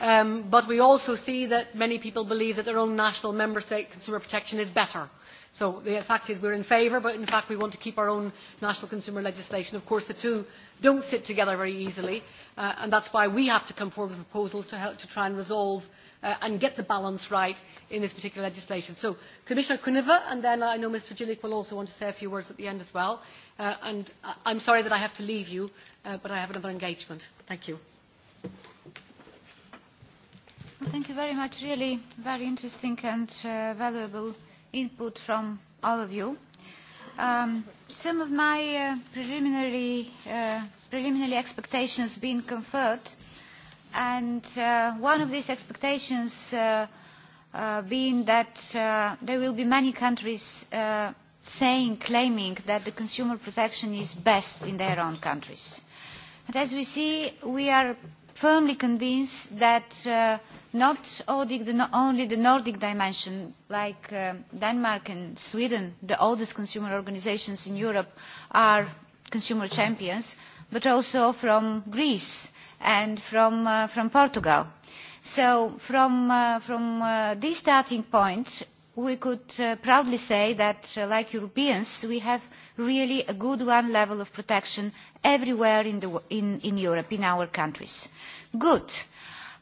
Um, but we also see that many people believe that their own national member state consumer protection is better. So the fact is we're in favour, but in fact we want to keep our own national consumer legislation. Of course, the two don't sit together very easily, uh, and that's why we have to come forward with proposals to, help, to try and resolve uh, and get the balance right in this particular legislation. So Commissioner Kuniva, and then I know Mr. Gillick will also want to say a few words at the end as well. Uh, and I'm sorry that I have to leave you, uh, but I have another engagement. Thank you. Thank you very much. Really very interesting and uh, valuable input from all of you. Um, some of my uh, preliminary, uh, preliminary expectations being conferred, and uh, one of these expectations uh, uh, being that uh, there will be many countries uh, saying, claiming that the consumer protection is best in their own countries. And as we see, we are firmly convinced that uh, not only the, only the Nordic dimension, like uh, Denmark and Sweden, the oldest consumer organizations in Europe, are consumer champions, but also from Greece and from, uh, from Portugal. So from, uh, from uh, this starting point, we could uh, proudly say that, uh, like Europeans, we have really a good one level of protection everywhere in, the, in, in Europe, in our countries. Good.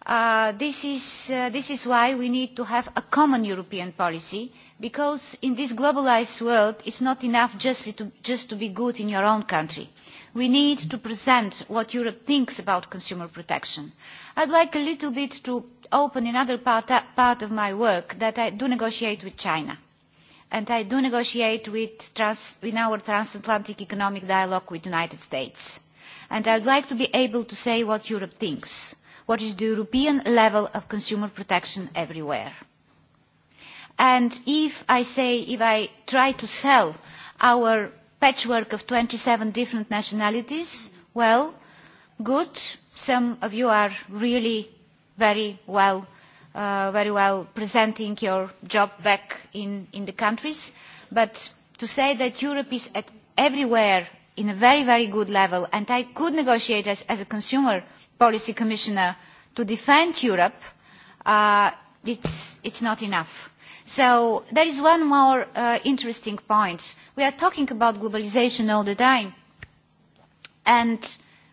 Uh, this, is, uh, this is why we need to have a common European policy because in this globalized world it's not enough just to, just to be good in your own country. We need to present what Europe thinks about consumer protection. I'd like a little bit to open another part, part of my work that I do negotiate with China and I do negotiate with trans, in our transatlantic economic dialogue with the United States. And I would like to be able to say what Europe thinks, what is the European level of consumer protection everywhere. And if I say, if I try to sell our patchwork of 27 different nationalities, well, good, some of you are really very well uh, very well presenting your job back in, in the countries. But to say that Europe is at everywhere in a very, very good level, and I could negotiate as, as a consumer policy commissioner to defend Europe, uh, it's, it's not enough. So there is one more uh, interesting point. We are talking about globalization all the time, and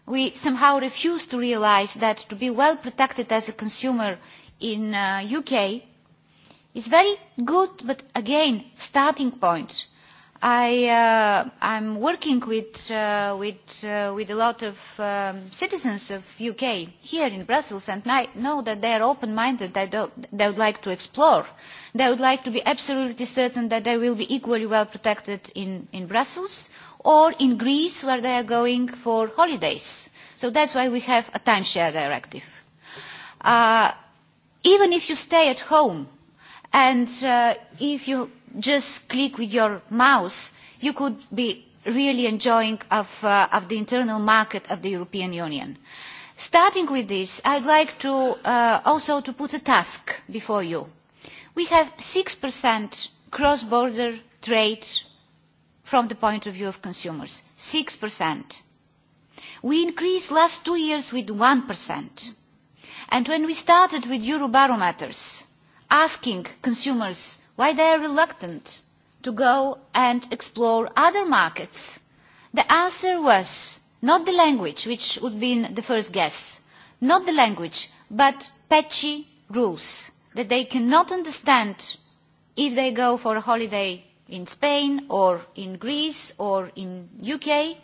we somehow refuse to realize that to be well protected as a consumer in uh, UK is very good, but again, starting point. I, uh, I'm working with, uh, with, uh, with a lot of um, citizens of UK here in Brussels and I know that they are open-minded, they, they would like to explore. They would like to be absolutely certain that they will be equally well protected in, in Brussels or in Greece where they are going for holidays. So that's why we have a timeshare directive. Uh, even if you stay at home and uh, if you just click with your mouse, you could be really enjoying of, uh, of the internal market of the European Union. Starting with this, I'd like to uh, also to put a task before you. We have 6% cross-border trade from the point of view of consumers. 6%. We increased last two years with 1%. And when we started with Eurobarometers, asking consumers why they are reluctant to go and explore other markets, the answer was not the language, which would be the first guess, not the language, but patchy rules that they cannot understand if they go for a holiday in Spain or in Greece or in UK,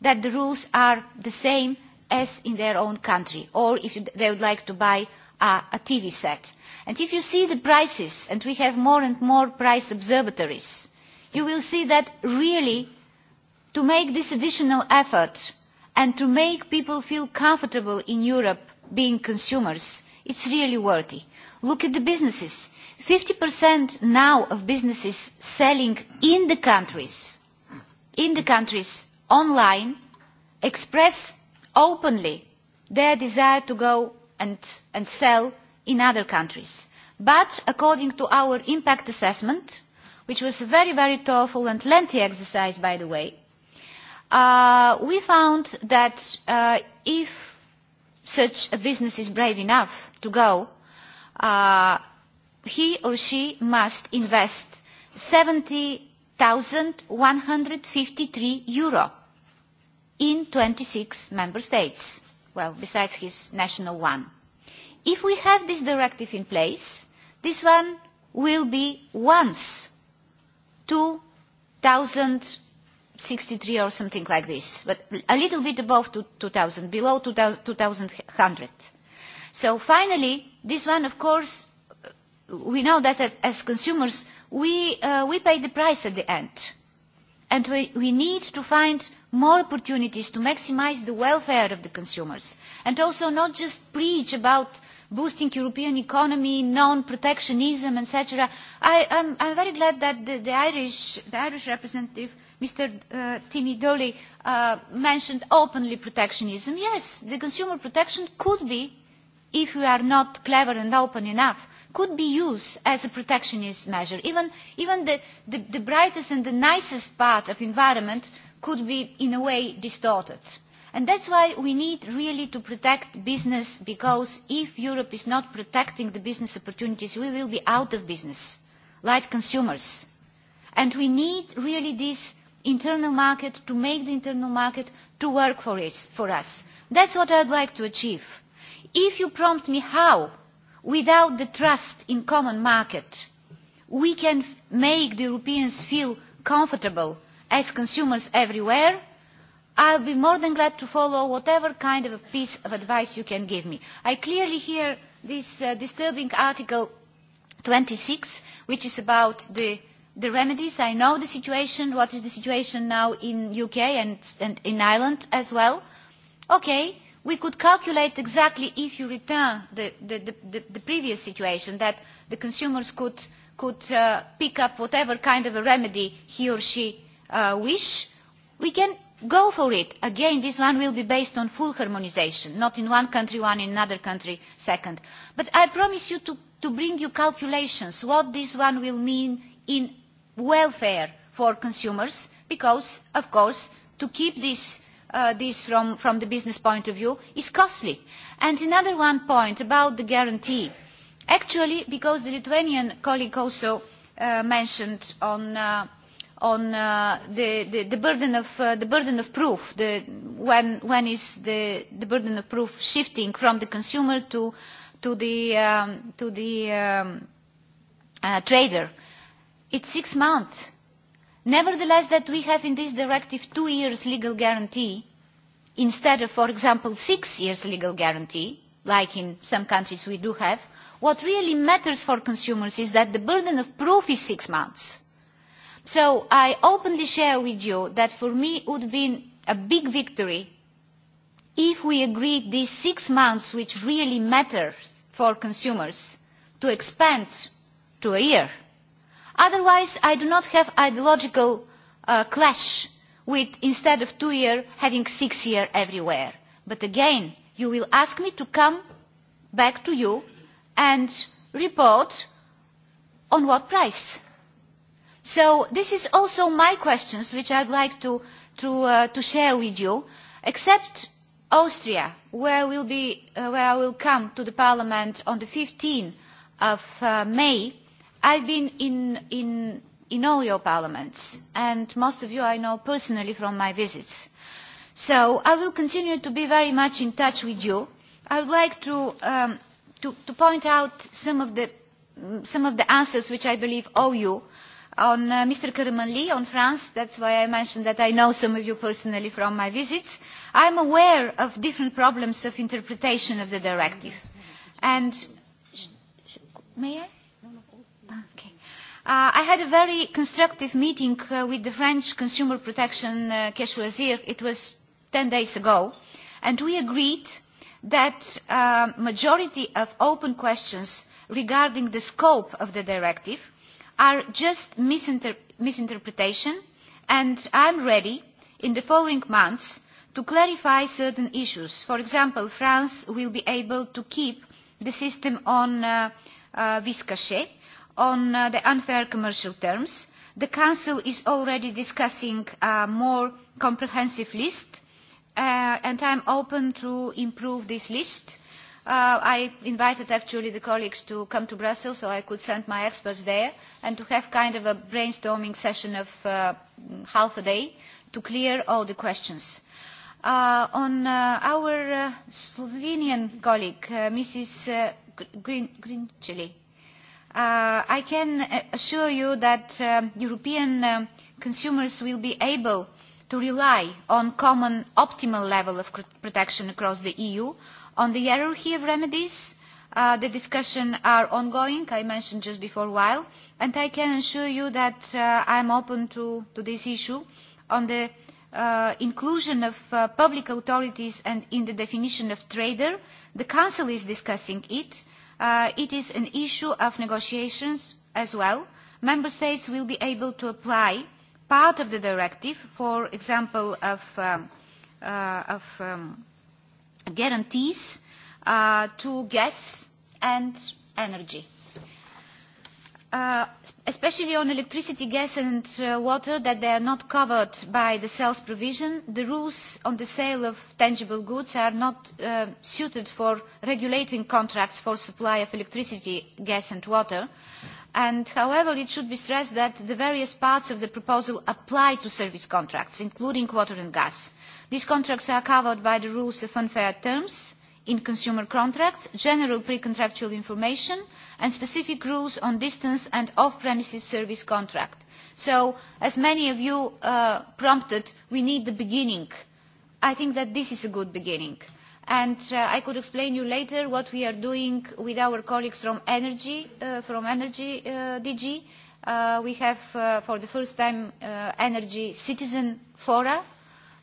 that the rules are the same as in their own country, or if they would like to buy a a TV set. And if you see the prices, and we have more and more price observatories, you will see that really to make this additional effort and to make people feel comfortable in Europe being consumers, it's really worthy. Look at the businesses. 50% now of businesses selling in the countries, in the countries online, express openly their desire to go and, and sell in other countries. But according to our impact assessment, which was a very, very thoughtful and lengthy exercise, by the way, uh, we found that uh, if such a business is brave enough to go, uh, he or she must invest 70,153 euro in 26 member states, well, besides his national one. If we have this directive in place, this one will be once 2063 or something like this, but a little bit above 2000, below 2100. So finally, this one, of course, we know that as consumers, we, uh, we pay the price at the end and we, we need to find more opportunities to maximize the welfare of the consumers and also not just preach about boosting European economy, non-protectionism, etc. I, I'm, I'm very glad that the, the, Irish, the Irish representative, Mr. Uh, Timmy Dolly, uh, mentioned openly protectionism. Yes, the consumer protection could be, if we are not clever and open enough, could be used as a protectionist measure. Even, even the, the, the brightest and the nicest part of environment could be in a way distorted. And that's why we need really to protect business because if Europe is not protecting the business opportunities, we will be out of business, like consumers. And we need really this internal market to make the internal market to work for, it, for us. That's what I'd like to achieve. If you prompt me how Without the trust in common market, we can make the Europeans feel comfortable as consumers everywhere. I'll be more than glad to follow whatever kind of a piece of advice you can give me. I clearly hear this uh, disturbing Article 26, which is about the the remedies. I know the situation, what is the situation now in UK and, and in Ireland as well. Okay, we could calculate exactly if you return the, the, the, the, the previous situation that the consumers could, could uh, pick up whatever kind of a remedy he or she uh, wish, we can go for it. Again, this one will be based on full harmonization, not in one country, one in another country, second. But I promise you to, to bring you calculations, what this one will mean in welfare for consumers, because, of course, to keep this uh, this from, from the business point of view is costly. And another one point about the guarantee. Actually, because the Lithuanian colleague also uh, mentioned on, uh, on uh, the, the, the, burden of, uh, the burden of proof, the, when, when is the, the burden of proof shifting from the consumer to, to the, um, to the um, uh, trader. It's six months Nevertheless, that we have in this directive two years legal guarantee instead of, for example, six years legal guarantee, like in some countries we do have, what really matters for consumers is that the burden of proof is six months. So I openly share with you that for me it would be a big victory if we agreed these six months which really matters for consumers to expand to a year. Otherwise, I do not have ideological uh, clash with instead of two year having six year everywhere. But again, you will ask me to come back to you and report on what price. So this is also my questions which I'd like to, to, uh, to share with you, except Austria, where, will be, uh, where I will come to the Parliament on the 15th of uh, May, I've been in, in, in all your parliaments, and most of you I know personally from my visits. So I will continue to be very much in touch with you. I would like to, um, to, to point out some of, the, some of the answers which I believe owe you on uh, Mr. Lee on France. That's why I mentioned that I know some of you personally from my visits. I'm aware of different problems of interpretation of the directive. And may I? Okay. Uh, I had a very constructive meeting uh, with the French Consumer Protection uh, Cashuazir. It was 10 days ago. And we agreed that uh, majority of open questions regarding the scope of the directive are just misinter misinterpretation and I'm ready in the following months to clarify certain issues. For example, France will be able to keep the system on uh, uh, vis cachet on uh, the unfair commercial terms. The Council is already discussing a more comprehensive list uh, and I'm open to improve this list. Uh, I invited actually the colleagues to come to Brussels so I could send my experts there and to have kind of a brainstorming session of uh, half a day to clear all the questions. Uh, on uh, our uh, Slovenian colleague, uh, Mrs. Uh, Grin Grinchili, Uh, I can assure you that uh, European uh, consumers will be able to rely on common optimal level of protection across the EU. On the hierarchy of remedies, uh, the discussion are ongoing, I mentioned just before a while, and I can assure you that uh, I'm open to, to this issue. On the uh, inclusion of uh, public authorities and in the definition of trader, the Council is discussing it. Uh, it is an issue of negotiations as well. Member States will be able to apply part of the directive, for example, of, um, uh, of um, guarantees uh, to gas and energy uh, especially on electricity, gas and uh, water that they are not covered by the sales provision, the rules on the sale of tangible goods are not uh, suited for regulating contracts for supply of electricity, gas and water. And however, it should be stressed that the various parts of the proposal apply to service contracts, including water and gas. These contracts are covered by the rules of unfair terms, in consumer contracts, general pre-contractual information, and specific rules on distance and off-premises service contract. So, as many of you uh, prompted, we need the beginning. I think that this is a good beginning. And uh, I could explain you later what we are doing with our colleagues from Energy, uh, from Energy uh, DG. Uh, we have, uh, for the first time, uh, Energy Citizen Fora,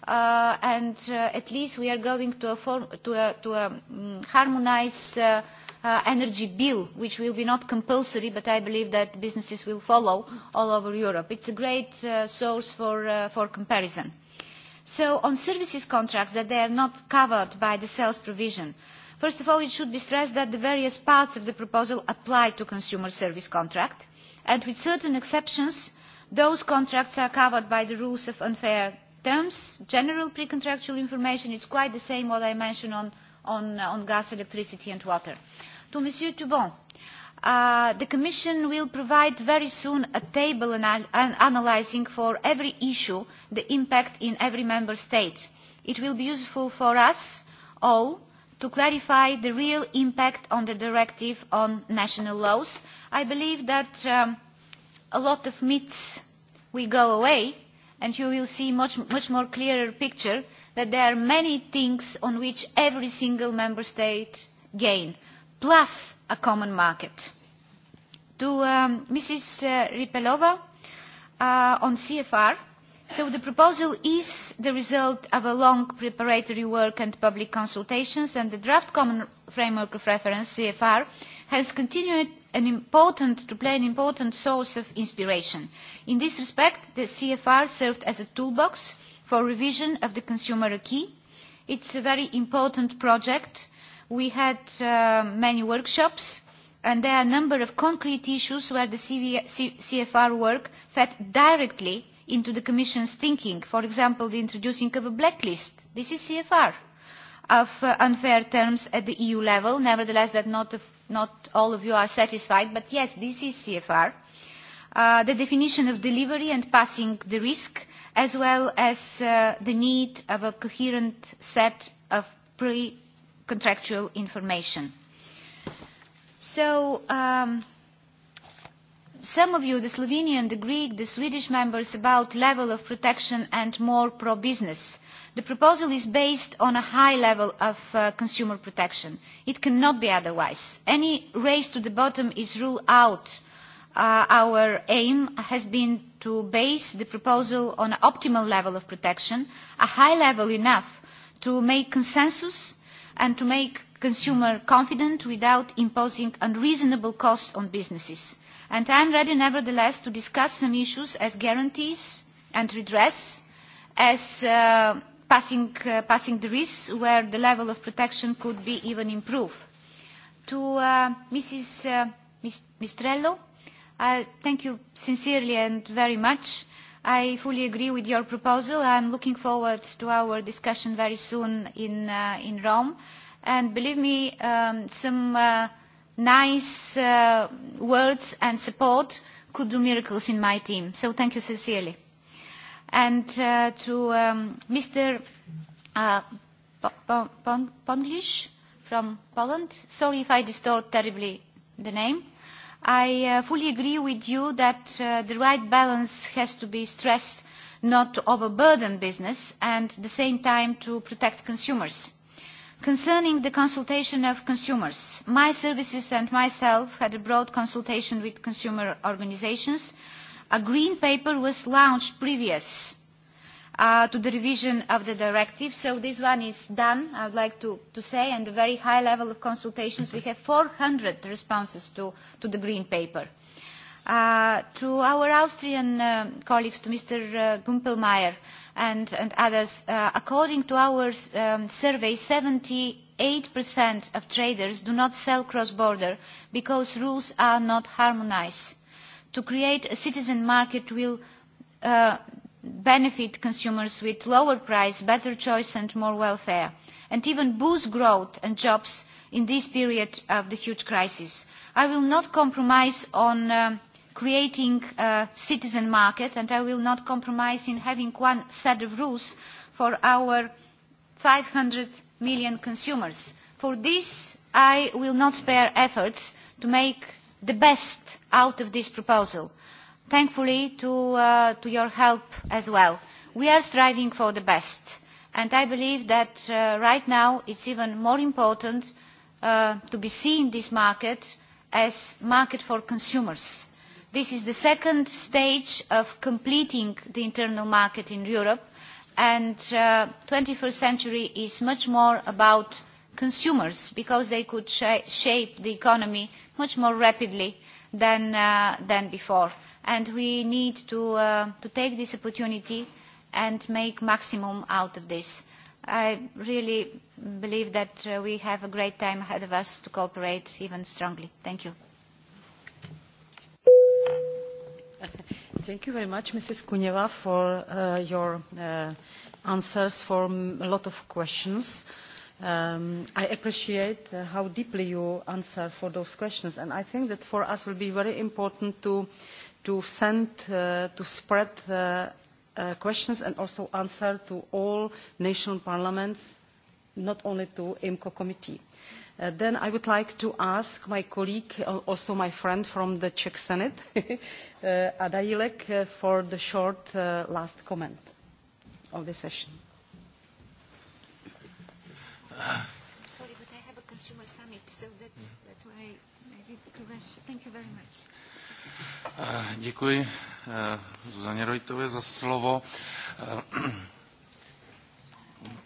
uh, and uh, at least we are going to, a form, to, a, to a, um, mm, harmonize uh, uh, energy bill, which will be not compulsory, but I believe that businesses will follow all over Europe. It's a great uh, source for, uh, for comparison. So on services contracts that they are not covered by the sales provision, first of all, it should be stressed that the various parts of the proposal apply to consumer service contract, and with certain exceptions, those contracts are covered by the rules of unfair terms, general pre-contractual information, it's quite the same what I mentioned on, on, uh, on gas, electricity and water. To Monsieur Toubon, uh, the Commission will provide very soon a table anal an analyzing for every issue the impact in every member state. It will be useful for us all to clarify the real impact on the directive on national laws. I believe that um, a lot of myths will go away and you will see much, much more clearer picture that there are many things on which every single member state gain, plus a common market. To um, Mrs. Uh, Ripelova uh, on CFR, so the proposal is the result of a long preparatory work and public consultations and the draft common framework of reference, CFR, has continued an important, to play an important source of inspiration. In this respect, the CFR served as a toolbox for revision of the consumer acquis. It's a very important project. We had uh, many workshops and there are a number of concrete issues where the CV C CFR work fed directly into the Commission's thinking. For example, the introducing of a blacklist. This is CFR of uh, unfair terms at the EU level. Nevertheless, that's not a not all of you are satisfied, but yes, this is CFR. Uh, the definition of delivery and passing the risk, as well as uh, the need of a coherent set of pre-contractual information. So, um, some of you, the Slovenian, the Greek, the Swedish members, about level of protection and more pro-business The proposal is based on a high level of uh, consumer protection. It cannot be otherwise. Any race to the bottom is ruled out. Uh, our aim has been to base the proposal on an optimal level of protection, a high level enough to make consensus and to make consumer confident without imposing unreasonable costs on businesses. And I am ready nevertheless to discuss some issues as guarantees and redress, as uh, passing, uh, passing the risks where the level of protection could be even improved. To uh, Mrs. Uh, Mistrello, uh, thank you sincerely and very much. I fully agree with your proposal. I'm looking forward to our discussion very soon in, uh, in Rome. And believe me, um, some uh, nice uh, words and support could do miracles in my team. So thank you sincerely. And uh, to um, Mr. Uh, Ponglish from Poland, sorry if I distort terribly the name. I uh, fully agree with you that uh, the right balance has to be stressed not to overburden business and at the same time to protect consumers. Concerning the consultation of consumers, my services and myself had a broad consultation with consumer organizations A green paper was launched previous uh, to the revision of the directive, so this one is done, I would like to, to say, and a very high level of consultations. We have 400 responses to, to the green paper. Uh, to our Austrian uh, colleagues, to Mr. Uh, Gumpelmeier and, and others, uh, according to our um, survey, 78% of traders do not sell cross-border because rules are not harmonized to create a citizen market will uh, benefit consumers with lower price, better choice and more welfare, and even boost growth and jobs in this period of the huge crisis. I will not compromise on uh, creating a citizen market and I will not compromise in having one set of rules for our 500 million consumers. For this, I will not spare efforts to make the best out of this proposal, thankfully to, uh, to your help as well. We are striving for the best, and I believe that uh, right now it's even more important uh, to be seen this market as market for consumers. This is the second stage of completing the internal market in Europe, and uh, 21st century is much more about consumers because they could sh shape the economy much more rapidly than, uh, than before. And we need to, uh, to take this opportunity and make maximum out of this. I really believe that uh, we have a great time ahead of us to cooperate even strongly. Thank you. Thank you very much, Mrs. Kuneva, for uh, your uh, answers for a lot of questions. Um, I appreciate uh, how deeply you answer for those questions, and I think that for us will be very important to, to send, uh, to spread uh, uh, questions and also answer to all national parliaments, not only to IMCO committee. Uh, then I would like to ask my colleague, also my friend from the Czech Senate, uh, Ada Jilek, uh, for the short uh, last comment of the session. Eh, děkuji eh, Zuzaně Rojtové za slovo. Eh,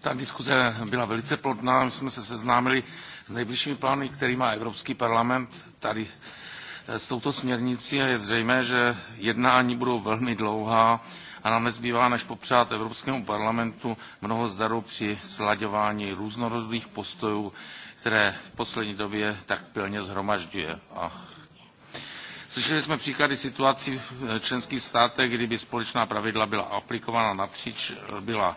ta diskuze byla velice plodná, my jsme se seznámili s nejbližšími plány, který má Evropský parlament tady s touto směrnicí a je zřejmé, že jednání budou velmi dlouhá a nám nezbývá než popřát Evropskému parlamentu mnoho zdaru při slaďování různorodných postojů, které v poslední době tak pilně zhromažďuje. A Slyšeli jsme příklady situací v členských státech, kdyby společná pravidla byla aplikována napříč, byla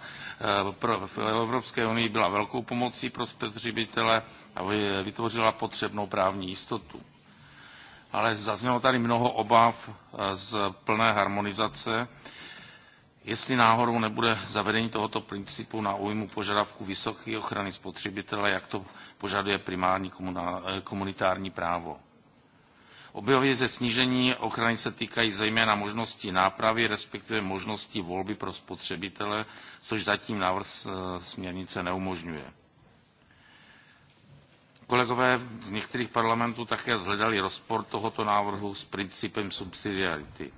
eh, v Evropské unii byla velkou pomocí pro spotřebitele a vytvořila potřebnou právní jistotu. Ale zaznělo tady mnoho obav eh, z plné harmonizace, jestli náhodou nebude zavedení tohoto principu na újmu požadavku vysoké ochrany spotřebitele, jak to požaduje primární eh, komunitární právo. Objevy ze snížení ochrany se týkají zejména možnosti nápravy, respektive možnosti volby pro spotřebitele, což zatím návrh eh, směrnice neumožňuje. Kolegové z některých parlamentů také zhledali rozpor tohoto návrhu s principem subsidiarity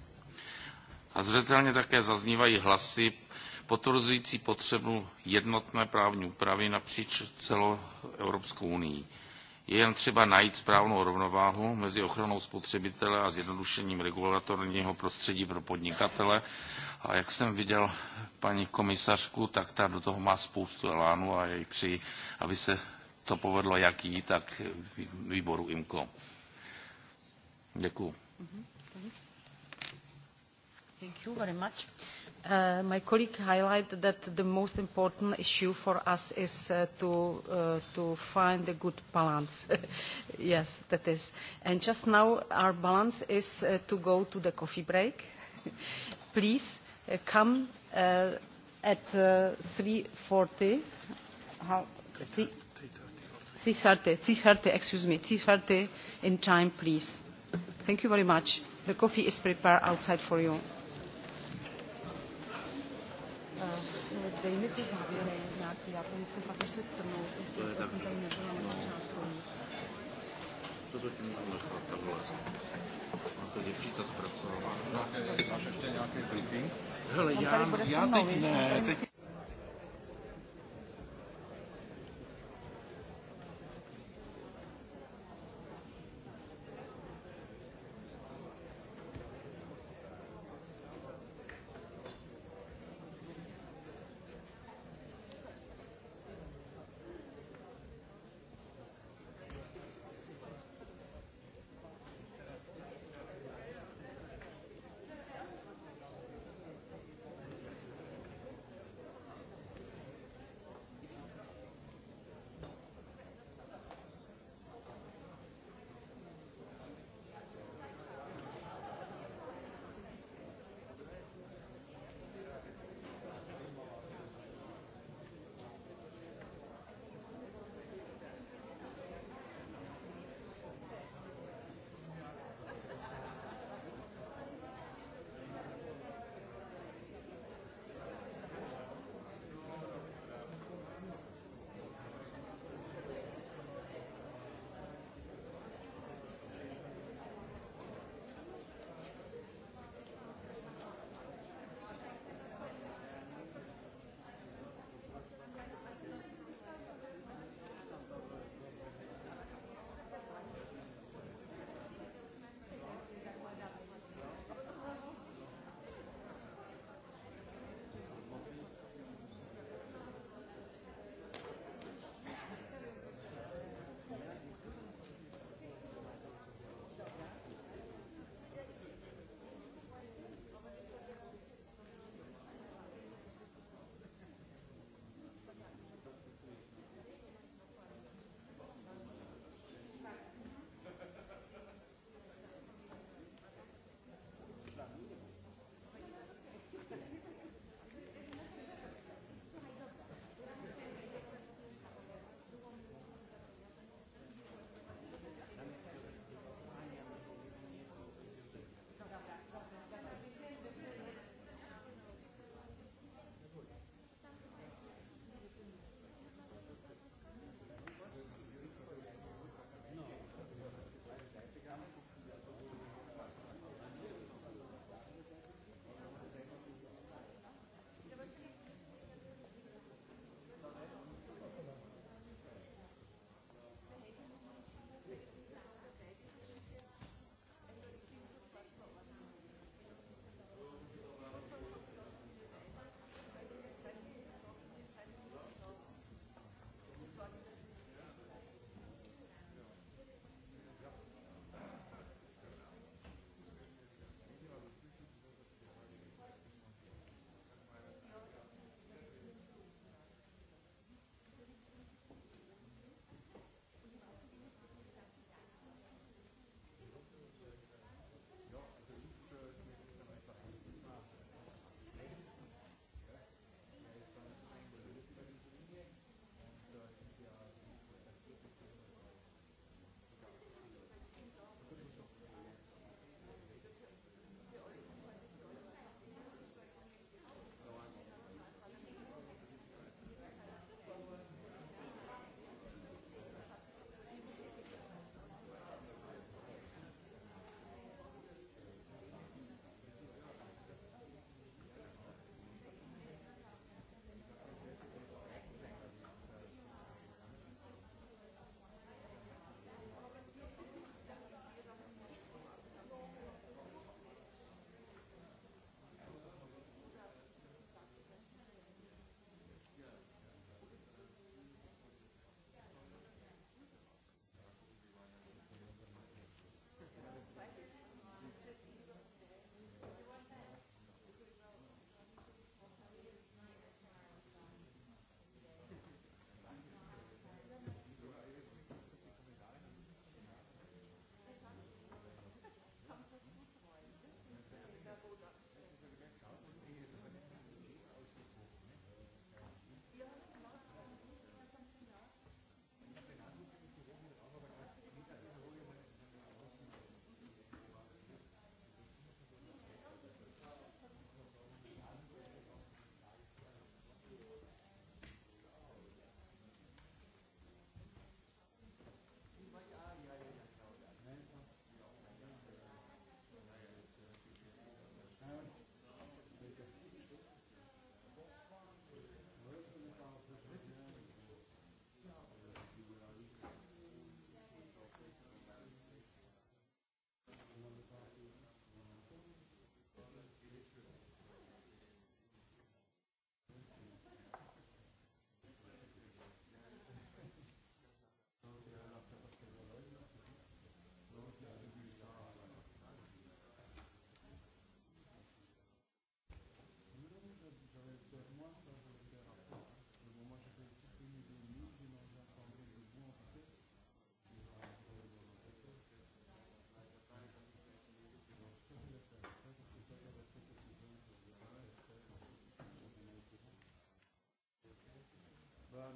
a zřetelně také zaznívají hlasy potvrzující potřebu jednotné právní úpravy napříč celou Evropskou unii. Je jen třeba najít správnou rovnováhu mezi ochranou spotřebitele a zjednodušením regulatorního prostředí pro podnikatele. A jak jsem viděl paní komisařku, tak ta do toho má spoustu elánu a jej přeji, aby se to povedlo jak jí, tak výboru IMCO. Děkuji. Mm-hmm. Thank you very much. Uh, my colleague highlighted that the most important issue for us is uh, to, uh, to find a good balance. yes, that is. And just now our balance is uh, to go to the coffee break. Please uh, come uh, at uh, 3.40. How, 3.30, 3.30, excuse me, 3.30 in time, please. Thank you very much. The coffee is prepared outside for you. Zeynep is not really not To do tym mamy chyba To dziewczyca spracowała. Zawsze Ale já ja tak nie, tak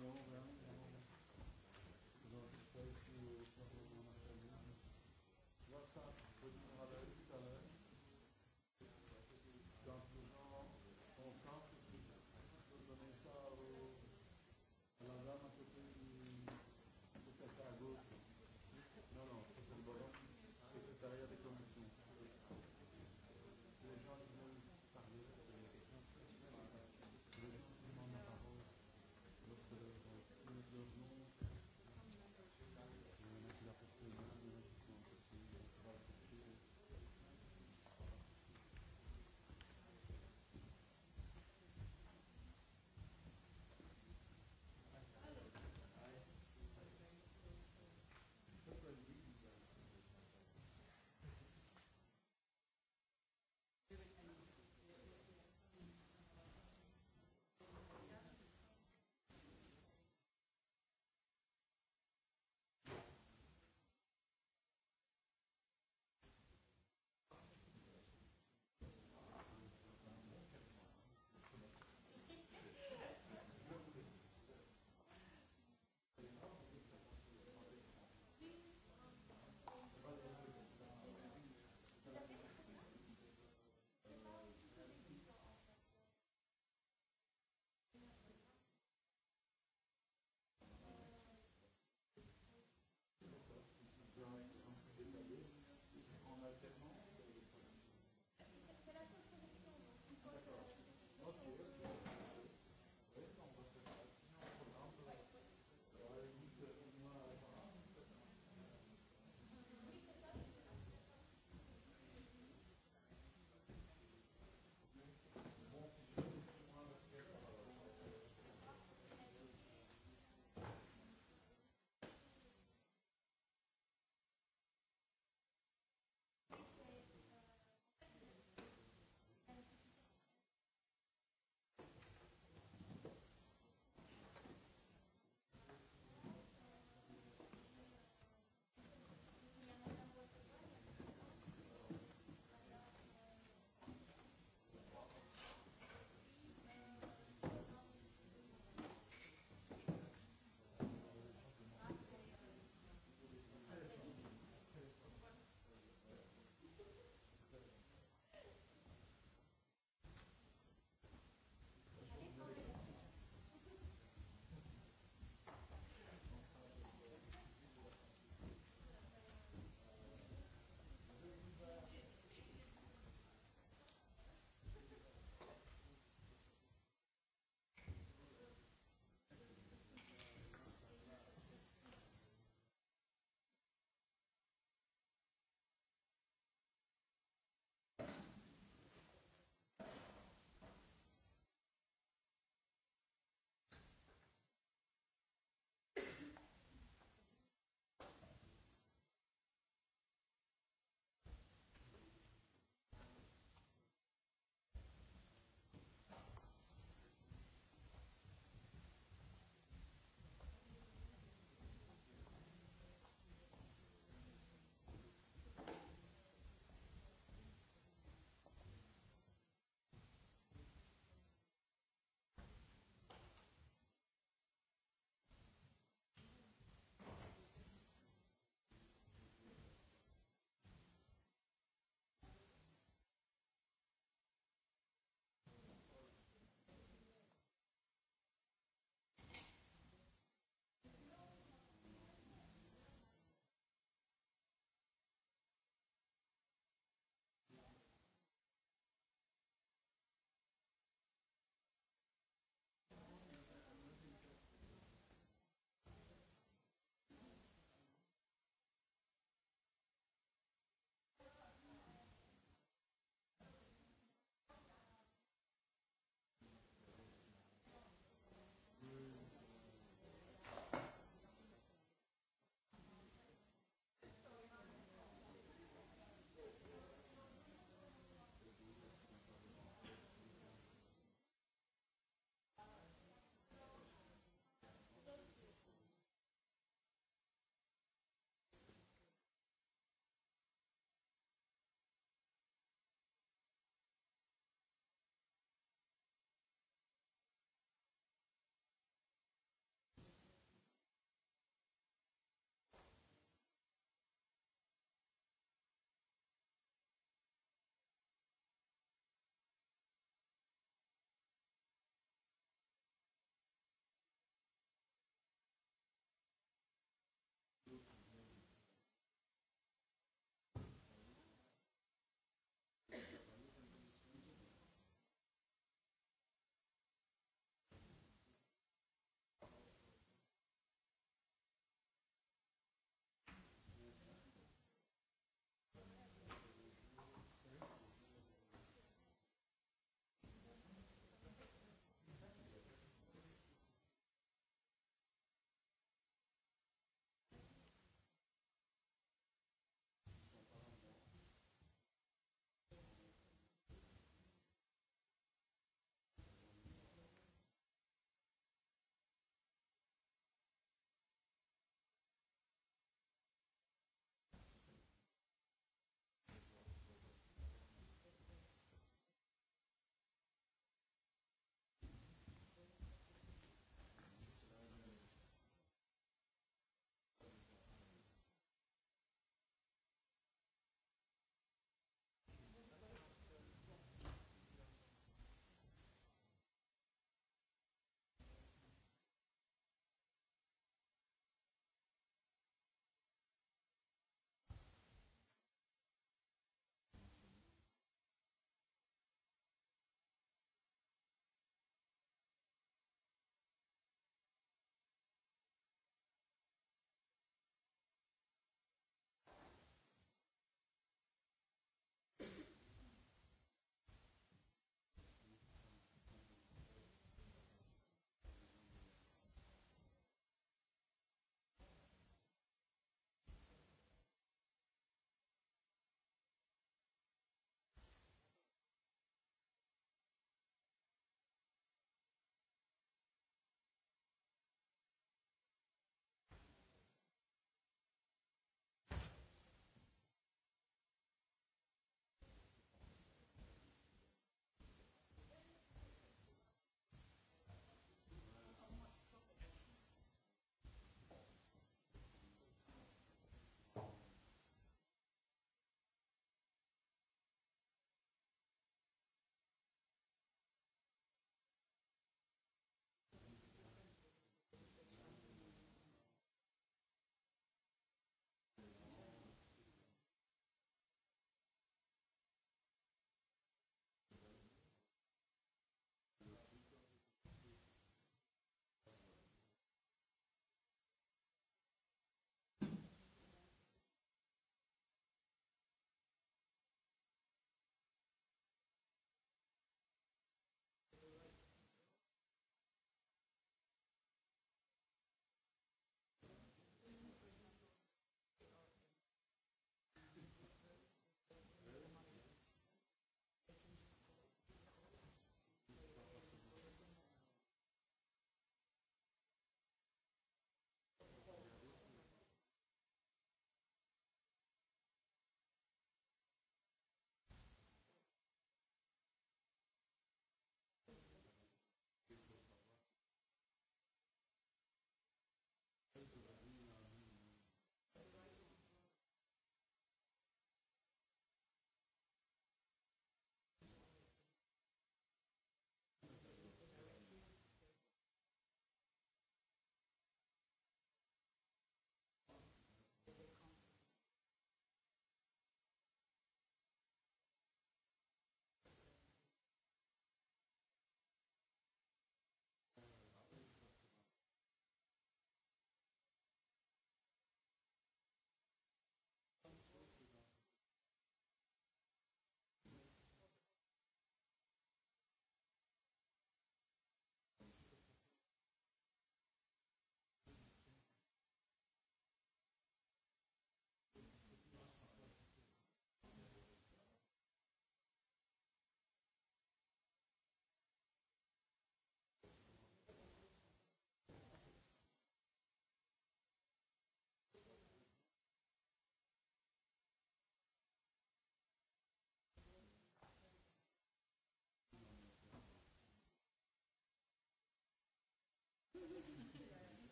Milano tellement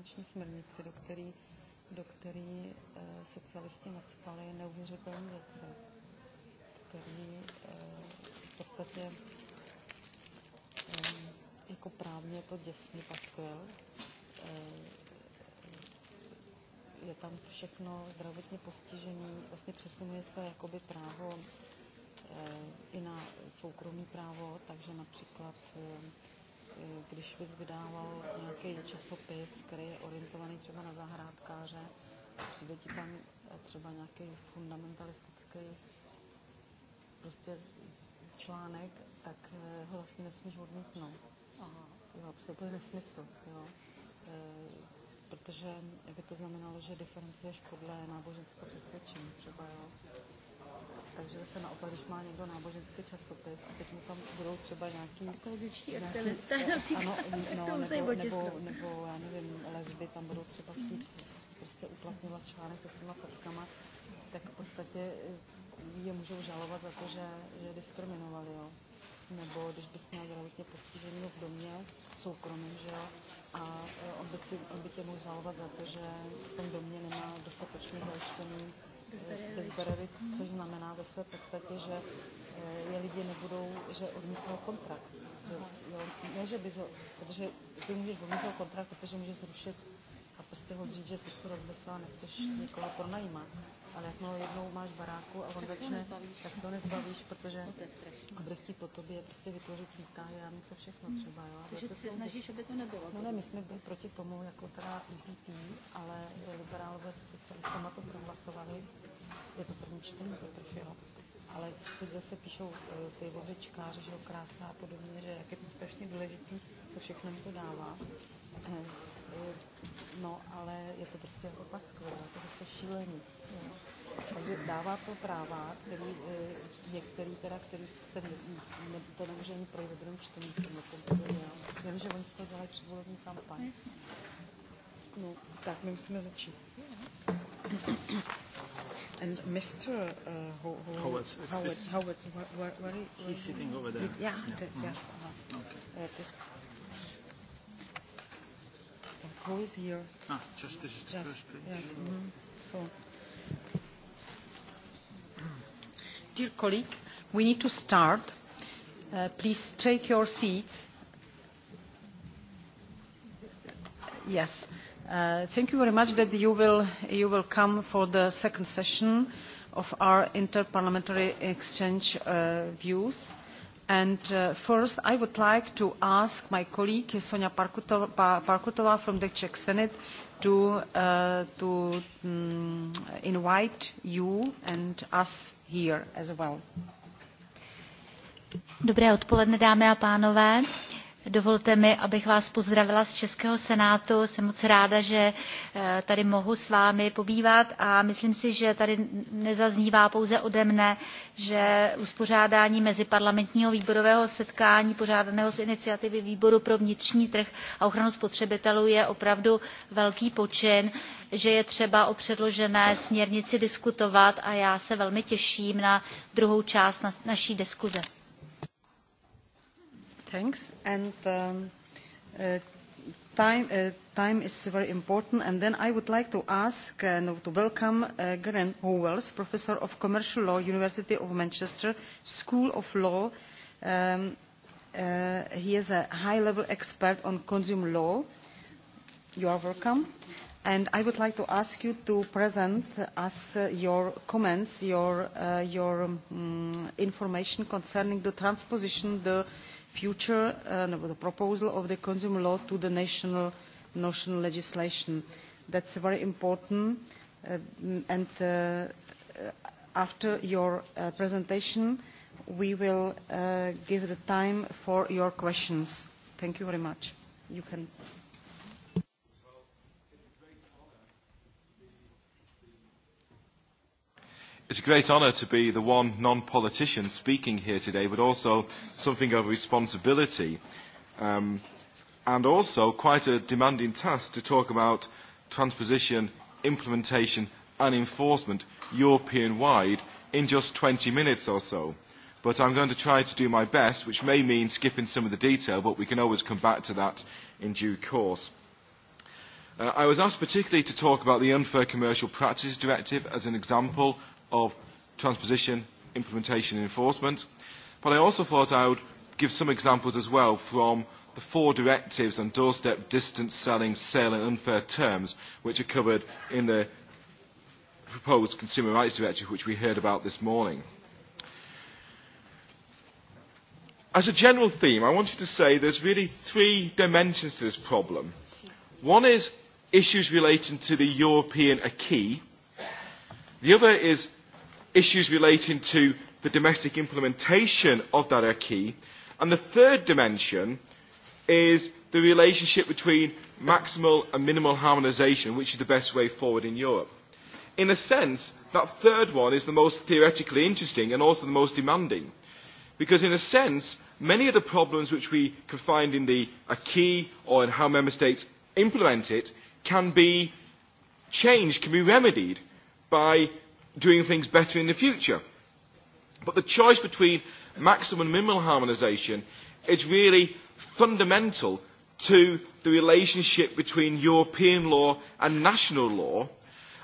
finanční směrnici, do který, do který e, socialisti nadspali neuvěřitelné věci, který e, v podstatě e, jako právně to děsný paskvěl. E, je tam všechno zdravotně postižení, vlastně přesunuje se jakoby právo e, i na soukromý právo, takže například když bys vydával nějaký časopis, který je orientovaný třeba na zahrádkáře, přijde ti tam eh, třeba nějaký fundamentalistický prostě článek, tak eh, ho vlastně nesmíš odmítnout. Aha. Jo, prostě úplně nesmysl, jo. E, protože by to znamenalo, že diferencuješ podle náboženského přesvědčení třeba, jo takže naopak, když má někdo náboženský časopis a teď tam budou třeba nějaký... Ekologičtí aktivisté nebo, já nevím, lesby tam budou třeba chtít prostě uplatňovat článek se svýma fotkama, tak v podstatě eh, je můžou žalovat za to, že, že diskriminovali, jo. Nebo když bys měl zdravotně postižený v domě, soukromým, že jo, a eh, on by, si, on by tě mohl žalovat za to, že v tom domě nemá dostatečně zajištěný Bezberevic, což znamená ve své podstatě, že je lidi nebudou, že odmítnou kontrakt. Že, jo, ne, že by, protože ty můžeš odmítnout kontrakt, protože můžeš zrušit a prostě ho říct, že jsi to rozmyslela, nechceš nikoho pronajímat ale jak jakmile jednou máš baráku a on začne, tak to nezbavíš, protože a bude chtít po tobě prostě vytvořit výtahy a něco všechno hmm. třeba. Jo? Takže ty se snažíš, aby to nebylo. No ne, my jsme byli proti tomu, jako teda IPP, e ale liberálové se socialistama to prohlasovali. Je to první čtení, to trefilo ale teď zase píšou e, ty vozečkáři, že jo, krása a podobně, že jak je to strašně důležitý, co všechno mi to dává. No, ale je to prostě opaskové, je to prostě šílení. Takže dává to práva, který, eh, některý teda, který se ne, ne, to nemůže ani projít ve druhém čtení, Vím, že oni z toho dělají předvolební kampaň. No, tak my musíme začít. And Mr. Uh, Ho Ho Howard, Howard, Howard, where, where, where, he's sitting over there. Yeah, yeah. yeah. yeah. Mm-hmm. Uh-huh. Okay. Uh, Who is here? Ah, just this is the just, first page. Yes, mm -hmm. so. Dear colleague, we need to start. Uh, please take your seats. Yes. Uh, thank you very much that you will, you will come for the second session of our interparliamentary exchange uh, views And uh, first, I would like to ask my colleague, Sonia Parkutova from the Czech Senate, to, uh, to um, invite you and us here as well. Dobré odpoledne, dámy a pánové. Dovolte mi, abych vás pozdravila z Českého senátu. Jsem moc ráda, že eh, tady mohu s vámi pobývat a myslím si, že tady nezaznívá pouze ode mne, že uspořádání meziparlamentního výborového setkání pořádaného z iniciativy Výboru pro vnitřní trh a ochranu spotřebitelů je opravdu velký počin, že je třeba o předložené směrnici diskutovat a já se velmi těším na druhou část naší diskuze. Thanks. And um, uh, time, uh, time is very important. And then I would like to ask and uh, to welcome uh, Garen Howells, Professor of Commercial Law, University of Manchester, School of Law. Um, uh, he is a high-level expert on consumer law. You are welcome. And I would like to ask you to present us uh, your comments, your, uh, your um, information concerning the transposition, the future uh, the proposal of the consumer law to the national notion legislation. That's very important. Uh, and uh, after your uh, presentation, we will uh, give the time for your questions. Thank you very much. You can. It's a great honour to be the one non-politician speaking here today, but also something of responsibility, um, and also quite a demanding task to talk about transposition, implementation and enforcement European-wide in just 20 minutes or so. But I'm going to try to do my best, which may mean skipping some of the detail, but we can always come back to that in due course. Uh, I was asked particularly to talk about the Unfair Commercial Practices Directive as an example of transposition, implementation and enforcement. But I also thought I would give some examples as well from the four directives on doorstep distance selling, sale and unfair terms, which are covered in the proposed Consumer Rights Directive, which we heard about this morning. As a general theme, I wanted to say there's really three dimensions to this problem. One is issues relating to the European acquis. The other is issues relating to the domestic implementation of that acquis. And the third dimension is the relationship between maximal and minimal harmonisation, which is the best way forward in Europe. In a sense, that third one is the most theoretically interesting and also the most demanding. Because in a sense, many of the problems which we can find in the acquis or in how member states implement it can be changed, can be remedied by doing things better in the future. But the choice between maximum and minimal harmonisation is really fundamental to the relationship between European law and national law,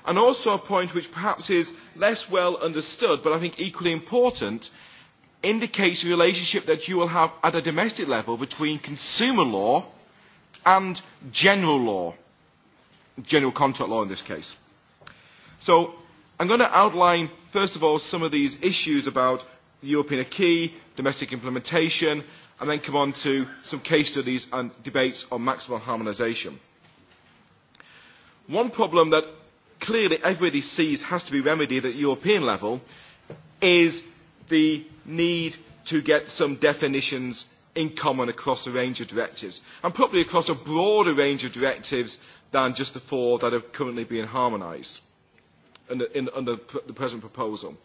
and also a point which perhaps is less well understood, but I think equally important, indicates the relationship that you will have at a domestic level between consumer law and general law, general contract law in this case. So I'm going to outline, first of all, some of these issues about the European acquis, domestic implementation, and then come on to some case studies and debates on maximum harmonisation. One problem that clearly everybody sees has to be remedied at European level is the need to get some definitions in common across a range of directives, and probably across a broader range of directives than just the four that are currently being harmonised under, in, under the present proposal.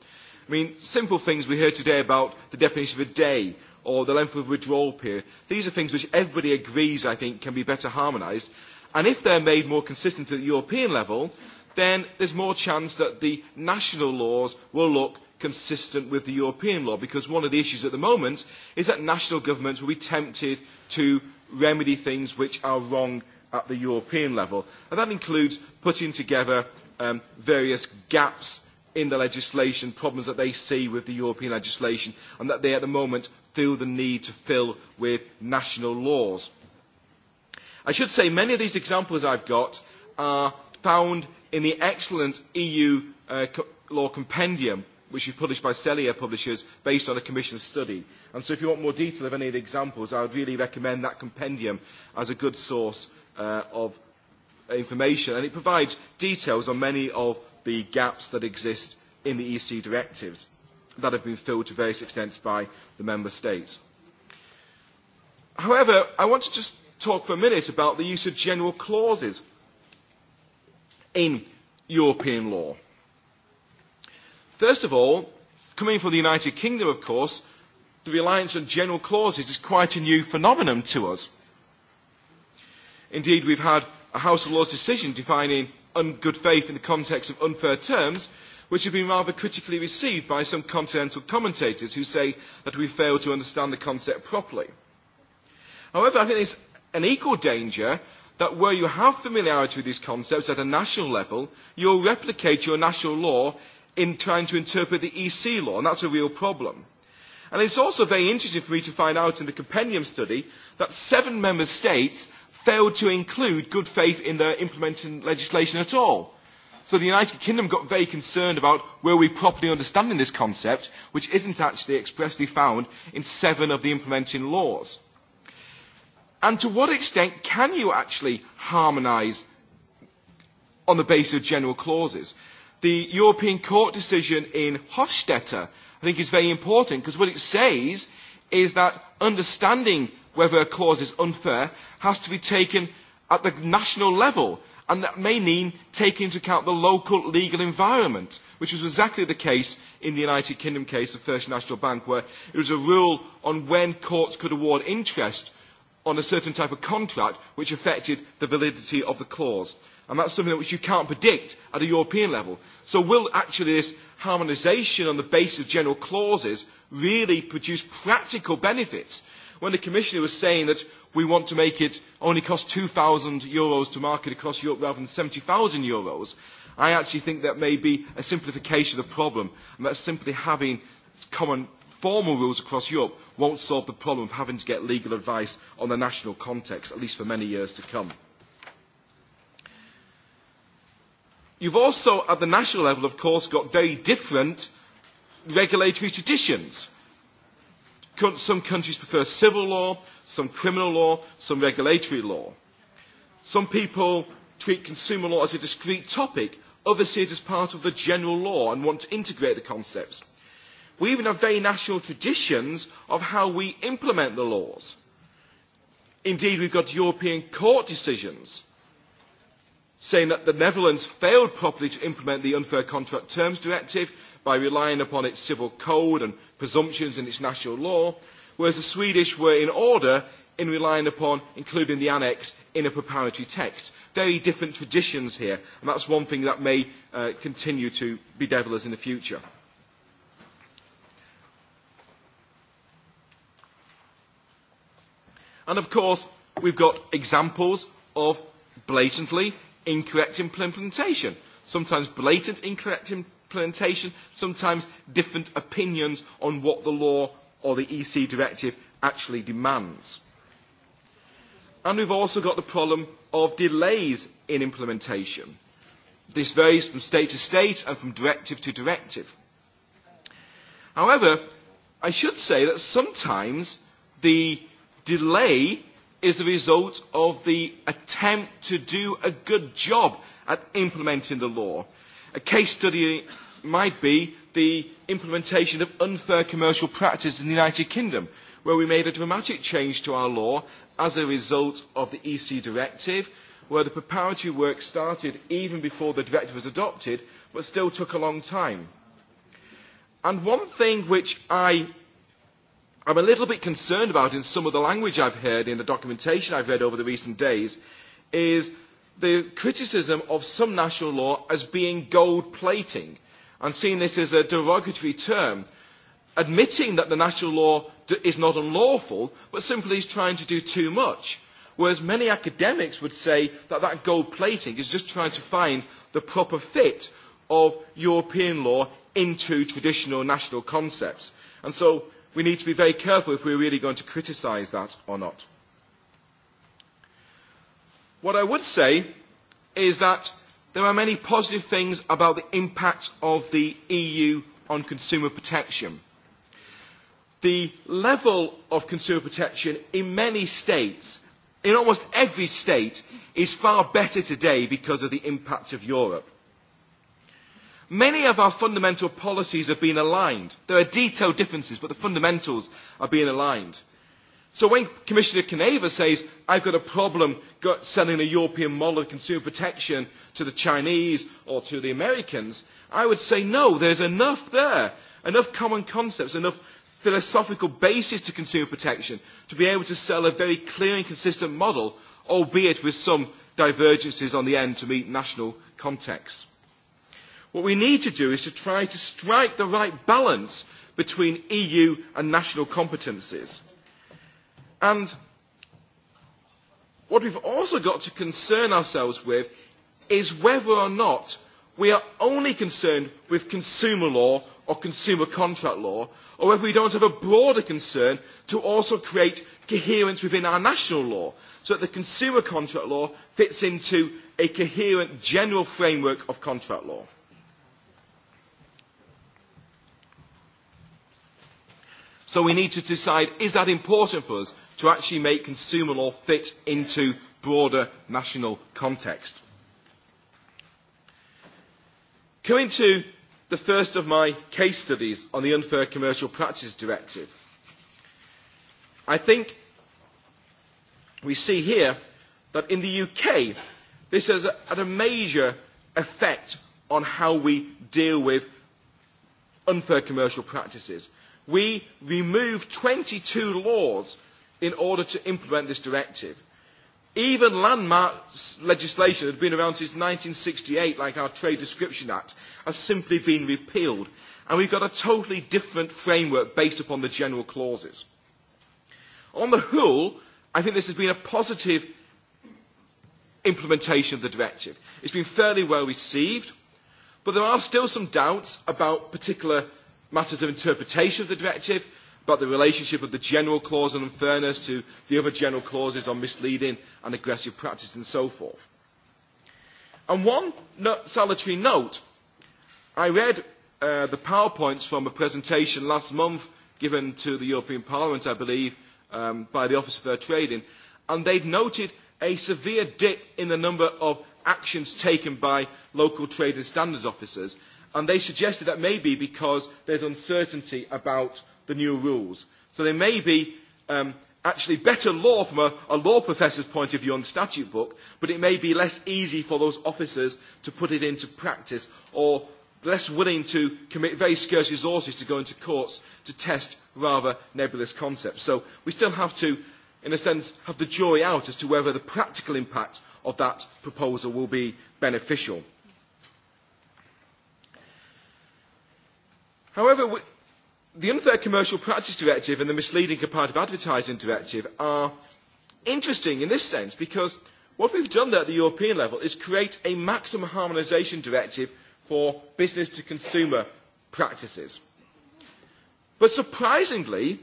I mean, simple things we heard today about the definition of a day or the length of withdrawal period, these are things which everybody agrees, I think, can be better harmonised. And if they're made more consistent at the European level, then there's more chance that the national laws will look consistent with the European law, because one of the issues at the moment is that national governments will be tempted to remedy things which are wrong at the European level. And that includes putting together um, various gaps in the legislation, problems that they see with the European legislation, and that they at the moment feel the need to fill with national laws. I should say many of these examples I've got are found in the excellent EU uh, co law compendium, which is published by Celia Publishers, based on a Commission study. And so if you want more detail of any of the examples, I would really recommend that compendium as a good source uh, of information and it provides details on many of the gaps that exist in the EC directives that have been filled to various extents by the Member States. However, I want to just talk for a minute about the use of general clauses in European law. First of all, coming from the United Kingdom, of course, the reliance on general clauses is quite a new phenomenon to us. Indeed, we've had a House of Lords decision defining good faith in the context of unfair terms, which have been rather critically received by some continental commentators who say that we fail to understand the concept properly. However, I think there's an equal danger that where you have familiarity with these concepts at a national level, you'll replicate your national law in trying to interpret the EC law, and that's a real problem. And it's also very interesting for me to find out in the compendium study that seven member states failed to include good faith in their implementing legislation at all. So the United Kingdom got very concerned about were we properly understanding this concept, which isn't actually expressly found in seven of the implementing laws. And to what extent can you actually harmonise on the basis of general clauses? The European Court decision in Hofstetter, I think, is very important because what it says is that understanding whether a clause is unfair has to be taken at the national level and that may mean taking into account the local legal environment, which was exactly the case in the United Kingdom case of First National Bank, where it was a rule on when courts could award interest on a certain type of contract, which affected the validity of the clause. And that's something which you can't predict at a European level. So will actually this harmonisation on the basis of general clauses really produce practical benefits when the Commissioner was saying that we want to make it only cost euros to market across Europe rather than euros, I actually think that may be a simplification of the problem, and that simply having common formal rules across Europe won't solve the problem of having to get legal advice on the national context, at least for many years to come. You've also, at the national level, of course, got very different regulatory traditions. Some countries prefer civil law, some criminal law, some regulatory law. Some people treat consumer law as a discrete topic, others see it as part of the general law and want to integrate the concepts. We even have very national traditions of how we implement the laws. Indeed, we've got European court decisions saying that the Netherlands failed properly to implement the Unfair Contract Terms Directive by relying upon its civil code and presumptions in its national law, whereas the Swedish were in order in relying upon including the annex in a preparatory text. Very different traditions here, and that's one thing that may uh, continue to bedevil us in the future. And of course, we've got examples of blatantly incorrect implementation. Sometimes blatant incorrect implementation implementation, sometimes different opinions on what the law or the EC directive actually demands. And we've also got the problem of delays in implementation. This varies from state to state and from directive to directive. However, I should say that sometimes the delay is the result of the attempt to do a good job at implementing the law. A case study might be the implementation of unfair commercial practice in the United Kingdom, where we made a dramatic change to our law as a result of the EC directive, where the preparatory work started even before the directive was adopted, but still took a long time. And one thing which I am a little bit concerned about in some of the language I've heard in the documentation I've read over the recent days is the criticism of some national law as being gold plating and seeing this as a derogatory term, admitting that the national law is not unlawful, but simply is trying to do too much. Whereas many academics would say that that gold plating is just trying to find the proper fit of European law into traditional national concepts. And so we need to be very careful if we're really going to criticise that or not. What I would say is that there are many positive things about the impact of the EU on consumer protection. The level of consumer protection in many states, in almost every state, is far better today because of the impact of Europe. Many of our fundamental policies have been aligned. There are detailed differences, but the fundamentals are being aligned. So when Commissioner Kaneva says, I've got a problem selling a European model of consumer protection to the Chinese or to the Americans, I would say no, there's enough there, enough common concepts, enough philosophical basis to consumer protection to be able to sell a very clear and consistent model, albeit with some divergences on the end to meet national contexts. What we need to do is to try to strike the right balance between EU and national competences. And what we've also got to concern ourselves with is whether or not we are only concerned with consumer law or consumer contract law, or whether we don't have a broader concern to also create coherence within our national law, so that the consumer contract law fits into a coherent general framework of contract law. So we need to decide, is that important for us to actually make consumer law fit into broader national context? Coming to the first of my case studies on the Unfair Commercial Practices Directive, I think we see here that in the UK, this has had a major effect on how we deal with unfair commercial practices. We removed 22 laws in order to implement this directive. Even landmark legislation that had been around since 1968, like our Trade Description Act, has simply been repealed. And we've got a totally different framework based upon the general clauses. On the whole, I think this has been a positive implementation of the directive. It's been fairly well received, but there are still some doubts about particular matters of interpretation of the directive, about the relationship of the general clause on unfairness to the other general clauses on misleading and aggressive practice and so forth. And one no salutary note, I read uh, the PowerPoints from a presentation last month given to the European Parliament, I believe, um, by the Office of Fair Trading, and they'd noted a severe dip in the number of actions taken by local trade and standards officers. And they suggested that maybe because there's uncertainty about the new rules. So there may be um, actually better law from a, a law professor's point of view on the statute book, but it may be less easy for those officers to put it into practice or less willing to commit very scarce resources to go into courts to test rather nebulous concepts. So we still have to, in a sense, have the jury out as to whether the practical impact of that proposal will be beneficial. However, we, the Unfair Commercial Practice Directive and the Misleading Comparative Advertising Directive are interesting in this sense because what we've done there at the European level is create a maximum harmonisation directive for business to consumer practices. But surprisingly,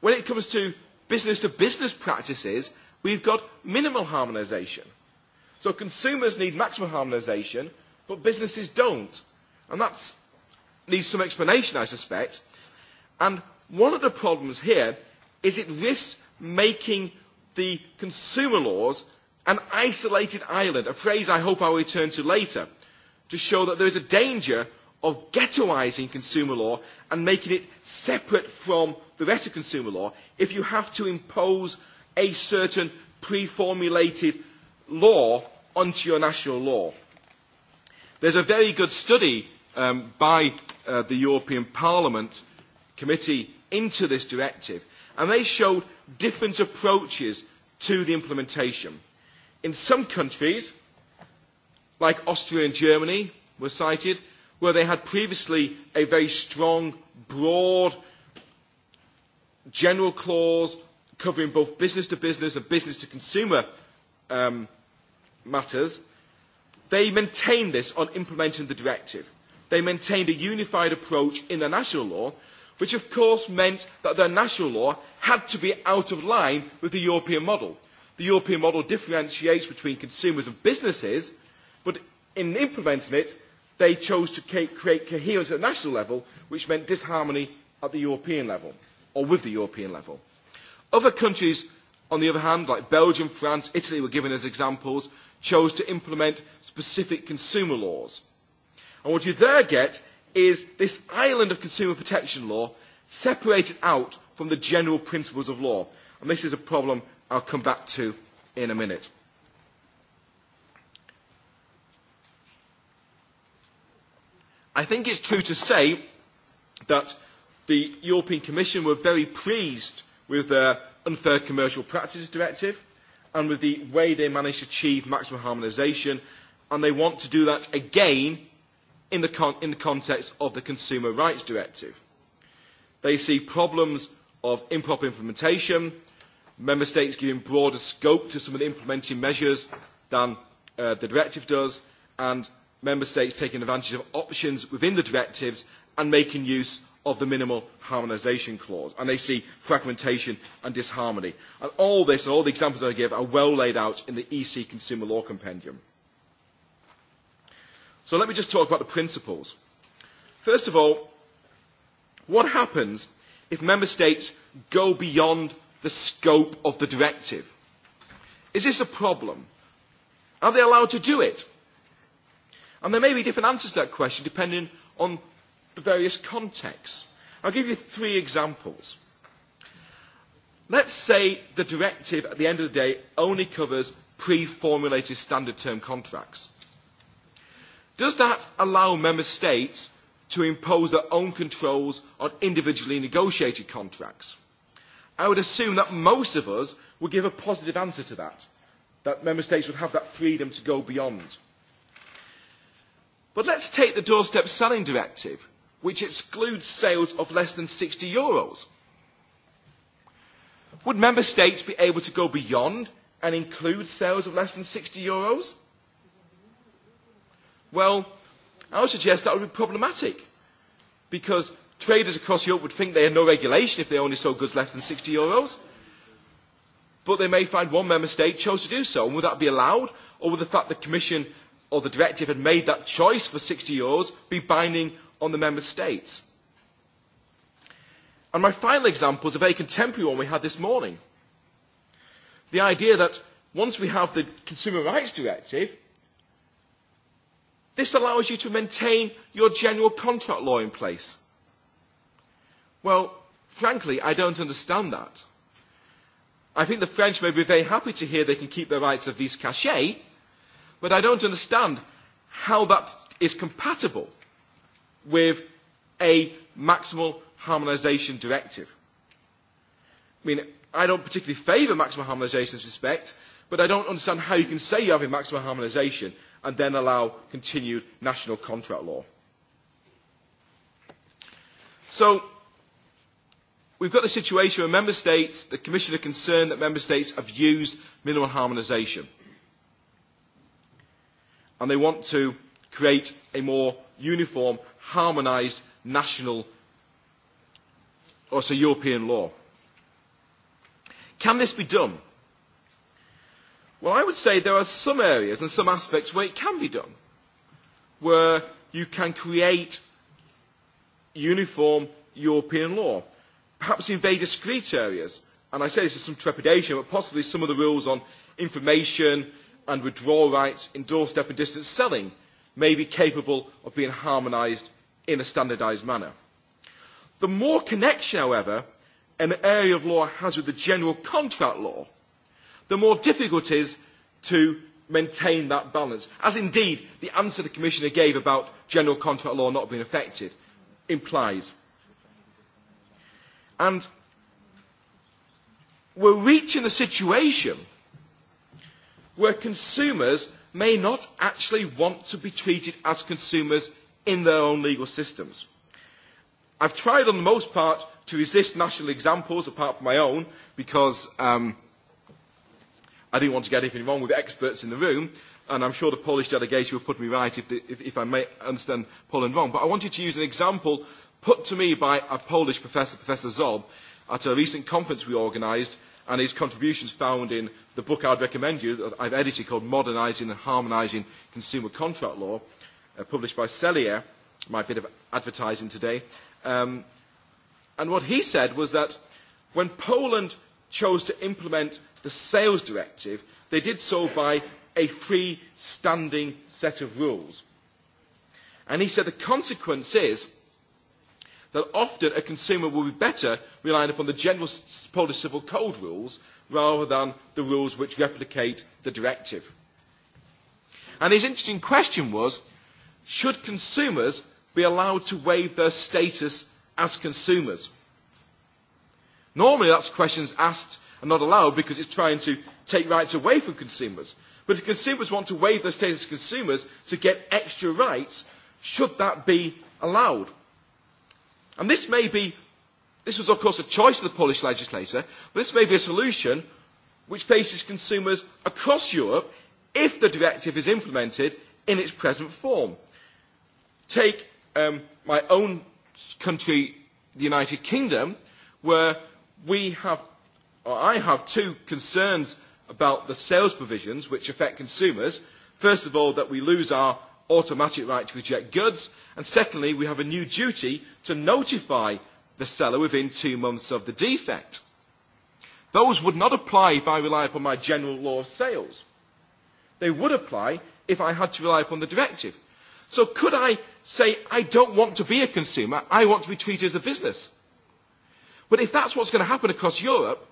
when it comes to business to business practices, we've got minimal harmonisation. So consumers need maximum harmonisation, but businesses don't. And that's needs some explanation, I suspect. And one of the problems here is it risks making the consumer laws an isolated island, a phrase I hope I will return to later, to show that there is a danger of ghettoising consumer law and making it separate from the rest of consumer law if you have to impose a certain pre-formulated law onto your national law. There's a very good study um, by uh, the European Parliament Committee into this directive, and they showed different approaches to the implementation. In some countries, like Austria and Germany were cited, where they had previously a very strong, broad, general clause covering both business to business and business to consumer um, matters, they maintained this on implementing the directive they maintained a unified approach in the national law, which of course meant that their national law had to be out of line with the European model. The European model differentiates between consumers and businesses, but in implementing it, they chose to create coherence at national level, which meant disharmony at the European level, or with the European level. Other countries, on the other hand, like Belgium, France, Italy were given as examples, chose to implement specific consumer laws. And what you there get is this island of consumer protection law separated out from the general principles of law. And this is a problem I'll come back to in a minute. I think it's true to say that the European Commission were very pleased with their Unfair Commercial Practices Directive and with the way they managed to achieve maximum harmonisation and they want to do that again in the, con in the context of the Consumer Rights Directive. They see problems of improper implementation, member states giving broader scope to some of the implementing measures than uh, the directive does, and member states taking advantage of options within the directives and making use of the minimal harmonisation clause. And they see fragmentation and disharmony. And all this, and all the examples I give, are well laid out in the EC Consumer Law Compendium. So let me just talk about the principles. First of all, what happens if member states go beyond the scope of the directive? Is this a problem? Are they allowed to do it? And there may be different answers to that question depending on the various contexts. I'll give you three examples. Let's say the directive at the end of the day only covers pre-formulated standard term contracts. Does that allow member states to impose their own controls on individually negotiated contracts? I would assume that most of us would give a positive answer to that, that member states would have that freedom to go beyond. But let's take the doorstep selling directive, which excludes sales of less than 60 euros. Would member states be able to go beyond and include sales of less than 60 euros? Well, I would suggest that would be problematic because traders across Europe would think they had no regulation if they only sold goods less than 60 euros. But they may find one member state chose to do so. And would that be allowed? Or would the fact the Commission or the directive had made that choice for 60 euros be binding on the member states? And my final example is a very contemporary one we had this morning. The idea that once we have the Consumer Rights Directive, This allows you to maintain your general contract law in place. Well, frankly, I don't understand that. I think the French may be very happy to hear they can keep the rights of these Cachet, but I don't understand how that is compatible with a maximal harmonisation directive. I mean, I don't particularly favour maximal harmonisation in this respect, but I don't understand how you can say you have a maximal harmonisation and then allow continued national contract law. So we've got the situation where member states, the commission are concerned that member states have used minimum harmonisation. And they want to create a more uniform, harmonised national or so European law. Can this be done? Well, I would say there are some areas and some aspects where it can be done, where you can create uniform European law, perhaps in very discrete areas. And I say this with some trepidation, but possibly some of the rules on information and withdrawal rights in doorstep and distance selling may be capable of being harmonised in a standardised manner. The more connection, however, an area of law has with the general contract law – the more difficult it is to maintain that balance. As indeed the answer the Commissioner gave about general contract law not being affected implies. And we're reaching a situation where consumers may not actually want to be treated as consumers in their own legal systems. I've tried on the most part to resist national examples apart from my own because um, I didn't want to get anything wrong with experts in the room, and I'm sure the Polish delegation will put me right if, the, if, if I may understand Poland wrong. But I wanted to use an example put to me by a Polish professor, Professor Zob, at a recent conference we organised, and his contributions found in the book I'd recommend you that I've edited called Modernising and Harmonising Consumer Contract Law, uh, published by Celia, my bit of advertising today. Um, and what he said was that when Poland chose to implement the sales directive, they did so by a free-standing set of rules. And he said the consequence is that often a consumer will be better relying upon the general Polish Civil Code rules rather than the rules which replicate the directive. And his interesting question was, should consumers be allowed to waive their status as consumers? Normally that's questions asked are not allowed because it's trying to take rights away from consumers. But if consumers want to waive their status as consumers to get extra rights, should that be allowed? And this may be, this was of course a choice of the Polish legislator, but this may be a solution which faces consumers across Europe if the directive is implemented in its present form. Take um, my own country, the United Kingdom, where we have I have two concerns about the sales provisions which affect consumers. First of all, that we lose our automatic right to reject goods, and secondly, we have a new duty to notify the seller within two months of the defect. Those would not apply if I rely upon my general law of sales. They would apply if I had to rely upon the directive. So could I say, I don't want to be a consumer, I want to be treated as a business? But if that's what's going to happen across Europe,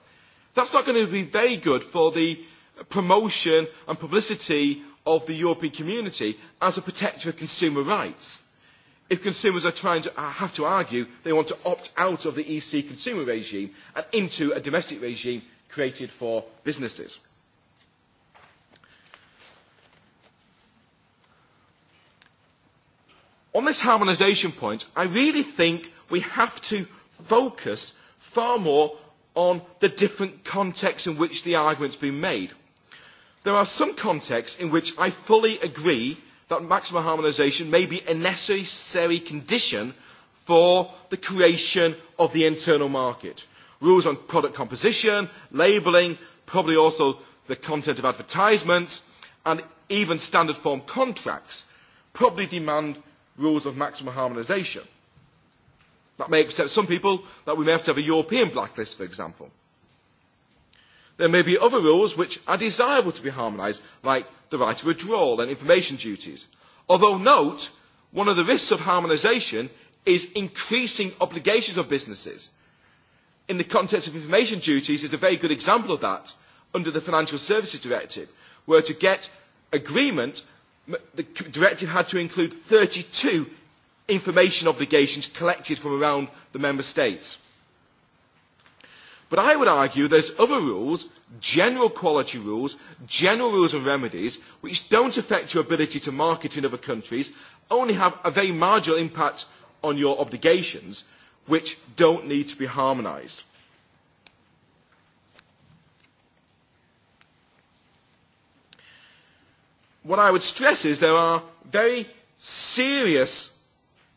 That's not going to be very good for the promotion and publicity of the European community as a protector of consumer rights. If consumers are trying to uh, have to argue they want to opt out of the EC consumer regime and into a domestic regime created for businesses. On this harmonisation point, I really think we have to focus far more on the different contexts in which the argument's been made. There are some contexts in which I fully agree that maximum harmonisation may be a necessary condition for the creation of the internal market. Rules on product composition, labelling, probably also the content of advertisements, and even standard form contracts probably demand rules of maximum harmonisation. That may upset some people that we may have to have a European blacklist, for example. There may be other rules which are desirable to be harmonised, like the right of withdrawal and information duties. Although note, one of the risks of harmonisation is increasing obligations of businesses. In the context of information duties is a very good example of that under the Financial Services Directive, where to get agreement, the directive had to include 32 information obligations collected from around the member states. But I would argue there's other rules, general quality rules, general rules and remedies, which don't affect your ability to market in other countries, only have a very marginal impact on your obligations, which don't need to be harmonised. What I would stress is there are very serious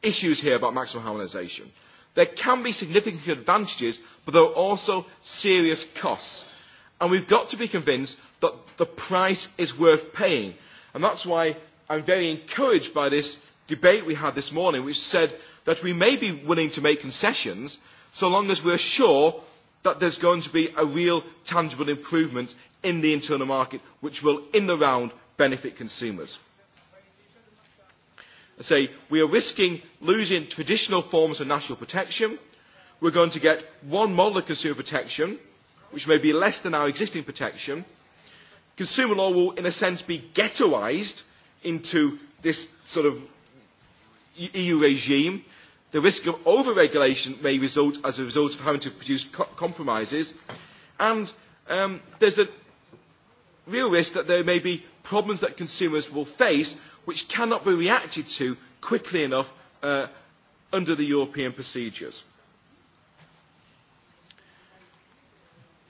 issues here about maximum harmonisation. There can be significant advantages, but there are also serious costs. And we've got to be convinced that the price is worth paying. And that's why I'm very encouraged by this debate we had this morning, which said that we may be willing to make concessions so long as we're sure that there's going to be a real tangible improvement in the internal market, which will, in the round, benefit consumers say we are risking losing traditional forms of national protection. We're going to get one model of consumer protection, which may be less than our existing protection. Consumer law will, in a sense, be ghettoised into this sort of EU regime. The risk of overregulation may result as a result of having to produce co compromises. And um, there's a real risk that there may be problems that consumers will face which cannot be reacted to quickly enough uh, under the European procedures.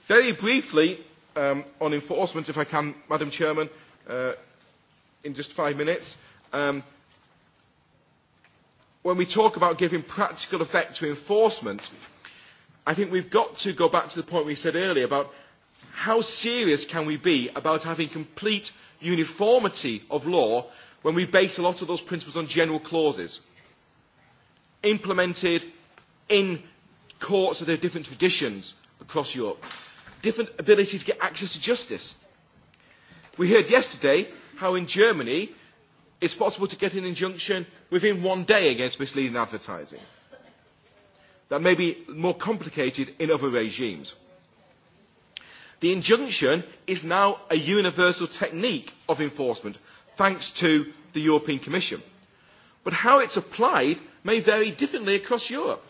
Very briefly um, on enforcement, if I can, Madam Chairman, uh, in just five minutes. Um, when we talk about giving practical effect to enforcement, I think we've got to go back to the point we said earlier about how serious can we be about having complete uniformity of law when we base a lot of those principles on general clauses implemented in courts that their different traditions across Europe, different ability to get access to justice. We heard yesterday how in Germany it's possible to get an injunction within one day against misleading advertising. That may be more complicated in other regimes. The injunction is now a universal technique of enforcement thanks to the European Commission. But how it's applied may vary differently across Europe.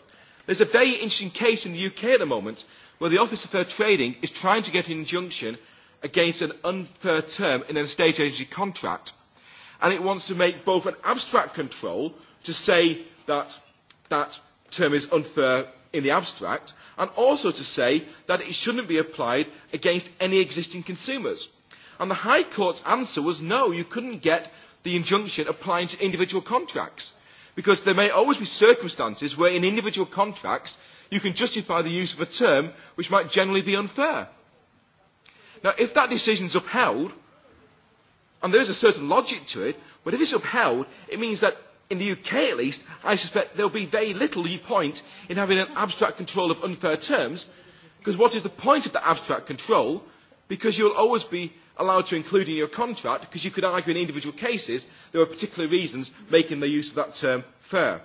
There's a very interesting case in the UK at the moment where the Office of Fair Trading is trying to get an injunction against an unfair term in an estate agency contract. And it wants to make both an abstract control to say that that term is unfair in the abstract, and also to say that it shouldn't be applied against any existing consumers. And the High Court's answer was no, you couldn't get the injunction applying to individual contracts. Because there may always be circumstances where in individual contracts you can justify the use of a term which might generally be unfair. Now, if that decision is upheld, and there is a certain logic to it, but if it's upheld, it means that in the UK at least, I suspect there will be very little point in having an abstract control of unfair terms, because what is the point of the abstract control? Because you'll always be allowed to include in your contract because you could argue in individual cases there were particular reasons making the use of that term fair.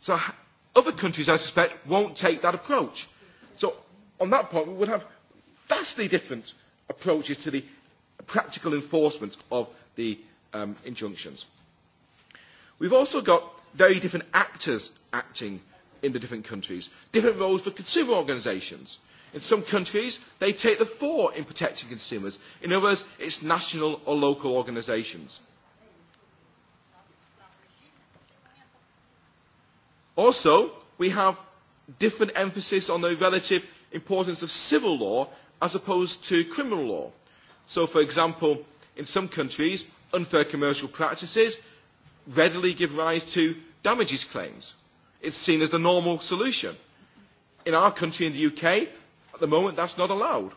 So other countries, I suspect, won't take that approach. So on that point, we would have vastly different approaches to the practical enforcement of the um, injunctions. We've also got very different actors acting in the different countries, different roles for consumer organisations. In some countries, they take the four in protecting consumers. In others, it's national or local organisations. Also, we have different emphasis on the relative importance of civil law as opposed to criminal law. So, for example, in some countries, unfair commercial practices readily give rise to damages claims. It's seen as the normal solution. In our country, in the UK, the moment, that's not allowed.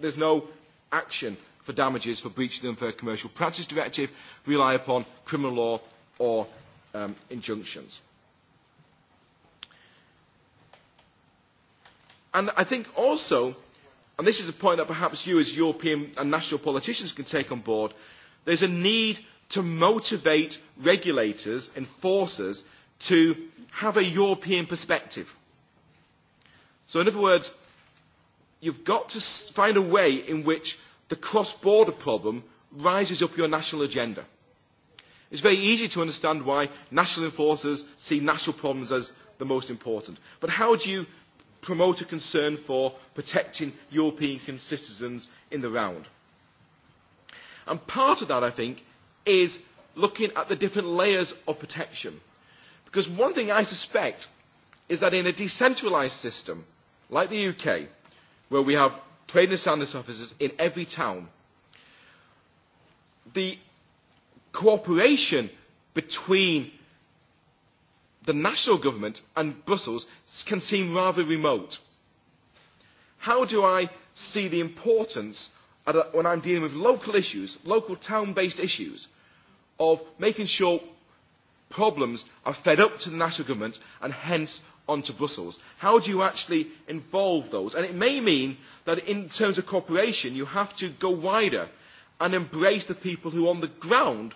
There's no action for damages for breach of the Unfair Commercial Practice Directive, rely upon criminal law or um, injunctions. And I think also, and this is a point that perhaps you as European and national politicians can take on board, there's a need to motivate regulators, enforcers, to have a European perspective. So in other words, You've got to find a way in which the cross-border problem rises up your national agenda. It's very easy to understand why national enforcers see national problems as the most important. But how do you promote a concern for protecting European citizens in the round? And part of that, I think, is looking at the different layers of protection. Because one thing I suspect is that in a decentralised system, like the UK, where we have training and standards officers in every town. The cooperation between the national government and Brussels can seem rather remote. How do I see the importance when I'm dealing with local issues, local town-based issues, of making sure problems are fed up to the national government and hence onto Brussels? How do you actually involve those? And it may mean that in terms of cooperation, you have to go wider and embrace the people who on the ground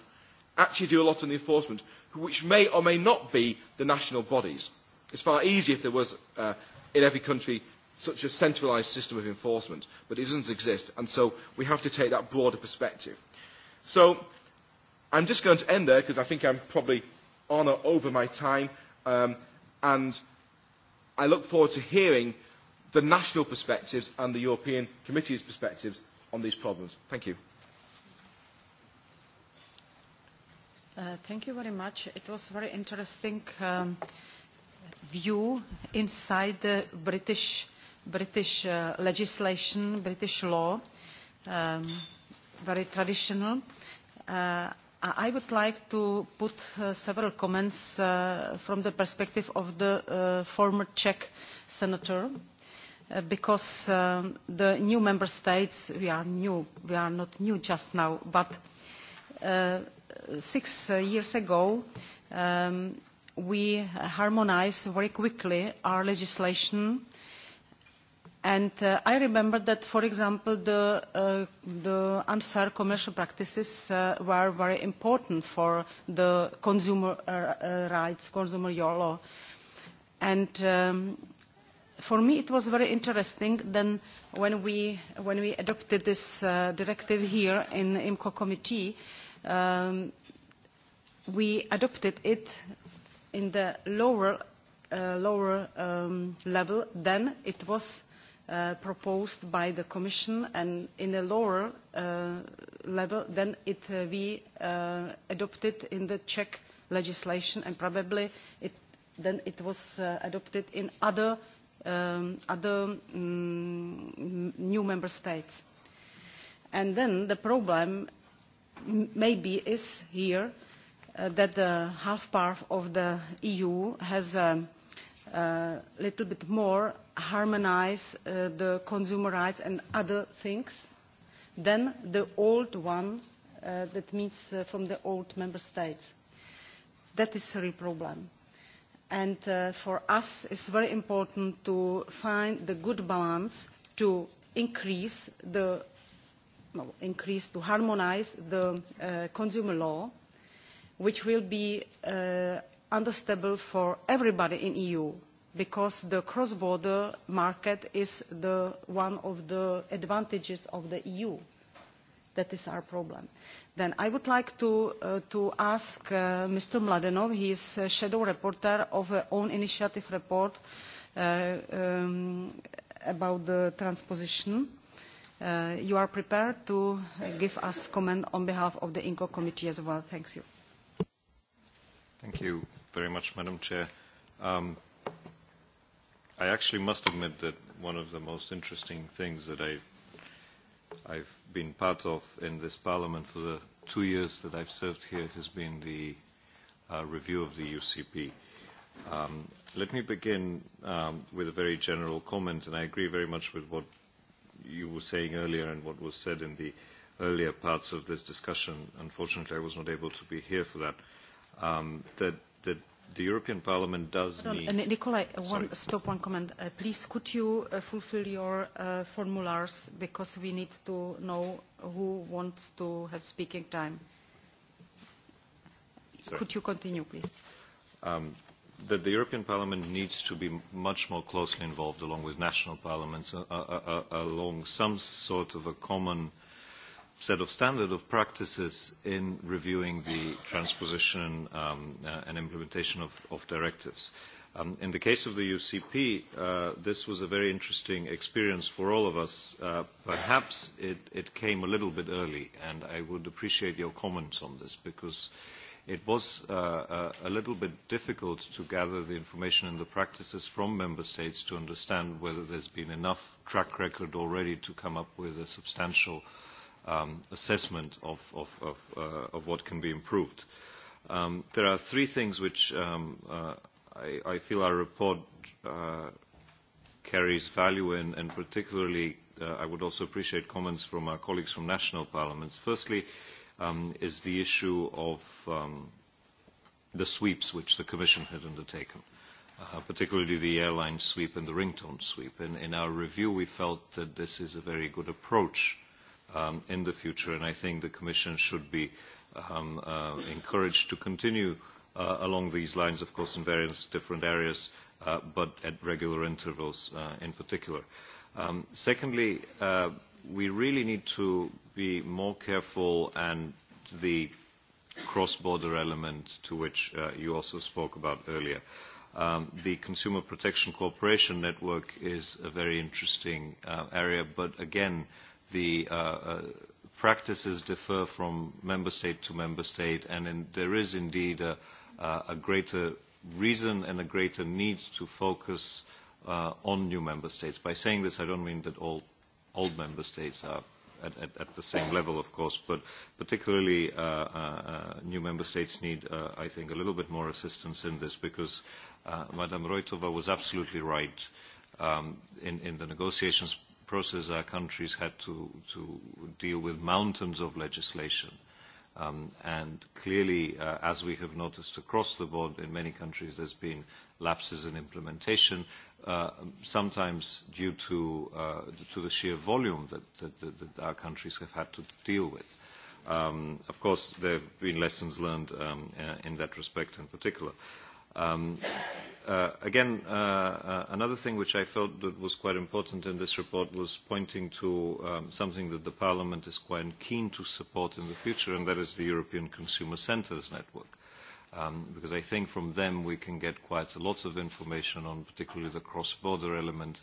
actually do a lot on the enforcement, which may or may not be the national bodies. It's far easier if there was uh, in every country such a centralised system of enforcement, but it doesn't exist, and so we have to take that broader perspective. So I'm just going to end there because I think I'm probably on or over my time, um, and I look forward to hearing the national perspectives and the European Committee's perspectives on these problems. Thank you. Uh, thank you very much. It was very interesting um, view inside the British, British uh, legislation, British law, um, very traditional. Uh, I would like to put uh, several comments uh, from the perspective of the uh, former Czech senator, uh, because um, the new member states, we are new, we are not new just now, but uh, six uh, years ago, um, we harmonized very quickly our legislation And uh, I remember that, for example, the, uh, the unfair commercial practices uh, were very important for the consumer uh, uh, rights, consumer law. And um, for me it was very interesting then when we, when we adopted this uh, directive here in the IMCO committee, um, we adopted it in the lower, uh, lower um, level than it was uh, proposed by the Commission and in a lower uh, level than it uh, we uh, adopted in the Czech legislation and probably it, then it was uh, adopted in other, um, other mm, new member states. And then the problem maybe is here uh, that the half part of the EU has um, a uh, little bit more harmonize uh, the consumer rights and other things than the old one uh, that means uh, from the old member states. That is a real problem. And uh, for us, it's very important to find the good balance to increase the no, increase to harmonize the uh, consumer law, which will be uh, understandable for everybody in EU because the cross-border market is the, one of the advantages of the EU. That is our problem. Then I would like to, uh, to ask uh, Mr. Mladenov, he is a shadow reporter of an own initiative report uh, um, about the transposition. Uh, you are prepared to uh, give us comment on behalf of the INCO committee as well. Thank you. Thank you very much, Madam Chair. Um, I actually must admit that one of the most interesting things that I, I've been part of in this Parliament for the two years that I've served here has been the uh, review of the UCP. Um, let me begin um, with a very general comment, and I agree very much with what you were saying earlier and what was said in the earlier parts of this discussion. Unfortunately, I was not able to be here for that. Um, that the, the European Parliament does need... Uh, Nikolai, one, stop one comment. Uh, please, could you uh, fulfill your uh, formulars because we need to know who wants to have speaking time. Sorry. Could you continue, please? Um, that the European Parliament needs to be much more closely involved along with national parliaments, uh, uh, uh, along some sort of a common set of standard of practices in reviewing the transposition um, uh, and implementation of, of directives. Um, in the case of the UCP, uh, this was a very interesting experience for all of us. Uh, perhaps it, it came a little bit early, and I would appreciate your comments on this because it was uh, a little bit difficult to gather the information and the practices from member states to understand whether there's been enough track record already to come up with a substantial uh, um, assessment of, of, of, uh, of what can be improved. Um, there are three things which um, uh, I, I feel our report uh, carries value in, and particularly uh, I would also appreciate comments from our colleagues from national parliaments. Firstly, um, is the issue of um, the sweeps which the Commission had undertaken, uh, particularly the airline sweep and the ringtone sweep. In, in our review, we felt that this is a very good approach um, in the future, and I think the Commission should be um, uh, encouraged to continue uh, along these lines, of course, in various different areas, uh, but at regular intervals uh, in particular. Um, secondly, uh, we really need to be more careful and the cross-border element to which uh, you also spoke about earlier. Um, the Consumer Protection Cooperation Network is a very interesting uh, area, but again, the uh, uh, practices differ from member state to member state, and in, there is indeed a, uh, a greater reason and a greater need to focus uh, on new member states. By saying this, I don't mean that all old member states are at, at, at the same level, of course, but particularly uh, uh, uh new member states need, uh, I think, a little bit more assistance in this because uh, Madame Roitova was absolutely right um, in, in the negotiations process our countries had to, to deal with mountains of legislation. Um, and clearly, uh, as we have noticed across the board in many countries, there's been lapses in implementation, uh, sometimes due to, uh, to the sheer volume that, that, that our countries have had to deal with. Um, of course, there have been lessons learned um, uh, in that respect in particular. Uh, Um, uh, again, uh, uh, another thing which I felt that was quite important in this report was pointing to um, something that the Parliament is quite keen to support in the future, and that is the European Consumer Centres Network. Um, because I think from them we can get quite a lot of information on particularly the cross-border element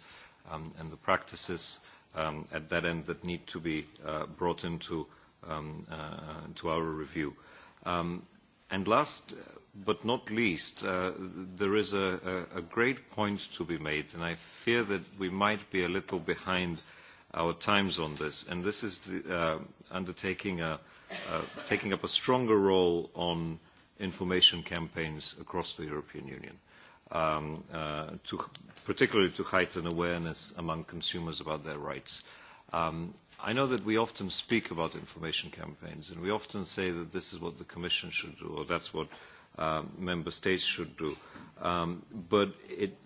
um, and the practices um, at that end that need to be uh, brought into um, uh, uh to our review. Um, and last, uh, but not least, uh, there is a, a, a great point to be made, and I fear that we might be a little behind our times on this, and this is the, uh, undertaking a, uh, taking up a stronger role on information campaigns across the European Union, um, uh, to, particularly to heighten awareness among consumers about their rights. Um, I know that we often speak about information campaigns, and we often say that this is what the Commission should do, or that's what Uh, member states should do. Um, but it,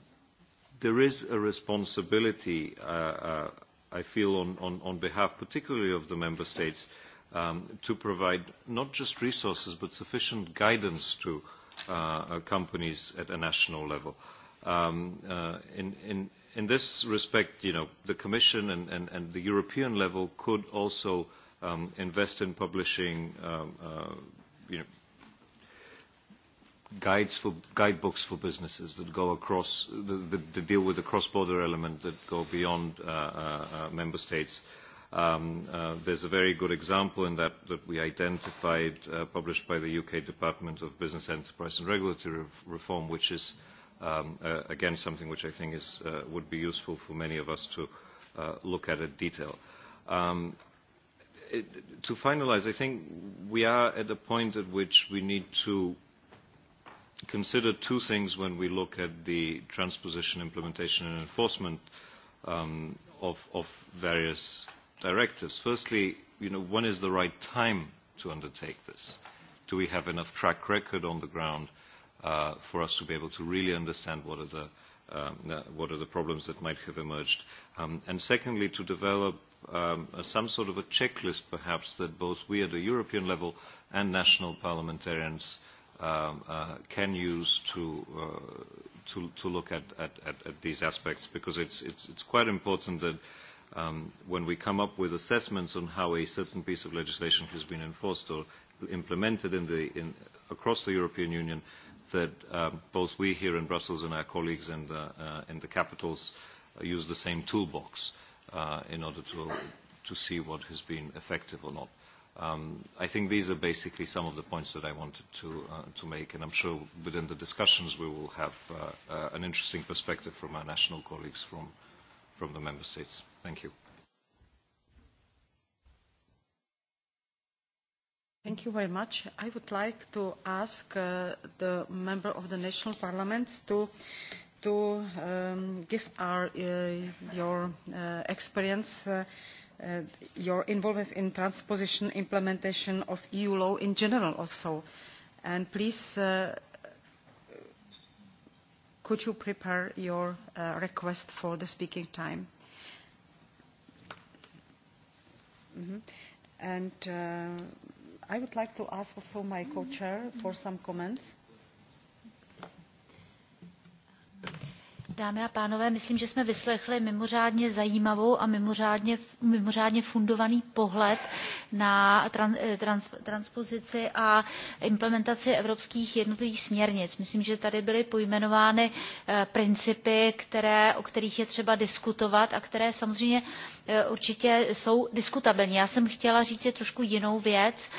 there is a responsibility, uh, uh, I feel, on, on, on behalf particularly of the member states um, to provide not just resources but sufficient guidance to uh, uh companies at a national level. Um, uh, in, in, in this respect, you know, the Commission and, and, and the European level could also um, invest in publishing um, uh, you know, guides for guidebooks for businesses that go across the, the, the deal with the cross-border element that go beyond uh, uh, uh, member states. Um, uh, there's a very good example in that that we identified, uh, published by the UK Department of Business Enterprise and Regulatory Reform, which is um, uh, again something which I think is, uh, would be useful for many of us to uh, look at in detail. Um, it, to finalize, I think we are at a point at which we need to consider two things when we look at the transposition, implementation and enforcement um, of, of various directives. Firstly, you know, when is the right time to undertake this? Do we have enough track record on the ground uh, for us to be able to really understand what are the, um, uh, what are the problems that might have emerged? Um, and secondly, to develop um, uh, some sort of a checklist perhaps that both we at the European level and national parliamentarians uh, um, uh, can use to, uh, to, to look at, at, at, at these aspects because it's, it's, it's quite important that um, when we come up with assessments on how a certain piece of legislation has been enforced or implemented in the, in, across the European Union, that um, both we here in Brussels and our colleagues in the, uh, uh, in the capitals uh, use the same toolbox uh, in order to, to see what has been effective or not. Um, I think these are basically some of the points that I wanted to, uh, to make, and I'm sure within the discussions we will have uh, uh, an interesting perspective from our national colleagues from, from the member states. Thank you. Thank you very much. I would like to ask uh, the member of the national parliaments to, to um, give our, uh, your uh, experience uh, uh, your involvement in transposition, implementation of EU law in general also. And please, uh, could you prepare your uh, request for the speaking time? Mm -hmm. And uh, I would like to ask also my co-chair for some comments. Dámy a pánové, myslím, že jsme vyslechli mimořádně zajímavou a mimořádně, mimořádně fundovaný pohled na trans, eh, trans, transpozici a implementaci evropských jednotlivých směrnic. Myslím, že tady byly pojmenovány eh, principy, které, o kterých je třeba diskutovat a které samozřejmě eh, určitě jsou diskutabilní. Já jsem chtěla říct je trošku jinou věc,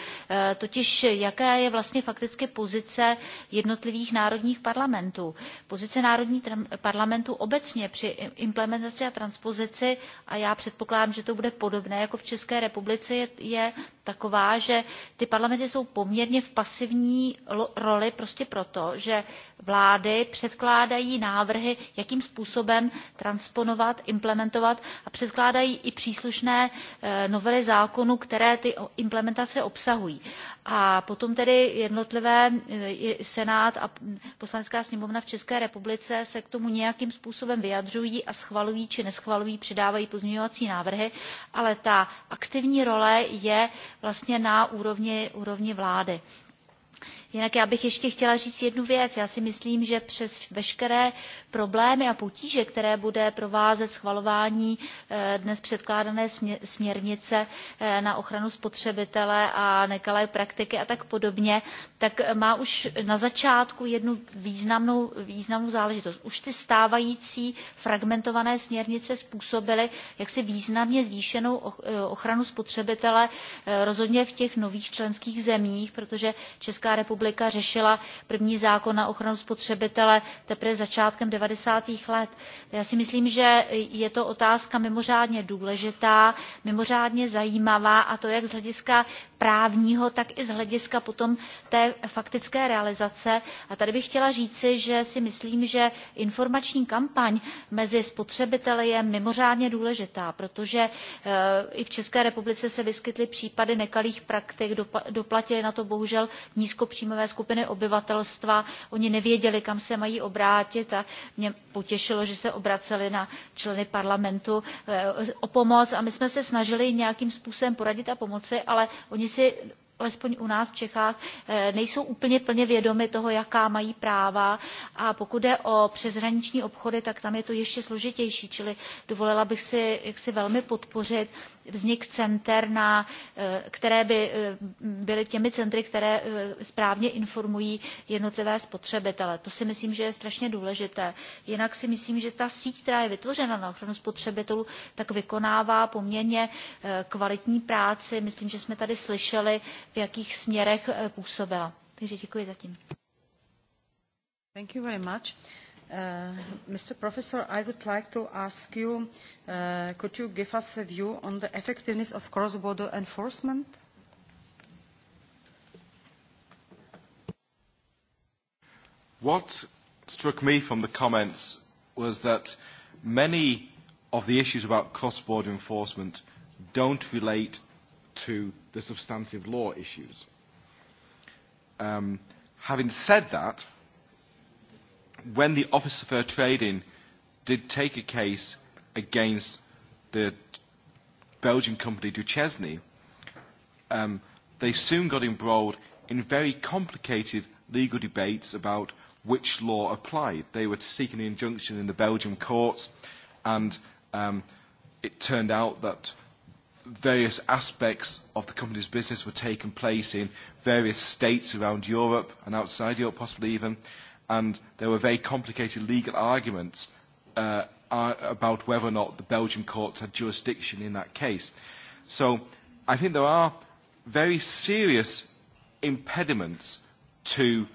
totiž jaká je vlastně fakticky pozice jednotlivých národních parlamentů. Pozice národní parlamentů parlamentu obecně při implementaci a transpozici, a já předpokládám, že to bude podobné jako v České republice, je, je taková, že ty parlamenty jsou poměrně v pasivní roli prostě proto, že vlády předkládají návrhy, jakým způsobem transponovat, implementovat a předkládají i příslušné eh, novely zákonu, které ty implementace obsahují. A potom tedy jednotlivé eh, Senát a poslanecká sněmovna v České republice se k tomu nějakým způsobem vyjadřují a schvalují či neschvalují, přidávají pozměňovací návrhy, ale ta aktivní role je vlastně na úrovni, úrovni vlády. Jinak já bych ještě chtěla říct jednu věc. Já si myslím, že přes veškeré problémy a potíže, které bude provázet schvalování eh, dnes předkládané směrnice eh, na ochranu spotřebitele a nekalé praktiky a tak podobně, tak má už na začátku jednu významnou, významnou záležitost. Už ty stávající fragmentované směrnice způsobily jaksi významně zvýšenou eh, ochranu spotřebitele rozhodně v těch nových členských zemích, protože Česká republika republika řešila první zákon na ochranu spotřebitele teprve začátkem 90. let. Já si myslím, že je to otázka mimořádně důležitá, mimořádně zajímavá a to jak z hlediska právního, tak i z hlediska potom té faktické realizace. A tady bych chtěla říci, že si myslím, že informační kampaň mezi spotřebiteli je mimořádně důležitá, protože eh, i v České republice se vyskytly případy nekalých praktik, doplatili na to bohužel nízkopříjmové příjmové skupiny obyvatelstva, oni nevěděli, kam se mají obrátit a mě potěšilo, že se obraceli na členy parlamentu eh, o pomoc a my jsme se snažili nějakým způsobem poradit a pomoci, ale oni si alespoň u nás v Čechách, eh, nejsou úplně plně vědomi toho, jaká mají práva a pokud jde o přeshraniční obchody, tak tam je to ještě složitější, čili dovolila bych si, jaksi si velmi podpořit vznik center, na, eh, které by eh, byly těmi centry, které eh, správně informují jednotlivé spotřebitele. To si myslím, že je strašně důležité. Jinak si myslím, že ta síť, která je vytvořena na ochranu spotřebitelů, tak vykonává poměrně kvalitní práci. Myslím, že jsme tady slyšeli, v jakých směrech působila. Takže děkuji zatím. Thank you very much. Uh, Mr. Professor, I would like to ask you, uh, could you give us a view on the effectiveness of cross-border enforcement? What struck me from the comments was that many of the issues about cross-border enforcement don't relate to the substantive law issues. Um, having said that, when the Office of Fair Trading did take a case against the Belgian company Duchesne, um, they soon got embroiled in very complicated legal debates about which law applied. They were seeking an injunction in the Belgian courts, and um, it turned out that various aspects of the company's business were taking place in various states around Europe and outside Europe possibly even, and there were very complicated legal arguments uh, uh, about whether or not the Belgian courts had jurisdiction in that case. So I think there are very serious impediments to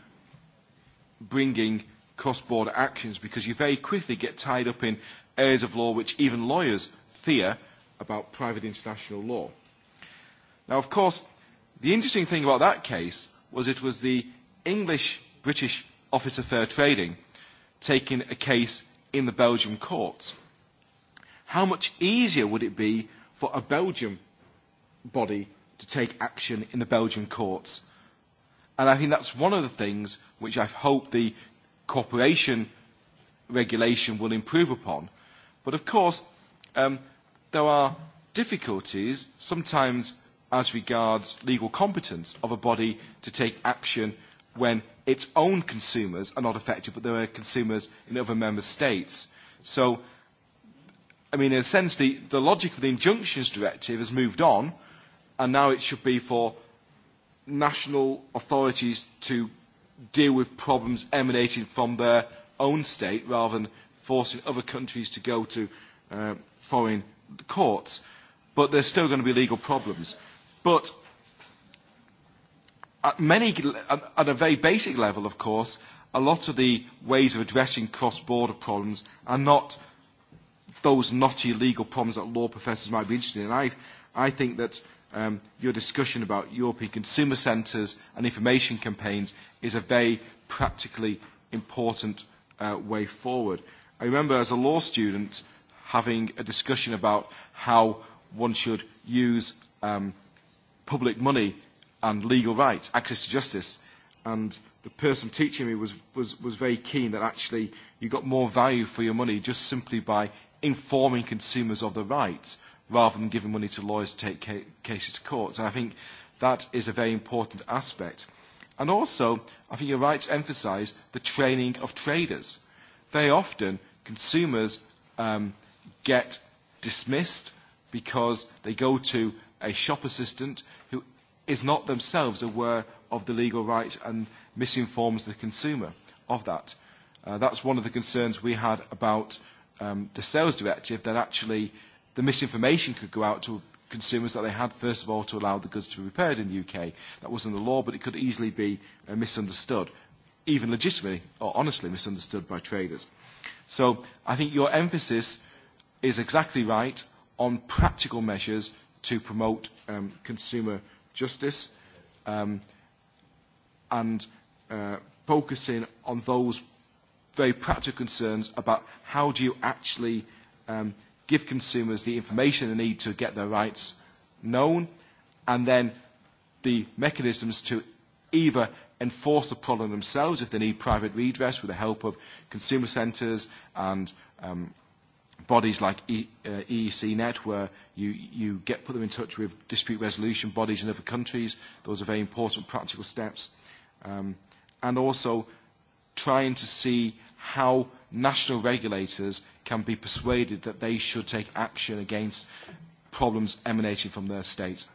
bringing cross-border actions because you very quickly get tied up in areas of law which even lawyers fear about private international law. Now, of course, the interesting thing about that case was it was the English-British Office of Fair Trading taking a case in the Belgium courts, how much easier would it be for a Belgium body to take action in the Belgian courts? And I think that's one of the things which I hope the cooperation regulation will improve upon. But of course, um, there are difficulties sometimes as regards legal competence of a body to take action when its own consumers are not affected, but there are consumers in other member states. So, I mean, in a sense, the, the logic of the injunctions directive has moved on, and now it should be for national authorities to deal with problems emanating from their own state rather than forcing other countries to go to uh, foreign courts. But there's still going to be legal problems. But at many, at, a very basic level, of course, a lot of the ways of addressing cross-border problems are not those knotty legal problems that law professors might be interested in. I, I think that um, your discussion about European consumer centres and information campaigns is a very practically important uh, way forward. I remember as a law student having a discussion about how one should use um, public money and legal rights, access to justice. And the person teaching me was, was, was very keen that actually you got more value for your money just simply by informing consumers of the rights rather than giving money to lawyers to take ca cases to courts. And I think that is a very important aspect. And also, I think you're right to emphasise the training of traders. Very often, consumers um, get dismissed because they go to a shop assistant who is not themselves aware of the legal rights and misinforms the consumer of that. Uh, that's one of the concerns we had about um, the sales directive, that actually the misinformation could go out to consumers that they had, first of all, to allow the goods to be repaired in the UK. That wasn't the law, but it could easily be uh, misunderstood, even legitimately or honestly misunderstood by traders. So I think your emphasis is exactly right on practical measures to promote um, consumer justice um, and uh, focusing on those very practical concerns about how do you actually um, give consumers the information they need to get their rights known and then the mechanisms to either enforce the problem themselves if they need private redress with the help of consumer centres and um, bodies like e, uh, EEC Net, where you, you get put them in touch with dispute resolution bodies in other countries. Those are very important practical steps. Um, and also trying to see how national regulators can be persuaded that they should take action against problems emanating from their states.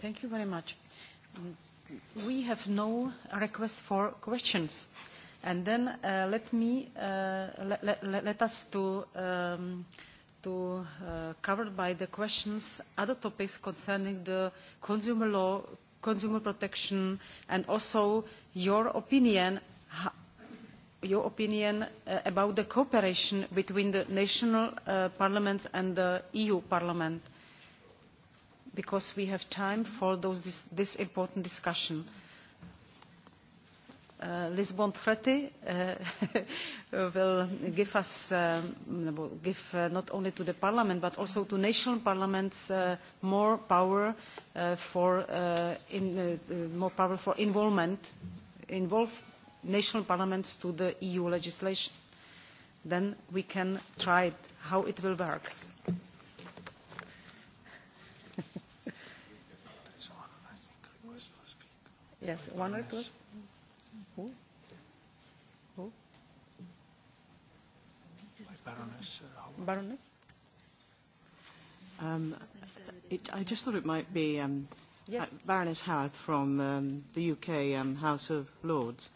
Thank you very much we have no request for questions. And then uh, let me uh, let, let, let us to um, to uh, cover by the questions other topics concerning the consumer law, consumer protection, and also your opinion your opinion uh, about the cooperation between the national uh, parliaments and the EU parliament because we have time for those, this, this important discussion. Uh, Lisbon Treaty uh, will give us, um, give uh, not only to the Parliament but also to national parliaments uh, more power uh, for uh, in, uh, uh more power for involvement, involve national parliaments to the EU legislation. Then we can try it, how it will work. Yes, one two. Who? Who? Baroness. Uh, Baroness? Um, it, I just thought it might be um, yes. Uh, Baroness Howarth from um, the UK um, House of Lords.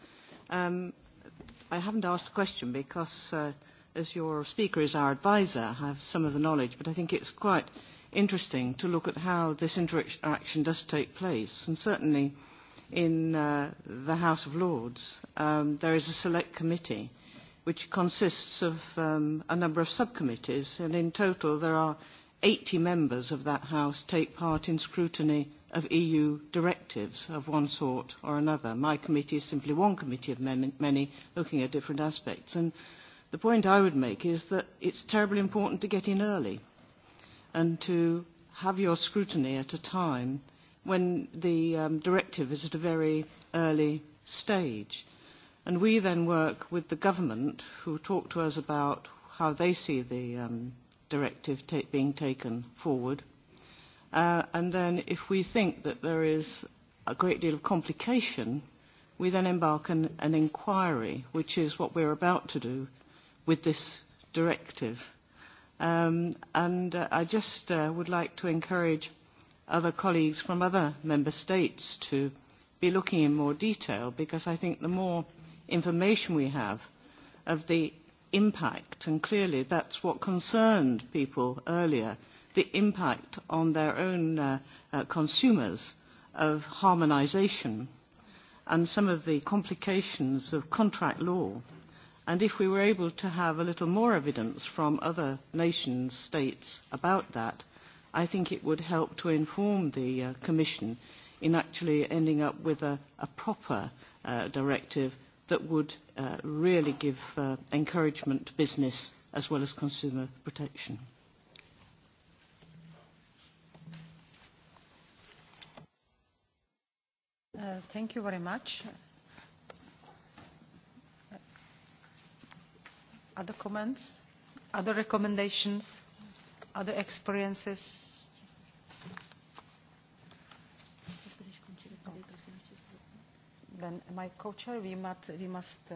Um, I haven't asked a question because, uh, as your speaker is our advisor, I have some of the knowledge, but I think it's quite interesting to look at how this interaction does take place. And certainly in uh, the House of Lords, um, there is a select committee which consists of um, a number of subcommittees, and in total there are 80 members of that House take part in scrutiny of EU directives of one sort or another. My committee is simply one committee of many looking at different aspects. And the point I would make is that it's terribly important to get in early and to have your scrutiny at a time – when the um, directive is at a very early stage. And we then work with the government who talk to us about how they see the um, directive ta being taken forward. Uh, and then if we think that there is a great deal of complication, we then embark on an, inquiry, which is what we're about to do with this directive. Um, and uh, I just uh, would like to encourage other colleagues from other member states to be looking in more detail because I think the more information we have of the impact, and clearly that's what concerned people earlier, the impact on their own uh, uh, consumers of harmonisation and some of the complications of contract law. And if we were able to have a little more evidence from other nation states about that, I think it would help to inform the uh, Commission in actually ending up with a, a proper uh, directive that would uh, really give uh, encouragement to business as well as consumer protection. Uh, thank you very much. Other comments? Other recommendations? other experiences? Then my co-chair, we must, we must uh,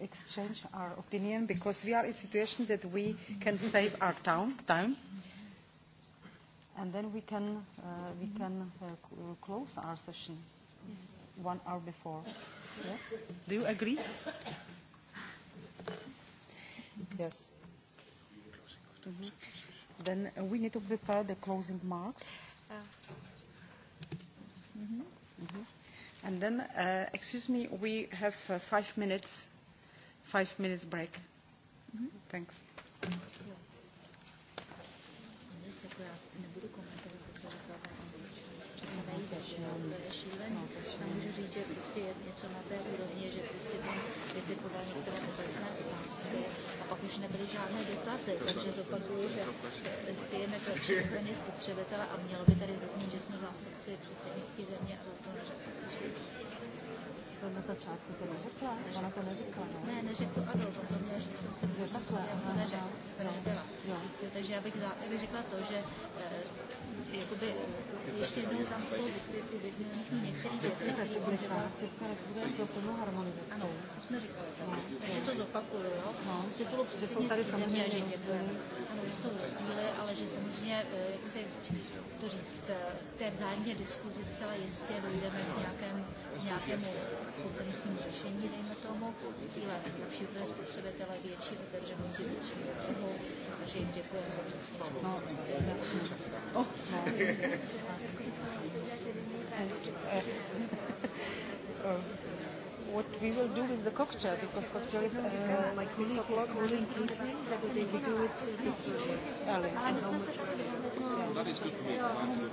exchange our opinion because we are in a situation that we can save our town, time and then we can, uh, we can uh, close our session one hour before. Yes? Do you agree? yes. Mm -hmm. Then we need to prepare the closing marks. Uh. Mm -hmm. Mm -hmm. And then, uh, excuse me, we have uh, five minutes, five minutes break. Mm -hmm. Thanks. Mm -hmm. A říct, že prostě něco na té úrovni, že prostě tam kritikování, které obecné otázky a pak už nebyly žádné dotazy, takže zopakuju, že spějeme pro spotřebitele a mělo by tady zaznít, že jsme zástupci předsednické země a za to ne? Ne, že to neřekla, takže já bych řekla to, že eh, že jsou tady samozřejmě, že ano, že jsou rozdíly, ale že samozřejmě, jak se to říct, v té vzájemně diskuzi zcela jistě dojdeme k nějakém, nějakému kompromisnímu řešení, dejme tomu, s cílem lepší pro spotřebitele, větší otevřenosti, větší trhu, takže jim děkujeme za příspěvek. Uh, what we will do with the cocktail, because cocktail is uh, my uh, colleague o'clock will engage they will do it uh, early. that is good for me, to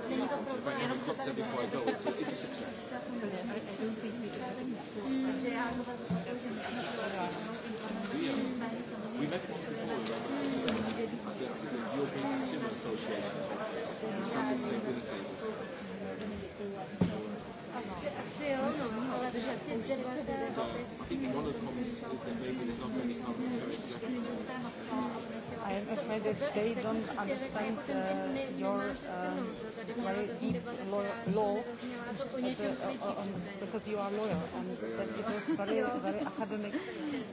do If I have a cocktail before I go, it's a, it's a success. But I, I don't think we do have met once before, the European Consumer Association. I am afraid that they don't understand uh, your uh, very deep law, law as a, uh, uh, um, because you are a lawyer and that it was very very academic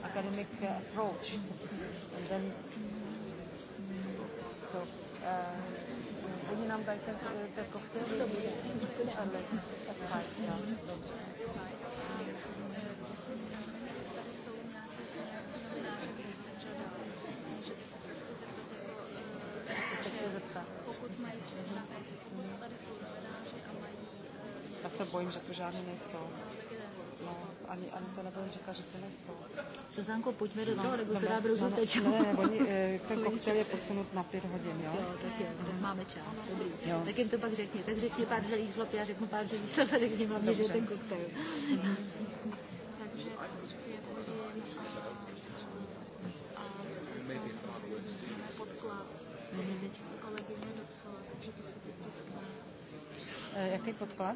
academic uh, approach and then so. Uh, Oni nam dají ten koktel, ale Pokud mají přednášky, pokud tady jsou novináři a mají... Já se bojím, že tu žádný nejsou. Suzanko, pojďme do toho, nebo se dá brzo teče. Ne, oni, eh, ten koktel je posunut na pět hodin, jo? Jo, tak je, tak máme čas, dobrý. Tak jim to pak řekni, tak řekni pár želých zlop, já řeknu pár želých sazadek, k ním hlavně, že ten koktel. Takže eh, mhm. eh, Jaký podklad?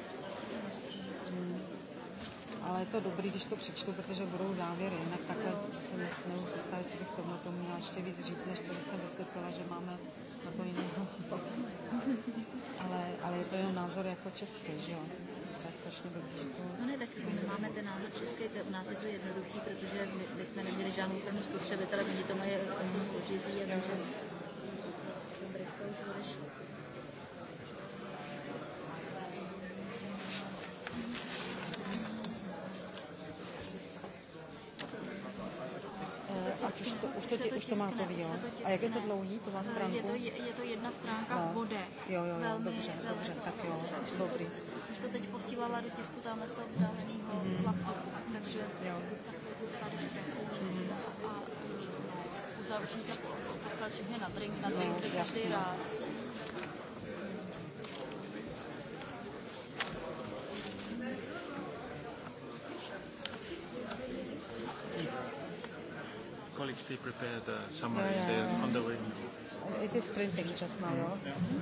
ale je to dobrý, když to přečtu, protože budou závěry, jinak takhle si nesnou stále, co bych tomu to měla ještě víc říct, než to, jsem vysvětlila, že máme na to jiný názor. ale, ale je to jenom názor jako český, že jo? No ne, tak my máme ten názor český, to, u nás je to jednoduchý, protože my, my jsme neměli žádnou úplnou spotřebitele, oni to mají složitý, takže jak je to dlouhý, to má stránku? Eh, je to, je, to jedna stránka v bode. Jo, jo, jo, velmi, dobře, dobře, tak jo, dobrý. Už to teď posílala do tisku tam z toho vzdáleného mm. laptopu, takže jo. tady mm. a, eh, uzavřít a poslat všechny na drink, na drink, no, každý rád. colleagues please prepare the summary. Yeah, yeah, yeah. on the way. It is printing just now. Yeah. Yeah. Mm-hmm.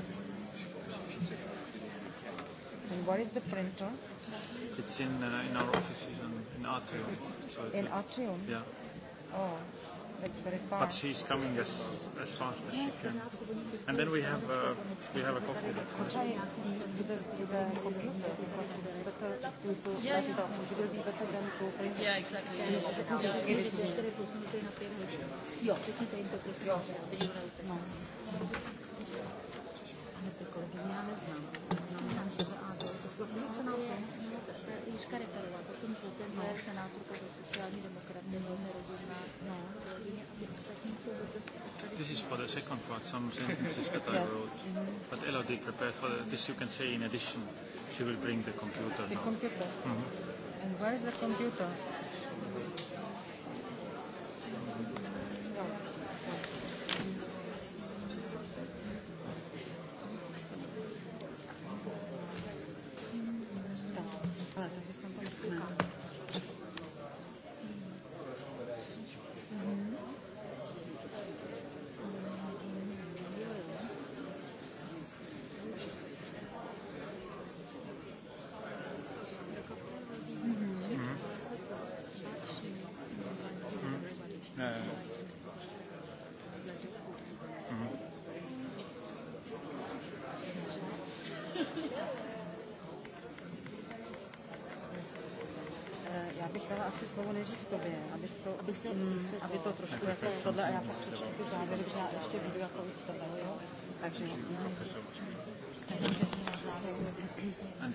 And what is the printer? It's in uh, in our offices in, in atrium. So in atrium. Yeah. Oh. But she's coming as, as fast as she can. And then we have, uh, we have a coffee. Uh, yeah, yeah. yeah exactly. Yeah, yeah. Yeah. Yeah. This is for the second part, some sentences that I wrote. Mm -hmm. But Elodie prepared for the, this, you can say in addition, she will bring the computer the now. computer. Mm -hmm. And where is the computer? And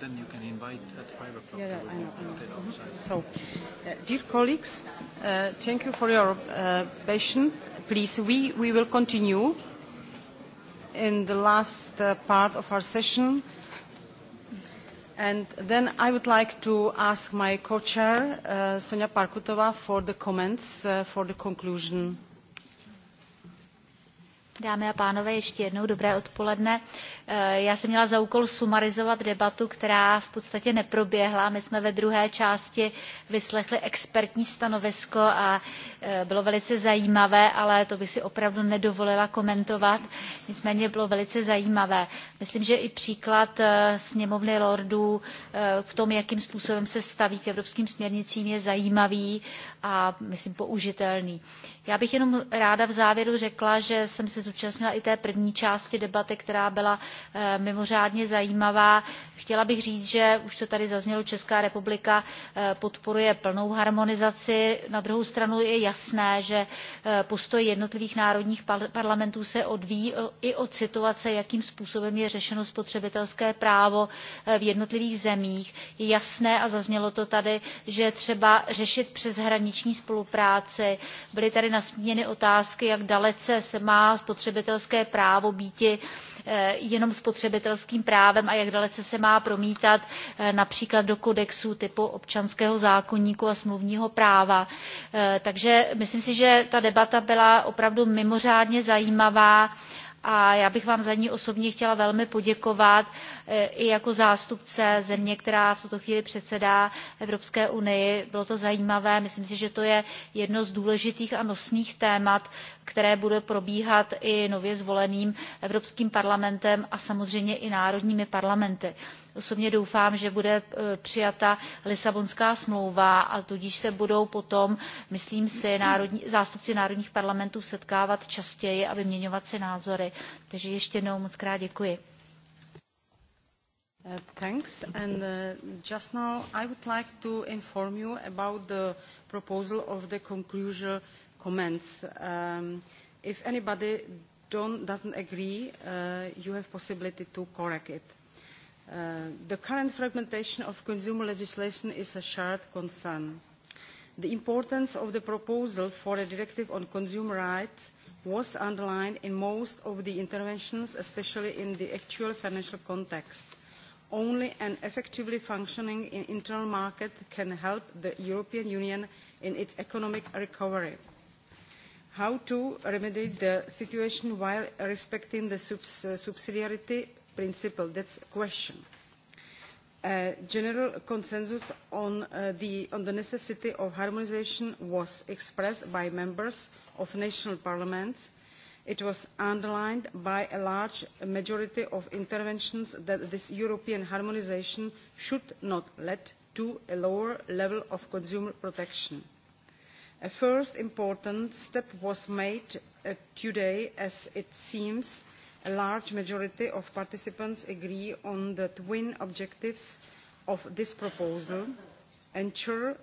then you can invite at five o'clock. Yeah, yeah, I know. I know. So, uh, dear colleagues, uh, thank you for your uh, patience. Please, we, we will continue in the last uh, part of our session. And then I would like to ask my co-chair, uh, Sonia Parkutova, for the comments, uh, for the conclusion. Dámy a pánové, ještě jednou dobré odpoledne. Uh, Eh, já jsem měla za úkol sumarizovat debatu, která v podstatě neproběhla. My jsme ve druhé části vyslechli expertní stanovisko a eh, bylo velice zajímavé, ale to by si opravdu nedovolila komentovat. Nicméně bylo velice zajímavé. Myslím, že i příklad eh, sněmovny lordů v tom, jakým způsobem se staví k evropským směrnicím, je zajímavý a myslím použitelný. Já bych jenom ráda v závěru řekla, že jsem se zúčastnila i té první části debaty, která byla Eh, mimořádně zajímavá. Chtěla bych říct, že už to tady zaznělo, Česká republika eh, podporuje plnou harmonizaci. Na druhou stranu je jasné, že eh, postoj jednotlivých národních parlamentů se odvíjí i od situace, jakým způsobem je řešeno spotřebitelské právo v jednotlivých zemích. Je jasné, a zaznělo to tady, že třeba řešit přeshraniční spolupráci. Byly tady nasměny otázky, jak dalece se má spotřebitelské právo býti Eh, jenom spotřebitelským právem a jak dalece se má promítat eh, například do kodexů typu občanského zákonníku a smluvního práva. Eh, takže myslím si, že ta debata byla opravdu mimořádně zajímavá a já bych vám za ní osobně chtěla velmi poděkovat i jako zástupce země, která v tuto chvíli předsedá Evropské unii. Bylo to zajímavé, myslím si, že to je jedno z důležitých a nosných témat které bude probíhat i nově zvoleným Evropským parlamentem a samozřejmě i národními parlamenty. Osobně doufám, že bude e, přijata Lisabonská smlouva a tudíž se budou potom, myslím si, národní, zástupci národních parlamentů setkávat častěji a vyměňovat si názory. Takže ještě jednou moc krát děkuji. Uh, thanks. And uh, just now I would like to inform you about the proposal of the conclusion comments. Um, if anybody don't, doesn't agree, uh, you have possibility to correct it. Uh, the current fragmentation of consumer legislation is a shared concern. The importance of the proposal for a directive on consumer rights was underlined in most of the interventions, especially in the actual financial context. Only an effectively functioning internal market can help the European Union in its economic recovery how to remedy the situation while respecting the subs uh, subsidiarity principle. That's a question. Uh, general consensus on, uh, the, on the necessity of harmonization was expressed by members of national parliaments. It was underlined by a large majority of interventions that this European harmonization should not lead to a lower level of consumer protection A first important step was made uh, today as it seems a large majority of participants agree on the twin objectives of this proposal, ensure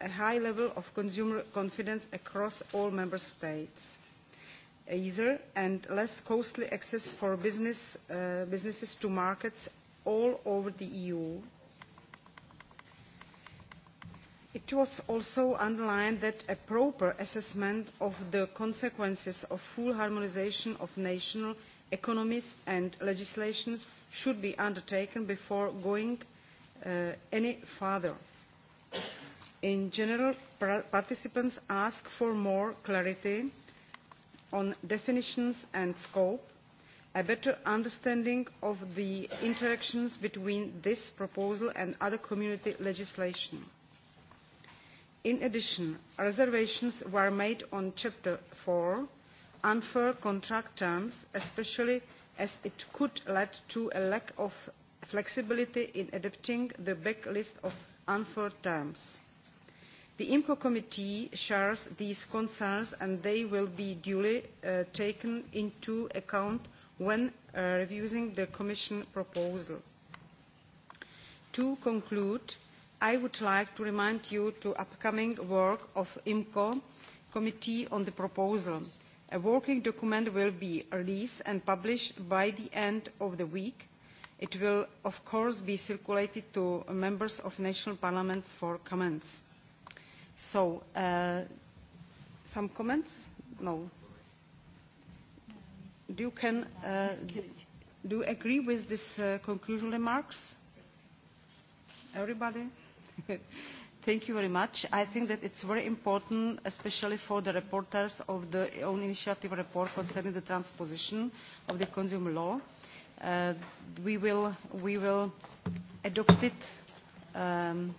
a high level of consumer confidence across all member states, easier and less costly access for business, uh, businesses to markets all over the EU, It was also underlined that a proper assessment of the consequences of full harmonization of national economies and legislations should be undertaken before going uh, any further. In general, participants ask for more clarity on definitions and scope, a better understanding of the interactions between this proposal and other community legislation In addition, reservations were made on Chapter 4, unfair contract terms, especially as it could lead to a lack of flexibility in adapting the backlist of unfair terms. The IMCO committee shares these concerns and they will be duly uh, taken into account when uh, reviewing the Commission proposal. To conclude, I would like to remind you to upcoming work of IMCO Committee on the Proposal. A working document will be released and published by the end of the week. It will, of course, be circulated to members of national parliaments for comments. So, uh, some comments? No. Do you, can, uh, do you agree with this uh, conclusion remarks? Everybody? Thank you very much. I think that it's very important, especially for the reporters of the own initiative report concerning the transposition of the consumer law. Uh, we, will, we will adopt it, um,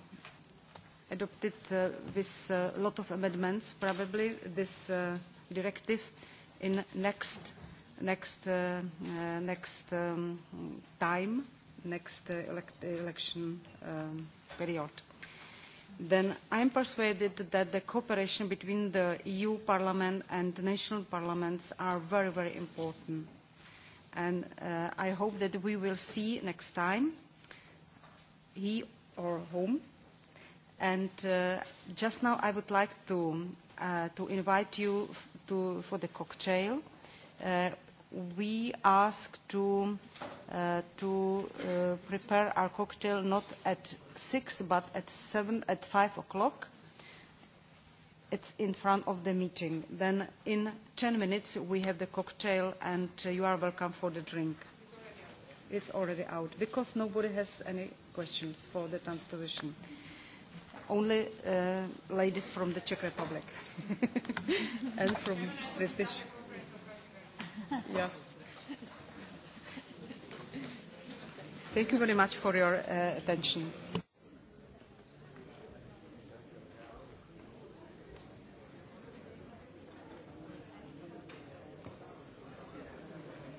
adopt it uh, with a uh, lot of amendments, probably, this uh, directive in next, next, uh, uh, next um, time, next uh, elect election um, period then I'm persuaded that the cooperation between the EU Parliament and the national parliaments are very, very important. And uh, I hope that we will see next time, he or whom. And uh, just now I would like to, uh, to invite you to, for the cocktail. Uh, we ask to, uh, to uh, prepare our cocktail not at 6 but at 7, at 5 o'clock. It's in front of the meeting. Then in 10 minutes we have the cocktail and uh, you are welcome for the drink. It's already out because nobody has any questions for the transposition. Only uh, ladies from the Czech Republic and from British. Thank you very much for your uh, attention.